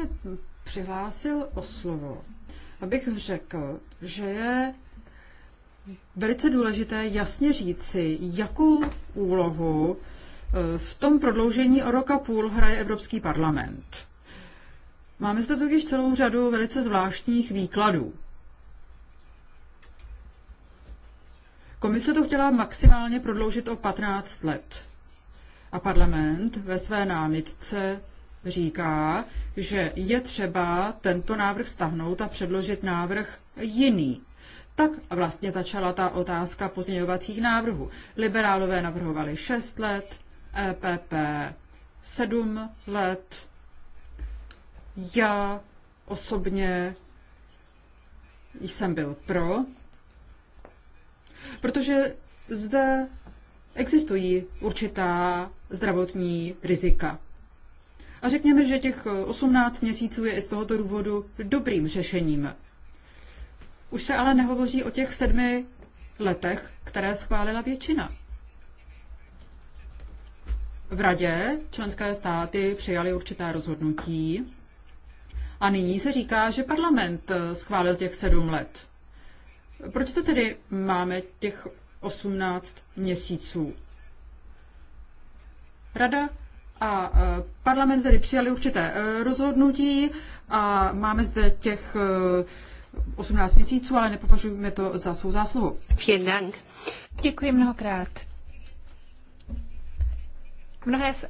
přihlásil o slovo, abych řekl, že je velice důležité jasně říci, jakou úlohu eh, v tom prodloužení o roka půl hraje Evropský parlament. Máme zde totiž celou řadu velice zvláštních výkladů. Komise to chtěla maximálně prodloužit o 15 let. A parlament ve své námitce říká, že je třeba tento návrh stahnout a předložit návrh jiný. Tak vlastně začala ta otázka pozměňovacích návrhů. Liberálové navrhovali 6 let, EPP 7 let. Já osobně jsem byl pro, protože zde existují určitá zdravotní rizika. A řekněme, že těch 18 eh, měsíců je i z tohoto důvodu dobrým řešením. Už se ale nehovoří o těch sedmi letech, které schválila většina. V radě členské státy přijali určitá rozhodnutí a nyní se říká, že parlament eh, schválil těch sedm let. Proč to tedy máme těch 18 měsíců? Rada a e, parlament tedy přijali určité e, rozhodnutí a máme zde těch 18 e, měsíců, ale nepovažujeme to za svou zásluhu. Děkuji mnohokrát. Mnohé z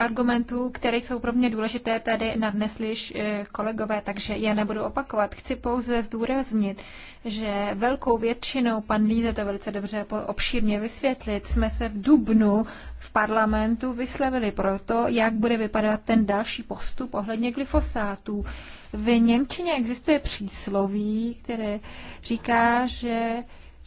argumentů, které jsou pro mě důležité, tady nadnesli eh, kolegové, takže já nebudu opakovat. Chci pouze zdůraznit, že velkou většinou, pan Líze to velice dobře obšírně vysvětlit, jsme se v Dubnu v parlamentu vyslavili proto, jak bude vypadat ten další postup ohledně glyfosátů. V Němčině existuje přísloví, které říká, že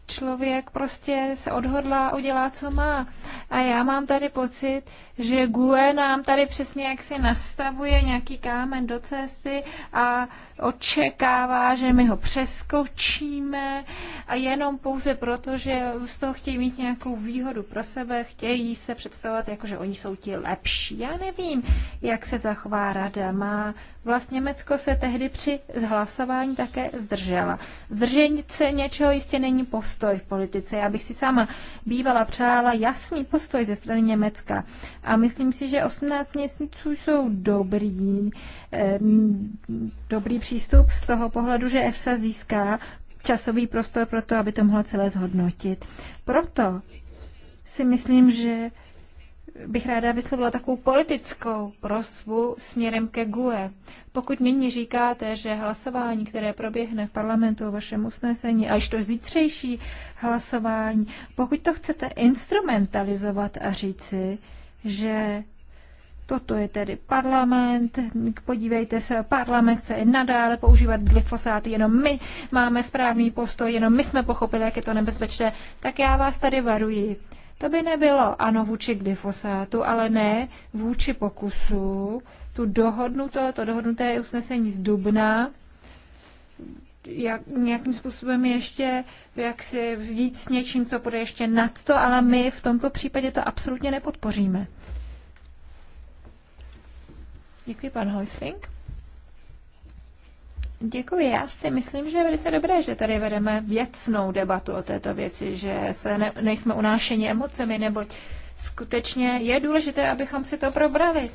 člověk prostě se odhodlá, udělá, co má. A já mám tady pocit, že GUE nám tady přesně jak si nastavuje nějaký kámen do cesty a očekává, že my ho přeskočíme a jenom pouze proto, že z toho chtějí mít nějakou výhodu pro sebe, chtějí se představovat jako, že oni jsou ti lepší. Já nevím, jak se zachová rada. Má Vlastně Německo se tehdy při hlasování také zdržela. Zdržení se něčeho jistě není postoj v politice. Já bych si sama bývala přála jasný postoj ze strany Německa. A myslím si, že 18 měsíců jsou dobrý, eh, dobrý přístup z toho pohledu, že EFSA získá časový prostor pro to, aby to mohla celé zhodnotit. Proto si myslím, že bych ráda vyslovila takovou politickou prosbu směrem ke GUE. Pokud nyní říkáte, že hlasování, které proběhne v parlamentu o vašem usnesení, až to zítřejší hlasování, pokud to chcete instrumentalizovat a říci, že Toto je tedy parlament, podívejte se, parlament chce i nadále používat glyfosát, jenom my máme správný postoj, jenom my jsme pochopili, jak je to nebezpečné, tak já vás tady varuji. To by nebylo ano vůči glyfosátu, ale ne vůči pokusu. Tu dohodnuté, to dohodnuté usnesení z Dubna, jak, nějakým způsobem ještě jak si jít s něčím, co bude ještě nad to, ale my v tomto případě to absolutně nepodpoříme. Děkuji, pan Hojsling. Děkuji. Já si myslím, že je velice dobré, že tady vedeme věcnou debatu o této věci, že se ne, nejsme unášeni emocemi, neboť skutečně je důležité, abychom si to probrali.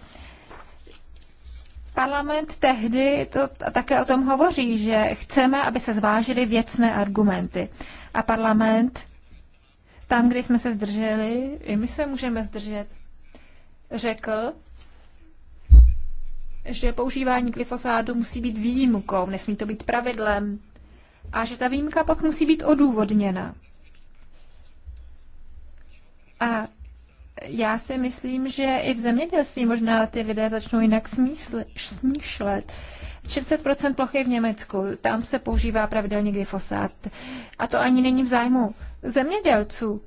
Parlament tehdy to také o tom hovoří, že chceme, aby se zvážily věcné argumenty. A parlament, tam, kde jsme se zdrželi, i my se můžeme zdržet, řekl, že používání glyfosátu musí být výjimkou, nesmí to být pravidlem a že ta výjimka pak musí být odůvodněna. A já si myslím, že i v zemědělství možná ty lidé začnou jinak smýšlet. 40% plochy v Německu, tam se používá pravidelně glyfosát. A to ani není v zájmu zemědělců.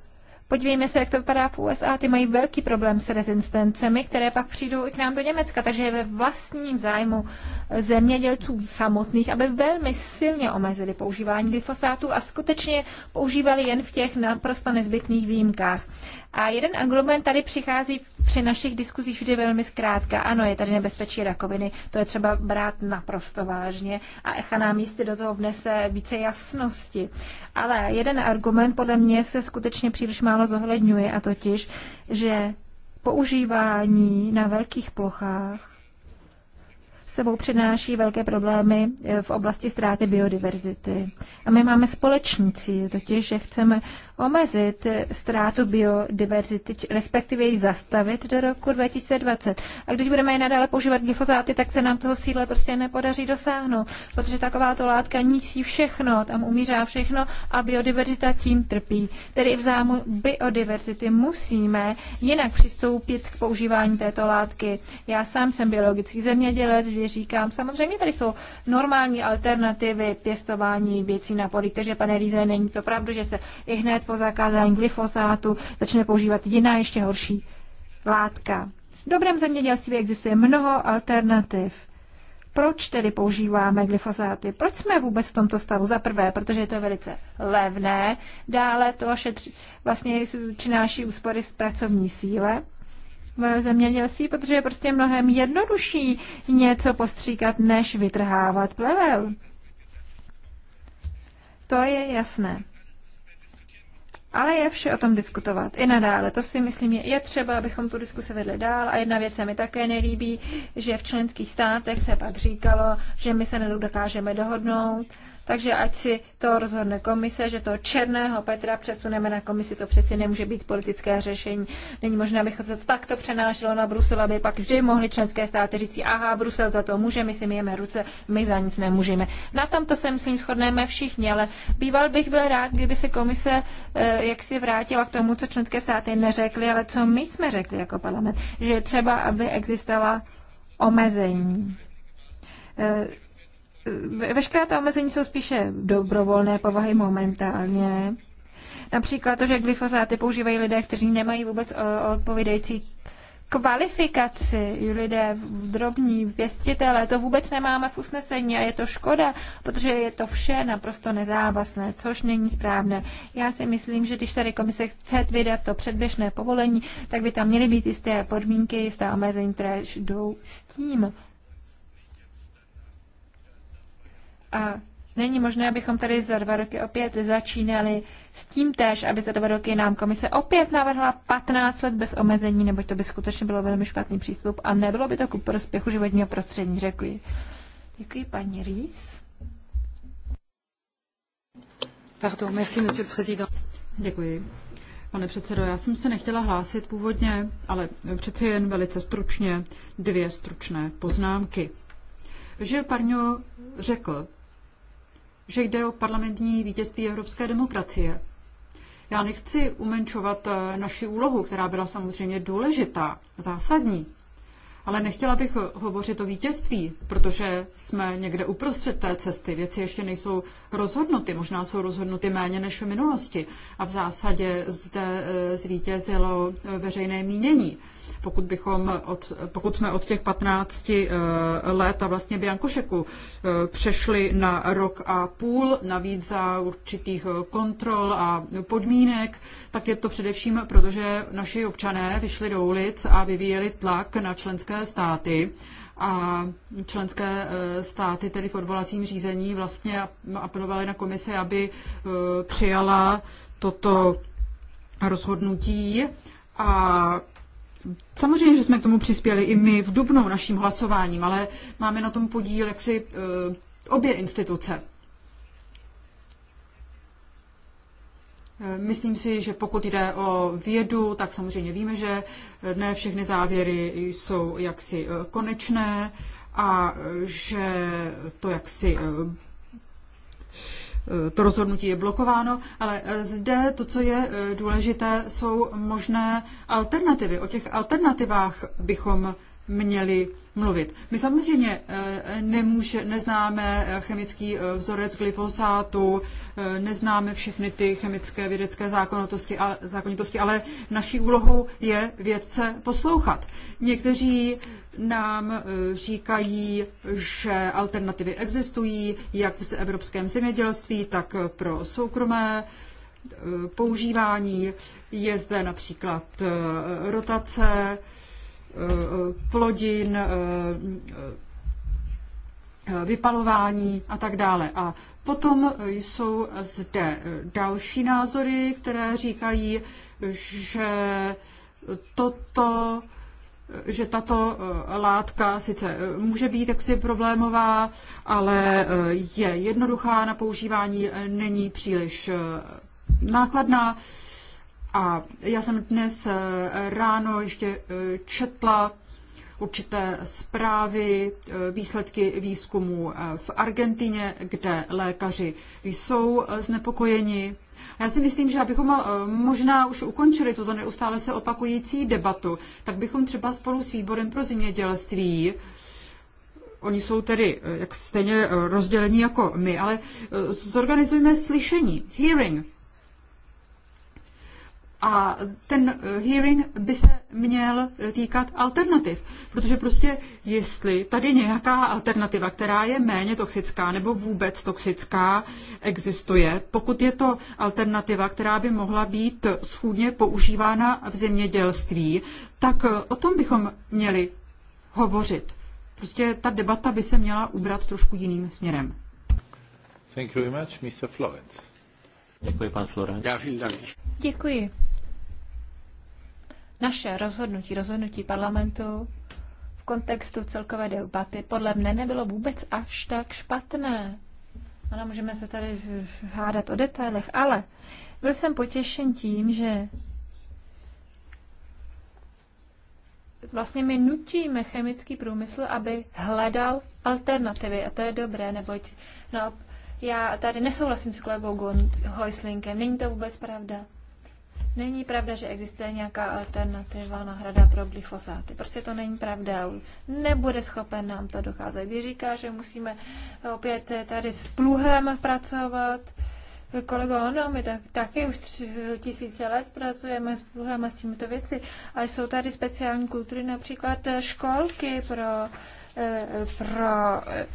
Podívejme se, jak to vypadá v USA. Ty mají velký problém s rezistencemi, které pak přijdou i k nám do Německa. Takže je ve vlastním zájmu zemědělců samotných, aby velmi silně omezili používání glyfosátu a skutečně používali jen v těch naprosto nezbytných výjimkách. A jeden argument tady přichází při našich diskuzích vždy velmi zkrátka. Ano, je tady nebezpečí rakoviny, to je třeba brát naprosto vážně a echa nám jistě do toho vnese více jasnosti. Ale jeden argument podle mě se skutečně příliš málo zohledňuje a totiž, že používání na velkých plochách sebou přináší velké problémy eh, v oblasti ztráty biodiverzity. A my máme společný cíl, totiž, že chceme omezit ztrátu biodiverzity, respektive ji zastavit do roku 2020. A když budeme i nadále používat glyfozáty, tak se nám toho síle prostě nepodaří dosáhnout, protože takováto látka ničí všechno, tam umírá všechno a biodiverzita tím trpí. Tedy i v zámu biodiverzity musíme jinak přistoupit k používání této látky. Já sám jsem biologický zemědělec, vždy říkám, samozřejmě tady jsou normální alternativy pěstování věcí na poli, takže pane Líze, není to pravda, že se i hned hned po zakázání glyfosátu začne používat jiná ještě horší látka. V dobrém zemědělství existuje mnoho alternativ. Proč tedy používáme glyfosáty? Proč jsme vůbec v tomto stavu? Za prvé, protože je to velice levné, dále to šetři, vlastně přináší úspory z pracovní síle v zemědělství, protože je prostě mnohem jednodušší něco postříkat, než vytrhávat plevel. To je jasné. Ale je vše o tom diskutovat i nadále. To si myslím, je, je třeba, abychom tu diskusi vedli dál. A jedna věc se mi také nelíbí, že v členských státech se pak říkalo, že my se nedokážeme dohodnout. Takže ať si to rozhodne komise, že to černého Petra přesuneme na komisi, to přeci nemůže být politické řešení. Není možné, aby se to takto přenášelo na Brusel, aby pak vždy mohli členské státy říct, aha, Brusel za to může, my si myjeme ruce, my za nic nemůžeme. Na tomto se, myslím, shodneme všichni, ale býval bych byl rád, kdyby se komise eh, jak si vrátila k tomu, co členské státy neřekly, ale co my jsme řekli jako parlament, že je třeba, aby existovala omezení. E, veškerá ta omezení jsou spíše dobrovolné povahy momentálně. Například to, že glyfosáty používají lidé, kteří nemají vůbec e, odpovídající kvalifikaci lidé, drobní pěstitele, to vůbec nemáme v usnesení a je to škoda, protože je to vše naprosto nezávazné, což není správné. Já si myslím, že když tady komise chce vydat to předběžné povolení, tak by tam měly být jisté podmínky, jisté omezení, které jdou s tím. A Není možné, abychom tady za dva roky opět začínali s tím též, aby za dva roky nám komise opět navrhla 15 let bez omezení, neboť to by skutečně bylo velmi špatný přístup a nebylo by to ku prospěchu životního prostředí, řekli. Děkuji, paní Rýs. Pardon, merci, monsieur le président. Děkuji. Pane předsedo, já jsem se nechtěla hlásit původně, ale přece jen velice stručně dvě stručné poznámky. Žil Parňo řekl, že jde o parlamentní vítězství evropské demokracie. Já nechci umenčovat eh, naši úlohu, která byla samozřejmě důležitá, zásadní, ale nechtěla bych hovořit o vítězství, protože jsme někde uprostřed té cesty. Věci ještě nejsou rozhodnuty, možná jsou rozhodnuty méně než v minulosti. A v zásadě zde eh, zvítězilo eh, veřejné mínění pokud, bychom od, pokud jsme od těch 15 eh, let a vlastně Biankošeku eh, přešli na rok a půl, navíc za určitých eh, kontrol a podmínek, tak je to především proto, že naši občané vyšli do ulic a vyvíjeli tlak na členské státy a členské státy tedy v odvolacím řízení vlastně apelovaly na komisi, aby přijala toto rozhodnutí a Samozřejmě, že jsme k tomu přispěli i my v Dubnu naším hlasováním, ale máme na tom podíl jaksi eh, obě instituce. Eh, myslím si, že pokud jde o vědu, tak samozřejmě víme, že eh, ne všechny závěry jsou jaksi konečné a že to jaksi Eh, to rozhodnutí je blokováno, ale eh, zde to, co je eh, důležité, jsou možné alternativy. O těch alternativách bychom měli mluvit. My samozřejmě nemůže, neznáme chemický vzorec glyfosátu, neznáme všechny ty chemické vědecké zákonitosti, ale, zákonitosti, ale naší úlohou je vědce poslouchat. Někteří nám eh, říkají, že alternativy existují jak v evropském zemědělství, tak pro soukromé eh, používání. Je zde například eh, rotace plodin, vypalování a tak dále. A potom jsou zde další názory, které říkají, že toto že tato eh, látka sice eh, může být jaksi problémová, ale eh, je jednoduchá na používání, není příliš nákladná. A já jsem dnes ráno ještě četla určité zprávy, výsledky výzkumu v Argentině, kde lékaři jsou znepokojeni a já si myslím, že abychom eh, možná už ukončili tuto neustále se opakující debatu, tak bychom třeba spolu s výborem pro zemědělství Oni jsou tedy eh, jak stejně eh, rozdělení jako my, ale zorganizujme slyšení, hearing, a ten eh, hearing by se měl eh, týkat alternativ, protože prostě jestli tady nějaká alternativa, která je méně toxická nebo vůbec toxická, existuje, pokud je to alternativa, která by mohla být schůdně používána v zemědělství, tak eh, o tom bychom měli hovořit. Prostě ta debata by se měla ubrat trošku jiným směrem. Thank you very much, Mr. Florence. Děkuji, pan Florence. Děkuji naše rozhodnutí, rozhodnutí parlamentu v kontextu celkové debaty podle mne nebylo vůbec až tak špatné. Ano, můžeme se tady hádat o detailech, ale byl jsem potěšen tím, že vlastně my nutíme chemický průmysl, aby hledal alternativy a to je dobré, neboť no, já tady nesouhlasím s kolegou Hoislinkem, není to vůbec pravda. Není pravda, že existuje nějaká alternativa náhrada pro glyfosáty. Prostě to není pravda. Nebude schopen nám to docházet. Když říká, že musíme opět tady s pluhem pracovat, Kolego, ano, my tak, taky už tři tisíce let pracujeme s pluhem a s tímto věci, ale jsou tady speciální kultury, například školky pro, eh, pro eh,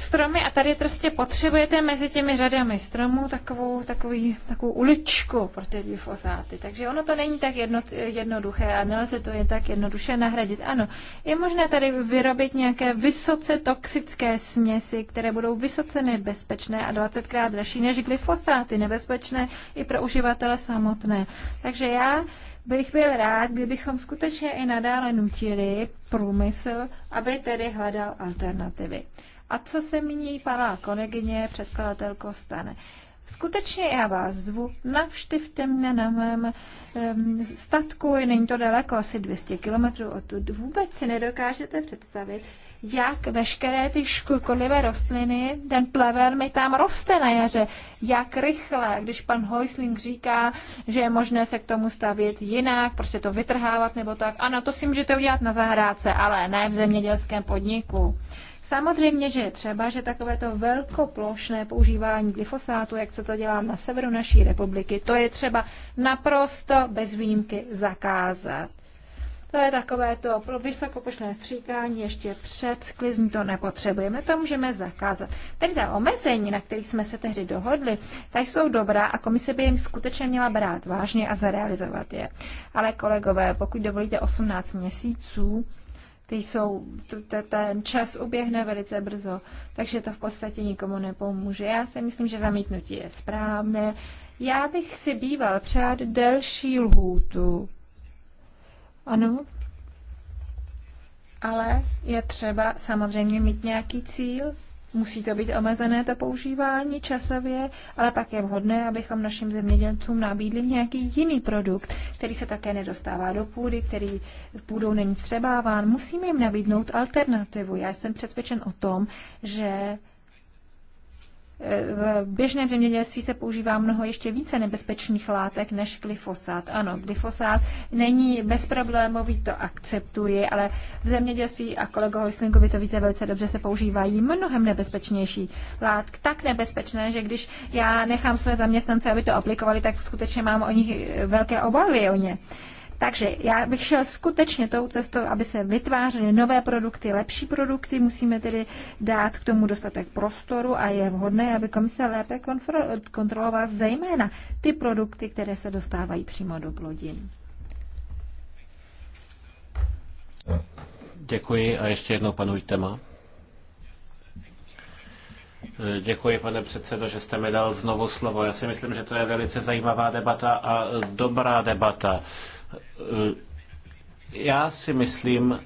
stromy a tady prostě potřebujete mezi těmi řadami stromů takovou, takový, takovou uličku pro ty glyfosáty. Takže ono to není tak jedno, jednoduché a nelze to je tak jednoduše nahradit. Ano, je možné tady vyrobit nějaké vysoce toxické směsi, které budou vysoce nebezpečné a 20krát dražší než glyfosáty, nebezpečné i pro uživatele samotné. Takže já bych byl rád, kdybychom skutečně i nadále nutili průmysl, aby tedy hledal alternativy. A co se míní pana kolegyně předkladatelko stane? Skutečně já vás zvu, navštivte mne na mém um, statku, není to daleko, asi 200 kilometrů odtud. Vůbec si nedokážete představit, jak veškeré ty škodlivé rostliny, ten plever mi tam roste na jaře, jak rychle, když pan Hoisling říká, že je možné se k tomu stavět jinak, prostě to vytrhávat nebo tak. Ano, to si můžete udělat na zahrádce, ale ne v zemědělském podniku. Samozřejmě, že je třeba, že takovéto velkoplošné používání glyfosátu, jak se to dělá na severu naší republiky, to je třeba naprosto bez výjimky zakázat. To je takové to vysokopočné stříkání ještě před sklizní, to nepotřebujeme, to můžeme zakázat. Tedy ta omezení, na kterých jsme se tehdy dohodli, ta jsou dobrá a komise by jim skutečně měla brát vážně a zrealizovat je. Ale kolegové, pokud dovolíte 18 měsíců, ty jsou, ten čas uběhne velice brzo, takže to v podstatě nikomu nepomůže. Já si myslím, že zamítnutí je správné. Já bych si býval přát delší lhůtu. Ano, ale je třeba samozřejmě mít nějaký cíl, Musí to být omezené to používání časově, ale pak je vhodné, abychom našim zemědělcům nabídli nějaký jiný produkt, který se také nedostává do půdy, který půdou není vstřebáván. Musíme jim nabídnout alternativu. Já jsem přesvědčen o tom, že v běžném zemědělství se používá mnoho ještě více nebezpečných látek než glyfosát. Ano, glyfosát není bezproblémový, to akceptuji, ale v zemědělství, a kolego Hojslinkovi to víte velice dobře, se používají mnohem nebezpečnější látky, Tak nebezpečné, že když já nechám své zaměstnance, aby to aplikovali, tak skutečně mám o nich velké obavy o ně. Takže já bych šel skutečně tou cestou, aby se vytvářely nové produkty, lepší produkty. Musíme tedy dát k tomu dostatek prostoru a je vhodné, aby komise lépe kontrolovala zejména ty produkty, které se dostávají přímo do plodin. Děkuji a ještě jednou panu téma. Děkuji, pane předsedo, že jste mi dal znovu slovo. Já si myslím, že to je velice zajímavá debata a dobrá debata Eh, já si myslím,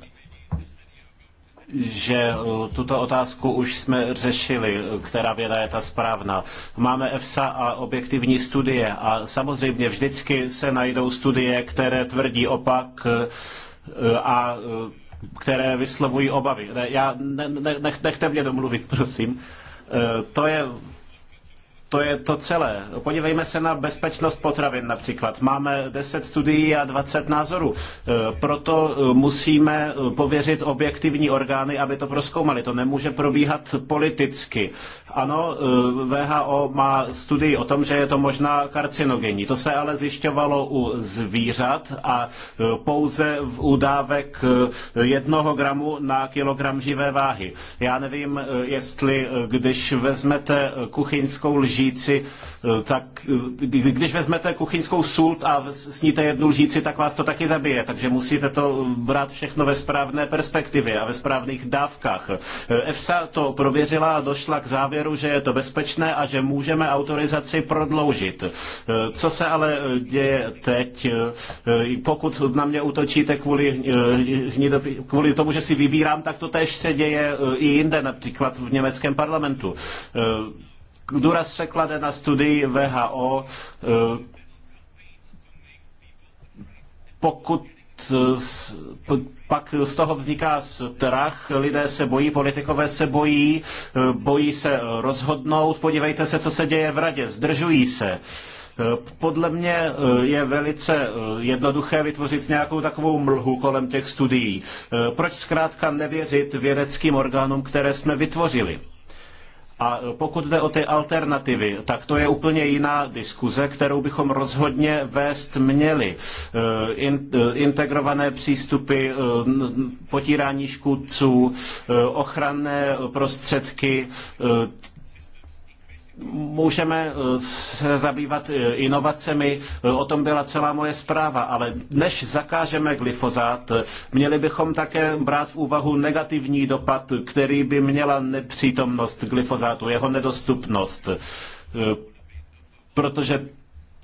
že eh, tuto otázku už jsme řešili, eh, která věda je ta správná. Máme EFSA a objektivní studie a samozřejmě vždycky se najdou studie, které tvrdí opak a které vyslovují obavy. Já, ne, ne, nechte mě domluvit, prosím. To je to je to celé. Podívejme se na bezpečnost potravin například. Máme 10 studií a 20 názorů. E, proto e, musíme pověřit objektivní orgány, aby to proskoumali. To nemůže probíhat politicky. Ano, e, VHO má studii o tom, že je to možná karcinogenní. To se ale zjišťovalo u zvířat a pouze v udávek jednoho gramu na kilogram živé váhy. Já nevím, jestli když vezmete kuchyňskou lží, lžíci, eh, tak eh, když vezmete kuchyňskou sůl a sníte jednu lžíci, tak vás to taky zabije. Takže musíte to brát všechno ve správné perspektivě a ve správných dávkách. Eh, EFSA to prověřila a došla k závěru, že je to bezpečné a že můžeme autorizaci prodloužit. Co se ale děje teď? Pokud na mě útočíte kvůli, kvůli tomu, že si vybírám, tak to tež se děje i jinde, například v německém parlamentu důraz se klade na studii VHO, eh, pokud eh, pak z toho vzniká strach, lidé se bojí, politikové se bojí, eh, bojí se rozhodnout, podívejte se, co se děje v radě, zdržují se. Podle mě je velice jednoduché vytvořit nějakou takovou mlhu kolem těch studií. Proč zkrátka nevěřit vědeckým orgánům, které jsme vytvořili? A pokud jde o ty alternativy, tak to je úplně jiná diskuze, kterou bychom rozhodně vést měli. Eh, eh, integrované přístupy, eh, potírání škůdců, ochranné prostředky, můžeme eh, se zabývat eh, inovacemi, eh, o tom byla celá moje zpráva, ale než zakážeme glyfozát, měli bychom také brát v úvahu negativní dopad, který by měla nepřítomnost glyfozátu, jeho nedostupnost protože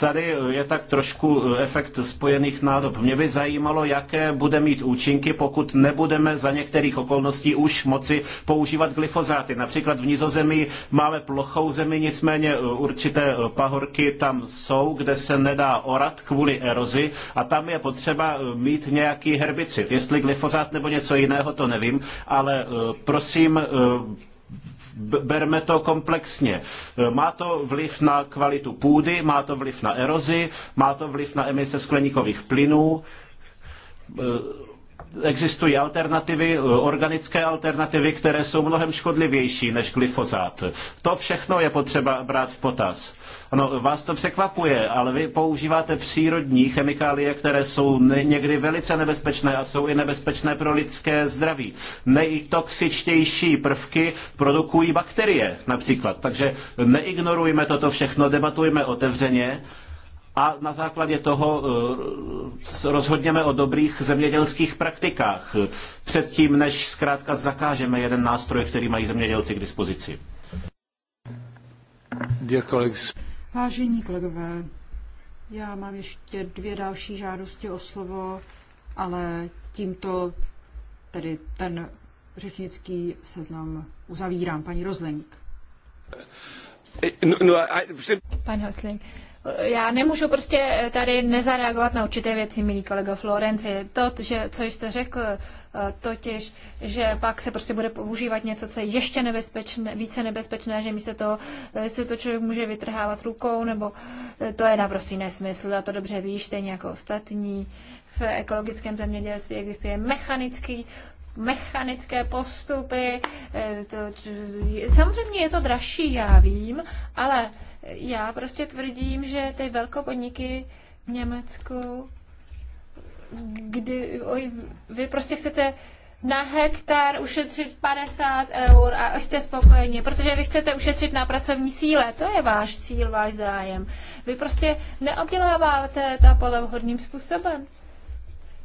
Tady je tak trošku eh, efekt spojených nádob. Mě by zajímalo, jaké bude mít účinky, pokud nebudeme za některých okolností už moci používat glyfozáty. Například v Nizozemí máme plochou zemi, nicméně eh, určité eh, pahorky tam jsou, kde se nedá orat kvůli erozi a tam je potřeba mít nějaký herbicid. Jestli glyfozát nebo něco jiného, to nevím, ale prosím, berme to komplexně. E, má to vliv na kvalitu půdy, má to vliv na erozi, má to vliv na emise skleníkových plynů, e, existují alternativy, eh, organické alternativy, které jsou mnohem škodlivější než glyfozát. To všechno je potřeba brát v potaz. Ano, vás to překvapuje, ale vy používáte přírodní chemikálie, které jsou někdy velice nebezpečné a jsou i nebezpečné pro lidské zdraví. Nejtoxičtější prvky produkují bakterie například. Takže neignorujme toto všechno, debatujme otevřeně a na základě toho eh, rozhodněme o dobrých zemědělských praktikách předtím, než zkrátka zakážeme jeden nástroj, který mají zemědělci k dispozici. Dear colleagues. Vážení kolegové, já mám ještě dvě další žádosti o slovo, ale tímto tedy ten řečnický seznam uzavírám. Paní Rozling. Eh, no, no, Pane Rozlink, já nemůžu prostě tady nezareagovat na určité věci, milý kolego Florenci. To, že, co jste řekl, eh, totiž, že pak se prostě bude používat něco, co je ještě nebezpečné, více nebezpečné, že mi se to, se to člověk může vytrhávat rukou, nebo eh, to je naprostý nesmysl a to dobře víš, stejně jako ostatní. V ekologickém zemědělství existuje mechanický mechanické postupy. Eh, to, samozřejmě je to dražší, já vím, ale já prostě tvrdím, že ty velkopodniky v Německu, kdy oj, vy prostě chcete na hektar ušetřit 50 eur a jste spokojeni, protože vy chcete ušetřit na pracovní síle. To je váš cíl, váš zájem. Vy prostě neobděláváte ta pole vhodným způsobem.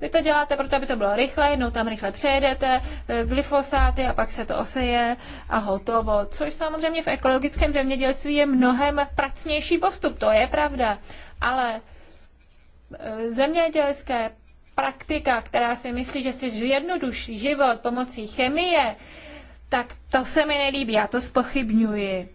Vy to děláte proto, aby to bylo rychle, jednou tam rychle přejedete, e, glyfosáty a pak se to oseje a hotovo. Což samozřejmě v ekologickém zemědělství je mnohem pracnější postup, to je pravda. Ale e, zemědělské praktika, která si myslí, že si zjednoduší život pomocí chemie, tak to se mi nelíbí, já to spochybňuji.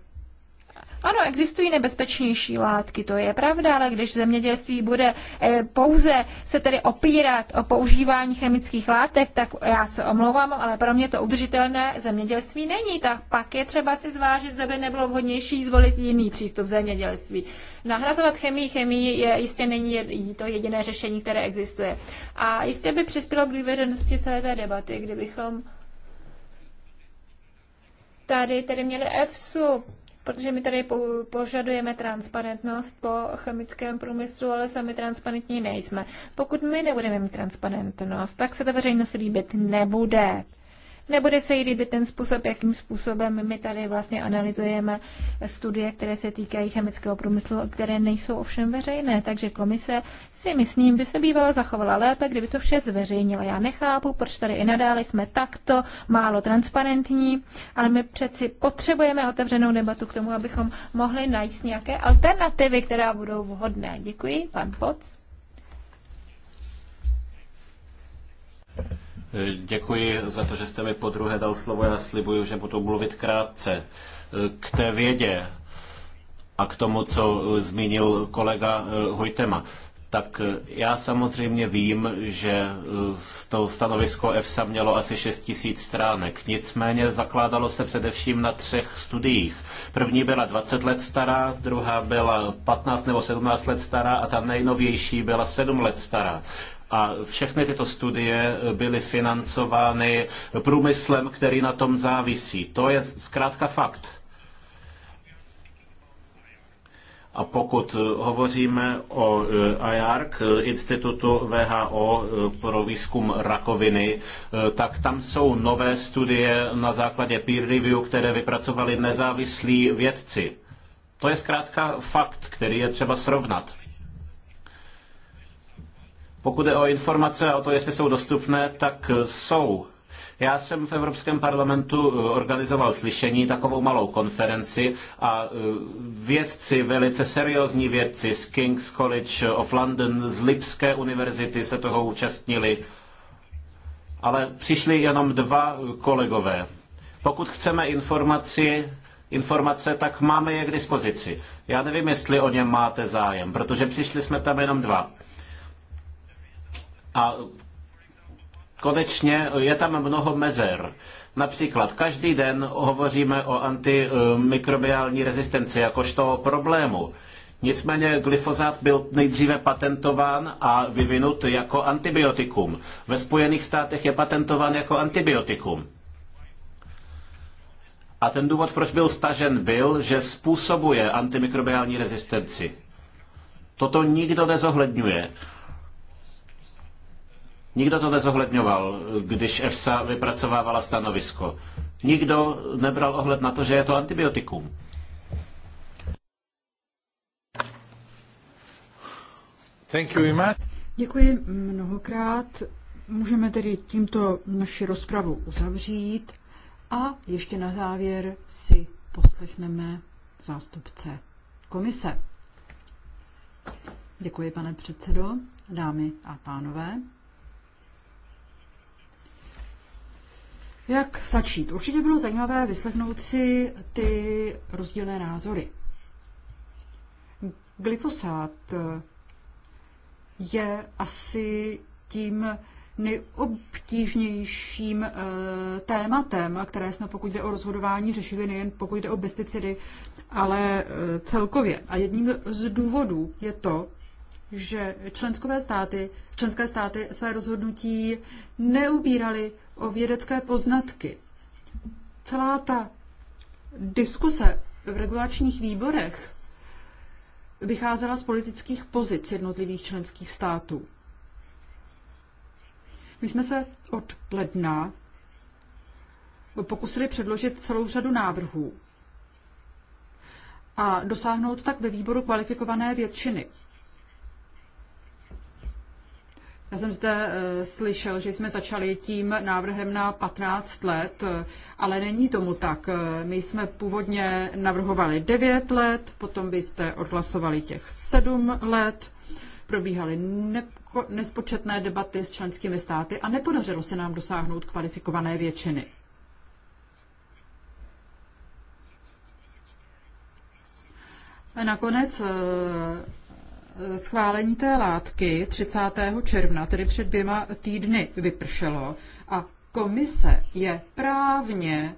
Ano, existují nebezpečnější látky, to je pravda, ale když zemědělství bude eh, pouze se tedy opírat o používání chemických látek, tak já se omlouvám, ale pro mě to udržitelné zemědělství není. Tak pak je třeba si zvážit, zda by nebylo vhodnější zvolit jiný přístup v zemědělství. Nahrazovat chemii chemii je, jistě není to jediné řešení, které existuje. A jistě by přispělo k vyvedenosti celé té debaty, kdybychom tady, tady měli EFSU, protože my tady požadujeme transparentnost po chemickém průmyslu, ale sami transparentní nejsme. Pokud my nebudeme mít transparentnost, tak se to veřejnost líbit nebude. Nebude se jí líbit ten způsob, jakým způsobem my tady vlastně analyzujeme studie, které se týkají chemického průmyslu, které nejsou ovšem veřejné. Takže komise si myslím, by se bývala zachovala lépe, kdyby to vše zveřejnila. Já nechápu, proč tady i nadále jsme takto málo transparentní, ale my přeci potřebujeme otevřenou debatu k tomu, abychom mohli najít nějaké alternativy, která budou vhodné. Děkuji, pan Poc. Děkuji za to, že jste mi po druhé dal slovo. Já slibuju, že budu mluvit krátce. K té vědě a k tomu, co zmínil kolega eh, Hojtema. Tak eh, já samozřejmě vím, že eh, to stanovisko EFSA mělo asi 6 tisíc stránek. Nicméně zakládalo se především na třech studiích. První byla 20 let stará, druhá byla 15 nebo 17 let stará a ta nejnovější byla 7 let stará. A všechny tyto studie byly financovány průmyslem, který na tom závisí. To je zkrátka fakt. A pokud hovoříme o IARC, eh, Institutu VHO eh, pro výzkum rakoviny, eh, tak tam jsou nové studie na základě peer review, které vypracovali nezávislí vědci. To je zkrátka fakt, který je třeba srovnat. Pokud je o informace a o to, jestli jsou dostupné, tak e, jsou. Já jsem v Evropském parlamentu e, organizoval slyšení, takovou malou konferenci a e, vědci, velice seriózní vědci z King's College of London, z Lipské univerzity se toho účastnili, ale přišli jenom dva kolegové. Pokud chceme informaci, informace, tak máme je k dispozici. Já nevím, jestli o něm máte zájem, protože přišli jsme tam jenom dva. A konečně je tam mnoho mezer. Například každý den hovoříme o antimikrobiální rezistenci jakožto problému. Nicméně glyfozát byl nejdříve patentován a vyvinut jako antibiotikum. Ve Spojených státech je patentován jako antibiotikum. A ten důvod, proč byl stažen, byl, že způsobuje antimikrobiální rezistenci. Toto nikdo nezohledňuje. Nikdo to nezohledňoval, když EFSA vypracovávala stanovisko. Nikdo nebral ohled na to, že je to antibiotikum. Thank you, Děkuji mnohokrát. Můžeme tedy tímto naši rozpravu uzavřít a ještě na závěr si poslechneme zástupce komise. Děkuji, pane předsedo, dámy a pánové. Jak začít? Určitě bylo zajímavé vyslechnout si ty rozdílné názory. Glyfosát eh, je asi tím nejobtížnějším eh, tématem, které jsme, pokud jde o rozhodování, řešili nejen pokud jde o pesticidy, ale eh, celkově. A jedním z důvodů je to, že členské státy, členské státy své rozhodnutí neubíraly o vědecké poznatky. Celá ta diskuse v regulačních výborech vycházela z politických pozic jednotlivých členských států. My jsme se od ledna pokusili předložit celou řadu návrhů a dosáhnout tak ve výboru kvalifikované většiny. Já jsem zde eh, slyšel, že jsme začali tím návrhem na 15 let, eh, ale není tomu tak. Eh, my jsme původně navrhovali 9 let, potom byste odhlasovali těch 7 let, probíhaly nespočetné debaty s členskými státy a nepodařilo se nám dosáhnout kvalifikované většiny. Nakonec schválení té látky 30. června, tedy před dvěma týdny, vypršelo a komise je právně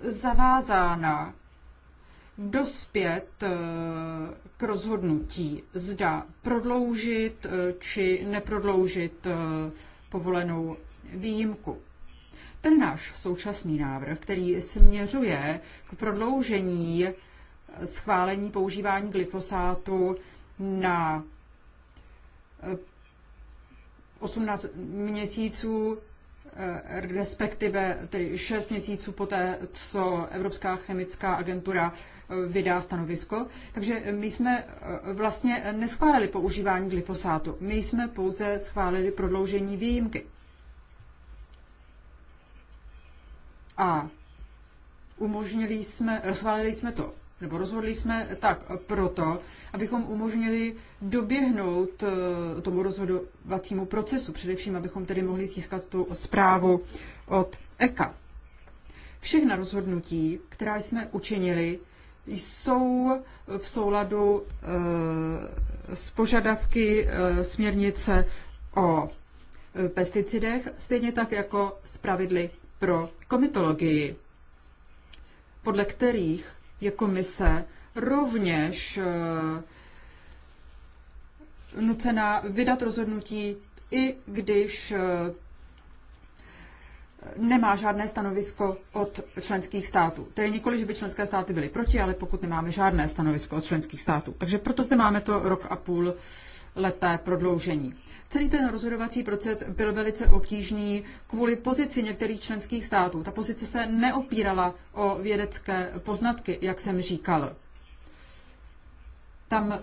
zavázána dospět eh, k rozhodnutí, zda prodloužit eh, či neprodloužit eh, povolenou výjimku. Ten náš současný návrh, který směřuje k prodloužení schválení používání glyfosátu na 18 eh, měsíců, eh, respektive tedy 6 měsíců poté, co Evropská chemická agentura eh, vydá stanovisko. Takže my jsme vlastně neschválili používání glyfosátu. My jsme pouze schválili prodloužení výjimky. A umožnili jsme, schválili jsme to nebo rozhodli jsme tak proto, abychom umožnili doběhnout eh, tomu rozhodovacímu procesu, především abychom tedy mohli získat tu zprávu od EKA. Všechna rozhodnutí, která jsme učinili, jsou v souladu eh, s požadavky eh, směrnice o pesticidech, stejně tak jako s pravidly pro komitologii, podle kterých je komise rovněž eh, nucena vydat rozhodnutí, i když eh, nemá žádné stanovisko od členských států. Tedy nikoli, že by členské státy byly proti, ale pokud nemáme žádné stanovisko od členských států. Takže proto zde máme to rok a půl leté prodloužení. Celý ten rozhodovací proces byl velice obtížný kvůli pozici některých členských států. Ta pozice se neopírala o vědecké poznatky, jak jsem říkal. Tam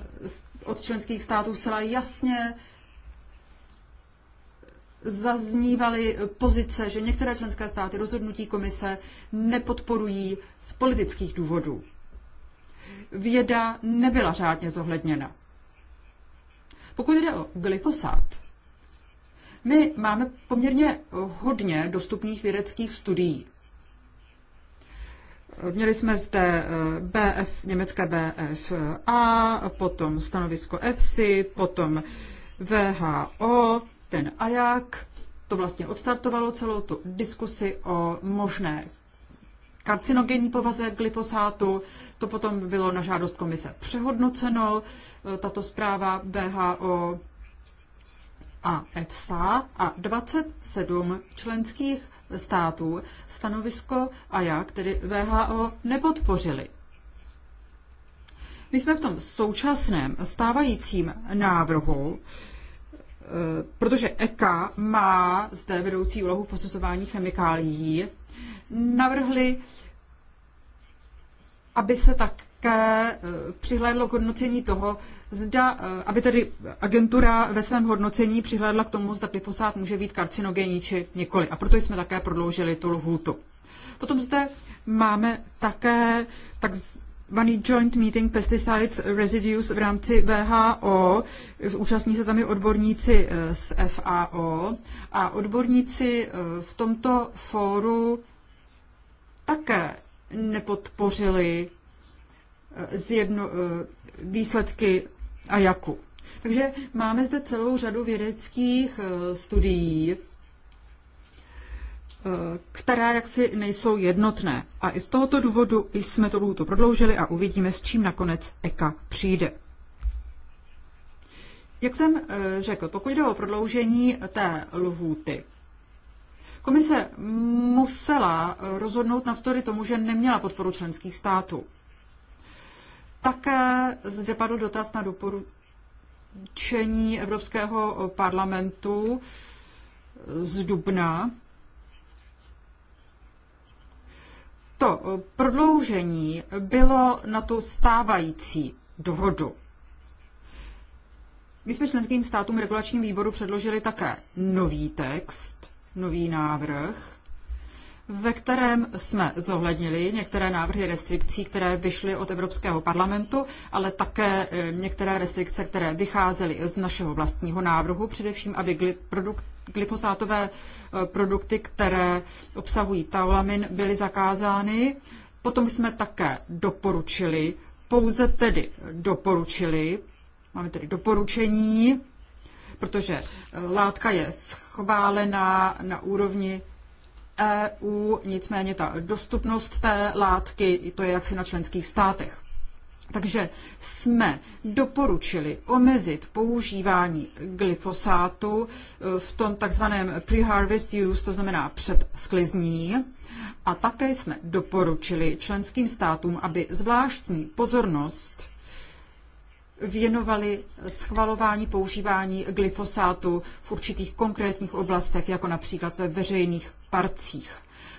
od členských států zcela jasně zaznívaly pozice, že některé členské státy rozhodnutí komise nepodporují z politických důvodů. Věda nebyla řádně zohledněna. Pokud jde o glyfosát, my máme poměrně hodně dostupných vědeckých studií. Měli jsme zde eh, BF, německé BFA, potom stanovisko EFSI, potom VHO, ten AJAK. To vlastně odstartovalo celou tu diskusi o možné karcinogenní povaze glyfosátu. To potom bylo na žádost komise přehodnoceno. Tato zpráva BHO a EFSA a 27 členských států stanovisko a jak tedy VHO, nepodpořili. My jsme v tom současném stávajícím návrhu, eh, protože EKA má zde vedoucí úlohu v posuzování chemikálií, navrhli, aby se také e, přihlédlo k hodnocení toho, zda, e, aby tedy agentura ve svém hodnocení přihlédla k tomu, zda glyfosát může být karcinogenní či nikoli. A proto jsme také prodloužili tu lhůtu. Potom zde máme také takzvaný Joint Meeting Pesticides Residues v rámci VHO. Účastní se tam i odborníci e, z FAO a odborníci v tomto fóru také nepodpořili eh, zjedno, eh, výsledky a jaku. Takže máme zde celou řadu vědeckých eh, studií, která jaksi nejsou jednotné. A i z tohoto důvodu jsme to lhůtu prodloužili a uvidíme, s čím nakonec EKA přijde. Jak jsem řekl, pokud jde o prodloužení té lhůty, Komise musela rozhodnout navzdory tomu, že neměla podporu členských států. Také zde padl dotaz na doporučení Evropského parlamentu z Dubna. To prodloužení bylo na tu stávající dohodu. My jsme členským státům regulačním výboru předložili také nový text, nový návrh, ve kterém jsme zohlednili některé návrhy restrikcí, které vyšly od Evropského parlamentu, ale také eh, některé restrikce, které vycházely z našeho vlastního návrhu, především aby glyfosátové eh, produkty, které obsahují taulamin, byly zakázány. Potom jsme také doporučili, pouze tedy doporučili, máme tedy doporučení, protože eh, látka je schválená na úrovni EU, nicméně ta dostupnost té látky, to je jaksi na členských státech. Takže jsme doporučili omezit používání glyfosátu eh, v tom takzvaném pre-harvest use, to znamená před sklizní. A také jsme doporučili členským státům, aby zvláštní pozornost věnovali schvalování používání glyfosátu v určitých konkrétních oblastech, jako například ve veřejných parcích.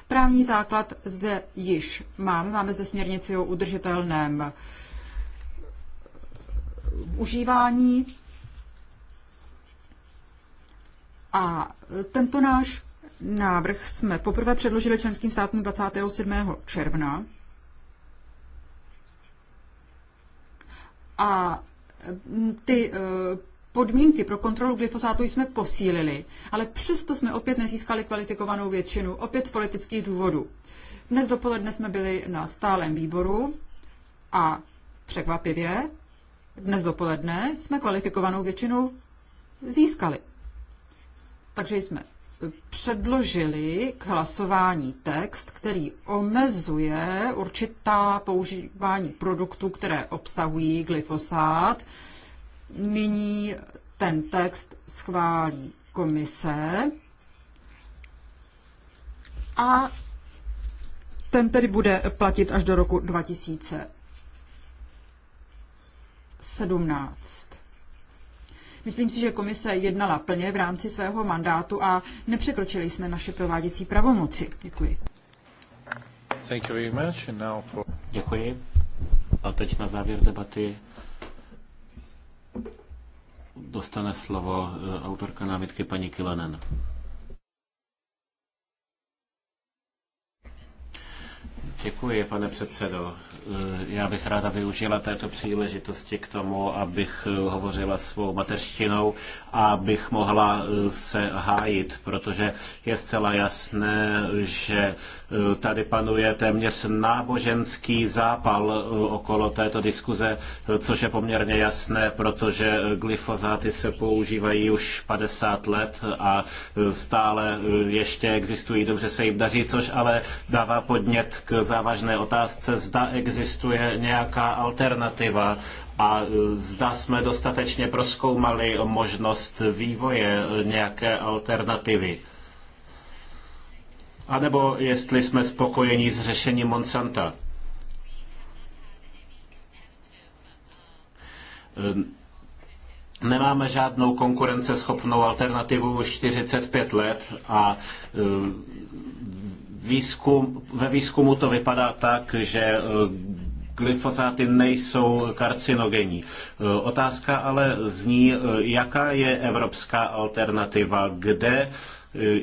Právní základ zde již máme. Máme zde směrnici o udržitelném užívání. A tento náš návrh jsme poprvé předložili členským státům 27. června. A ty e, podmínky pro kontrolu glyfosátu jsme posílili, ale přesto jsme opět nezískali kvalifikovanou většinu, opět z politických důvodů. Dnes dopoledne jsme byli na stálem výboru a překvapivě dnes dopoledne jsme kvalifikovanou většinu získali. Takže jsme předložili k hlasování text, který omezuje určitá používání produktů, které obsahují glyfosát. Nyní ten text schválí komise a ten tedy bude platit až do roku 2017. Myslím si, že komise jednala plně v rámci svého mandátu a nepřekročili jsme naše prováděcí pravomoci. Děkuji. Thank you very much and now for... Děkuji. A teď na závěr debaty dostane slovo eh, autorka námitky paní Kilanen. Děkuji, pane předsedo. Eh, já bych ráda využila této příležitosti k tomu, abych eh, hovořila svou mateřštinou a abych mohla eh, se hájit, protože je zcela jasné, že tady panuje téměř náboženský zápal okolo této diskuze, což je poměrně jasné, protože glyfozáty se používají už 50 let a stále ještě existují, dobře se jim daří, což ale dává podnět k závažné otázce, zda existují existuje nějaká alternativa a e, zda jsme dostatečně proskoumali možnost vývoje e, nějaké alternativy. A nebo jestli jsme spokojeni s řešením Monsanta. E, nemáme žádnou konkurenceschopnou alternativu už 45 let a výzkum, ve výzkumu to vypadá tak, že e, glyfosáty nejsou karcinogenní. E, otázka ale zní, e, jaká je evropská alternativa, kde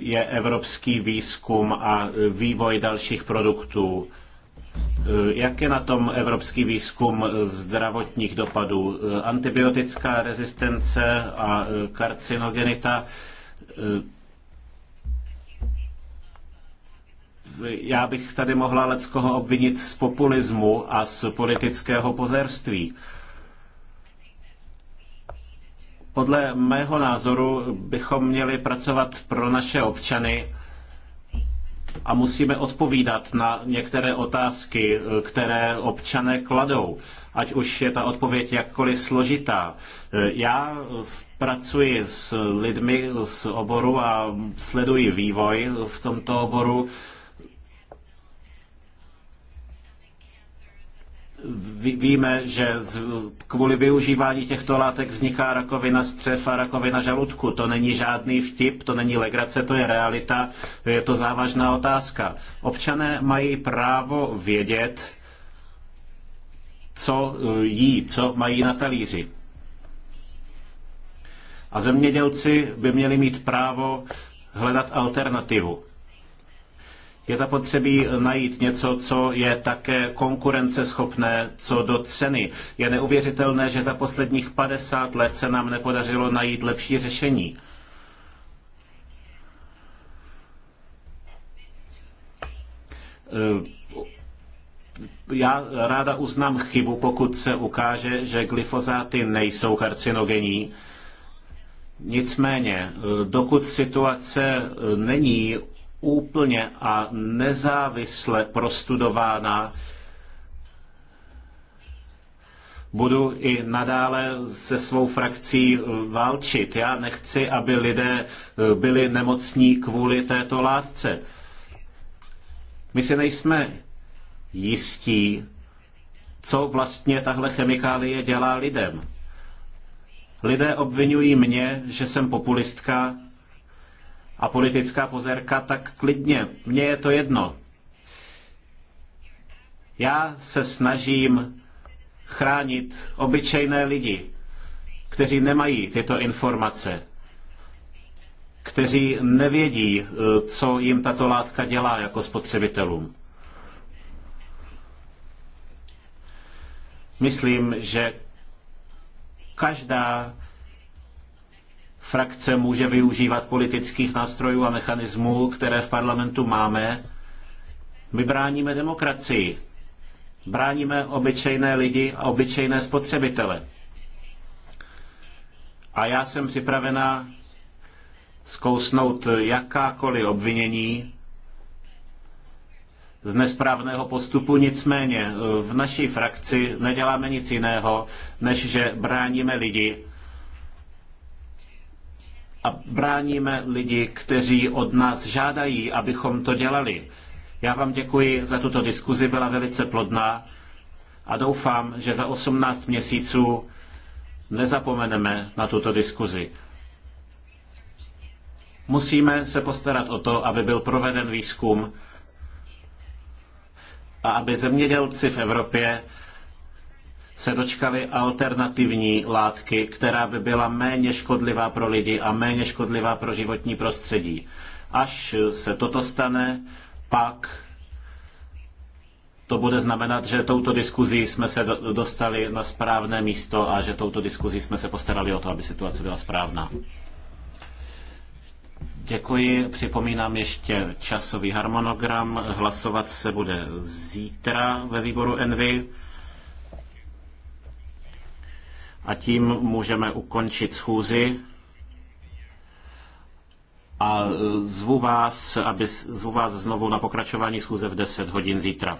je evropský výzkum a vývoj dalších produktů. Jak je na tom evropský výzkum zdravotních dopadů? Antibiotická rezistence a karcinogenita já bych tady mohla Leckoho obvinit z populismu a z politického pozerství. Podle mého názoru bychom měli pracovat pro naše občany a musíme odpovídat na některé otázky, které občané kladou, ať už je ta odpověď jakkoliv složitá. Já pracuji s lidmi z oboru a sleduji vývoj v tomto oboru Víme, že kvůli využívání těchto látek vzniká rakovina střev a rakovina žaludku. To není žádný vtip, to není legrace, to je realita, je to závažná otázka. Občané mají právo vědět, co eh, jí, co mají na talíři. A zemědělci by měli mít právo hledat alternativu. Je zapotřebí najít něco, co je také konkurenceschopné co do ceny. Je neuvěřitelné, že za posledních 50 let se nám nepodařilo najít lepší řešení. Eh, já ráda uznám chybu, pokud se ukáže, že glyfozáty nejsou karcinogenní. Nicméně, eh, dokud situace eh, není úplně a nezávisle prostudována, budu i nadále se svou frakcí válčit. Já nechci, aby lidé eh, byli nemocní kvůli této látce. My si nejsme jistí, co vlastně tahle chemikálie dělá lidem. Lidé obvinují mě, že jsem populistka, a politická pozerka, tak klidně, mně je to jedno. Já se snažím chránit obyčejné lidi, kteří nemají tyto informace, kteří nevědí, eh, co jim tato látka dělá jako spotřebitelům. Myslím, že každá frakce může využívat politických nástrojů a mechanismů, které v parlamentu máme, my bráníme demokracii. Bráníme obyčejné lidi a obyčejné spotřebitele. A já jsem připravena zkousnout jakákoliv obvinění z nesprávného postupu. Nicméně eh, v naší frakci neděláme nic jiného, než že bráníme lidi a bráníme lidi, kteří od nás žádají, abychom to dělali. Já vám děkuji za tuto diskuzi, byla velice plodná a doufám, že za 18 měsíců nezapomeneme na tuto diskuzi. Musíme se postarat o to, aby byl proveden výzkum a aby zemědělci v Evropě se dočkali alternativní látky, která by byla méně škodlivá pro lidi a méně škodlivá pro životní prostředí. Až se toto stane, pak to bude znamenat, že touto diskuzí jsme se dostali na správné místo a že touto diskuzí jsme se postarali o to, aby situace byla správná. Děkuji. Připomínám ještě časový harmonogram. Hlasovat se bude zítra ve výboru Envy a tím můžeme ukončit schůzi. A zvu vás, aby, zvu vás znovu na pokračování schůze v 10 hodin zítra.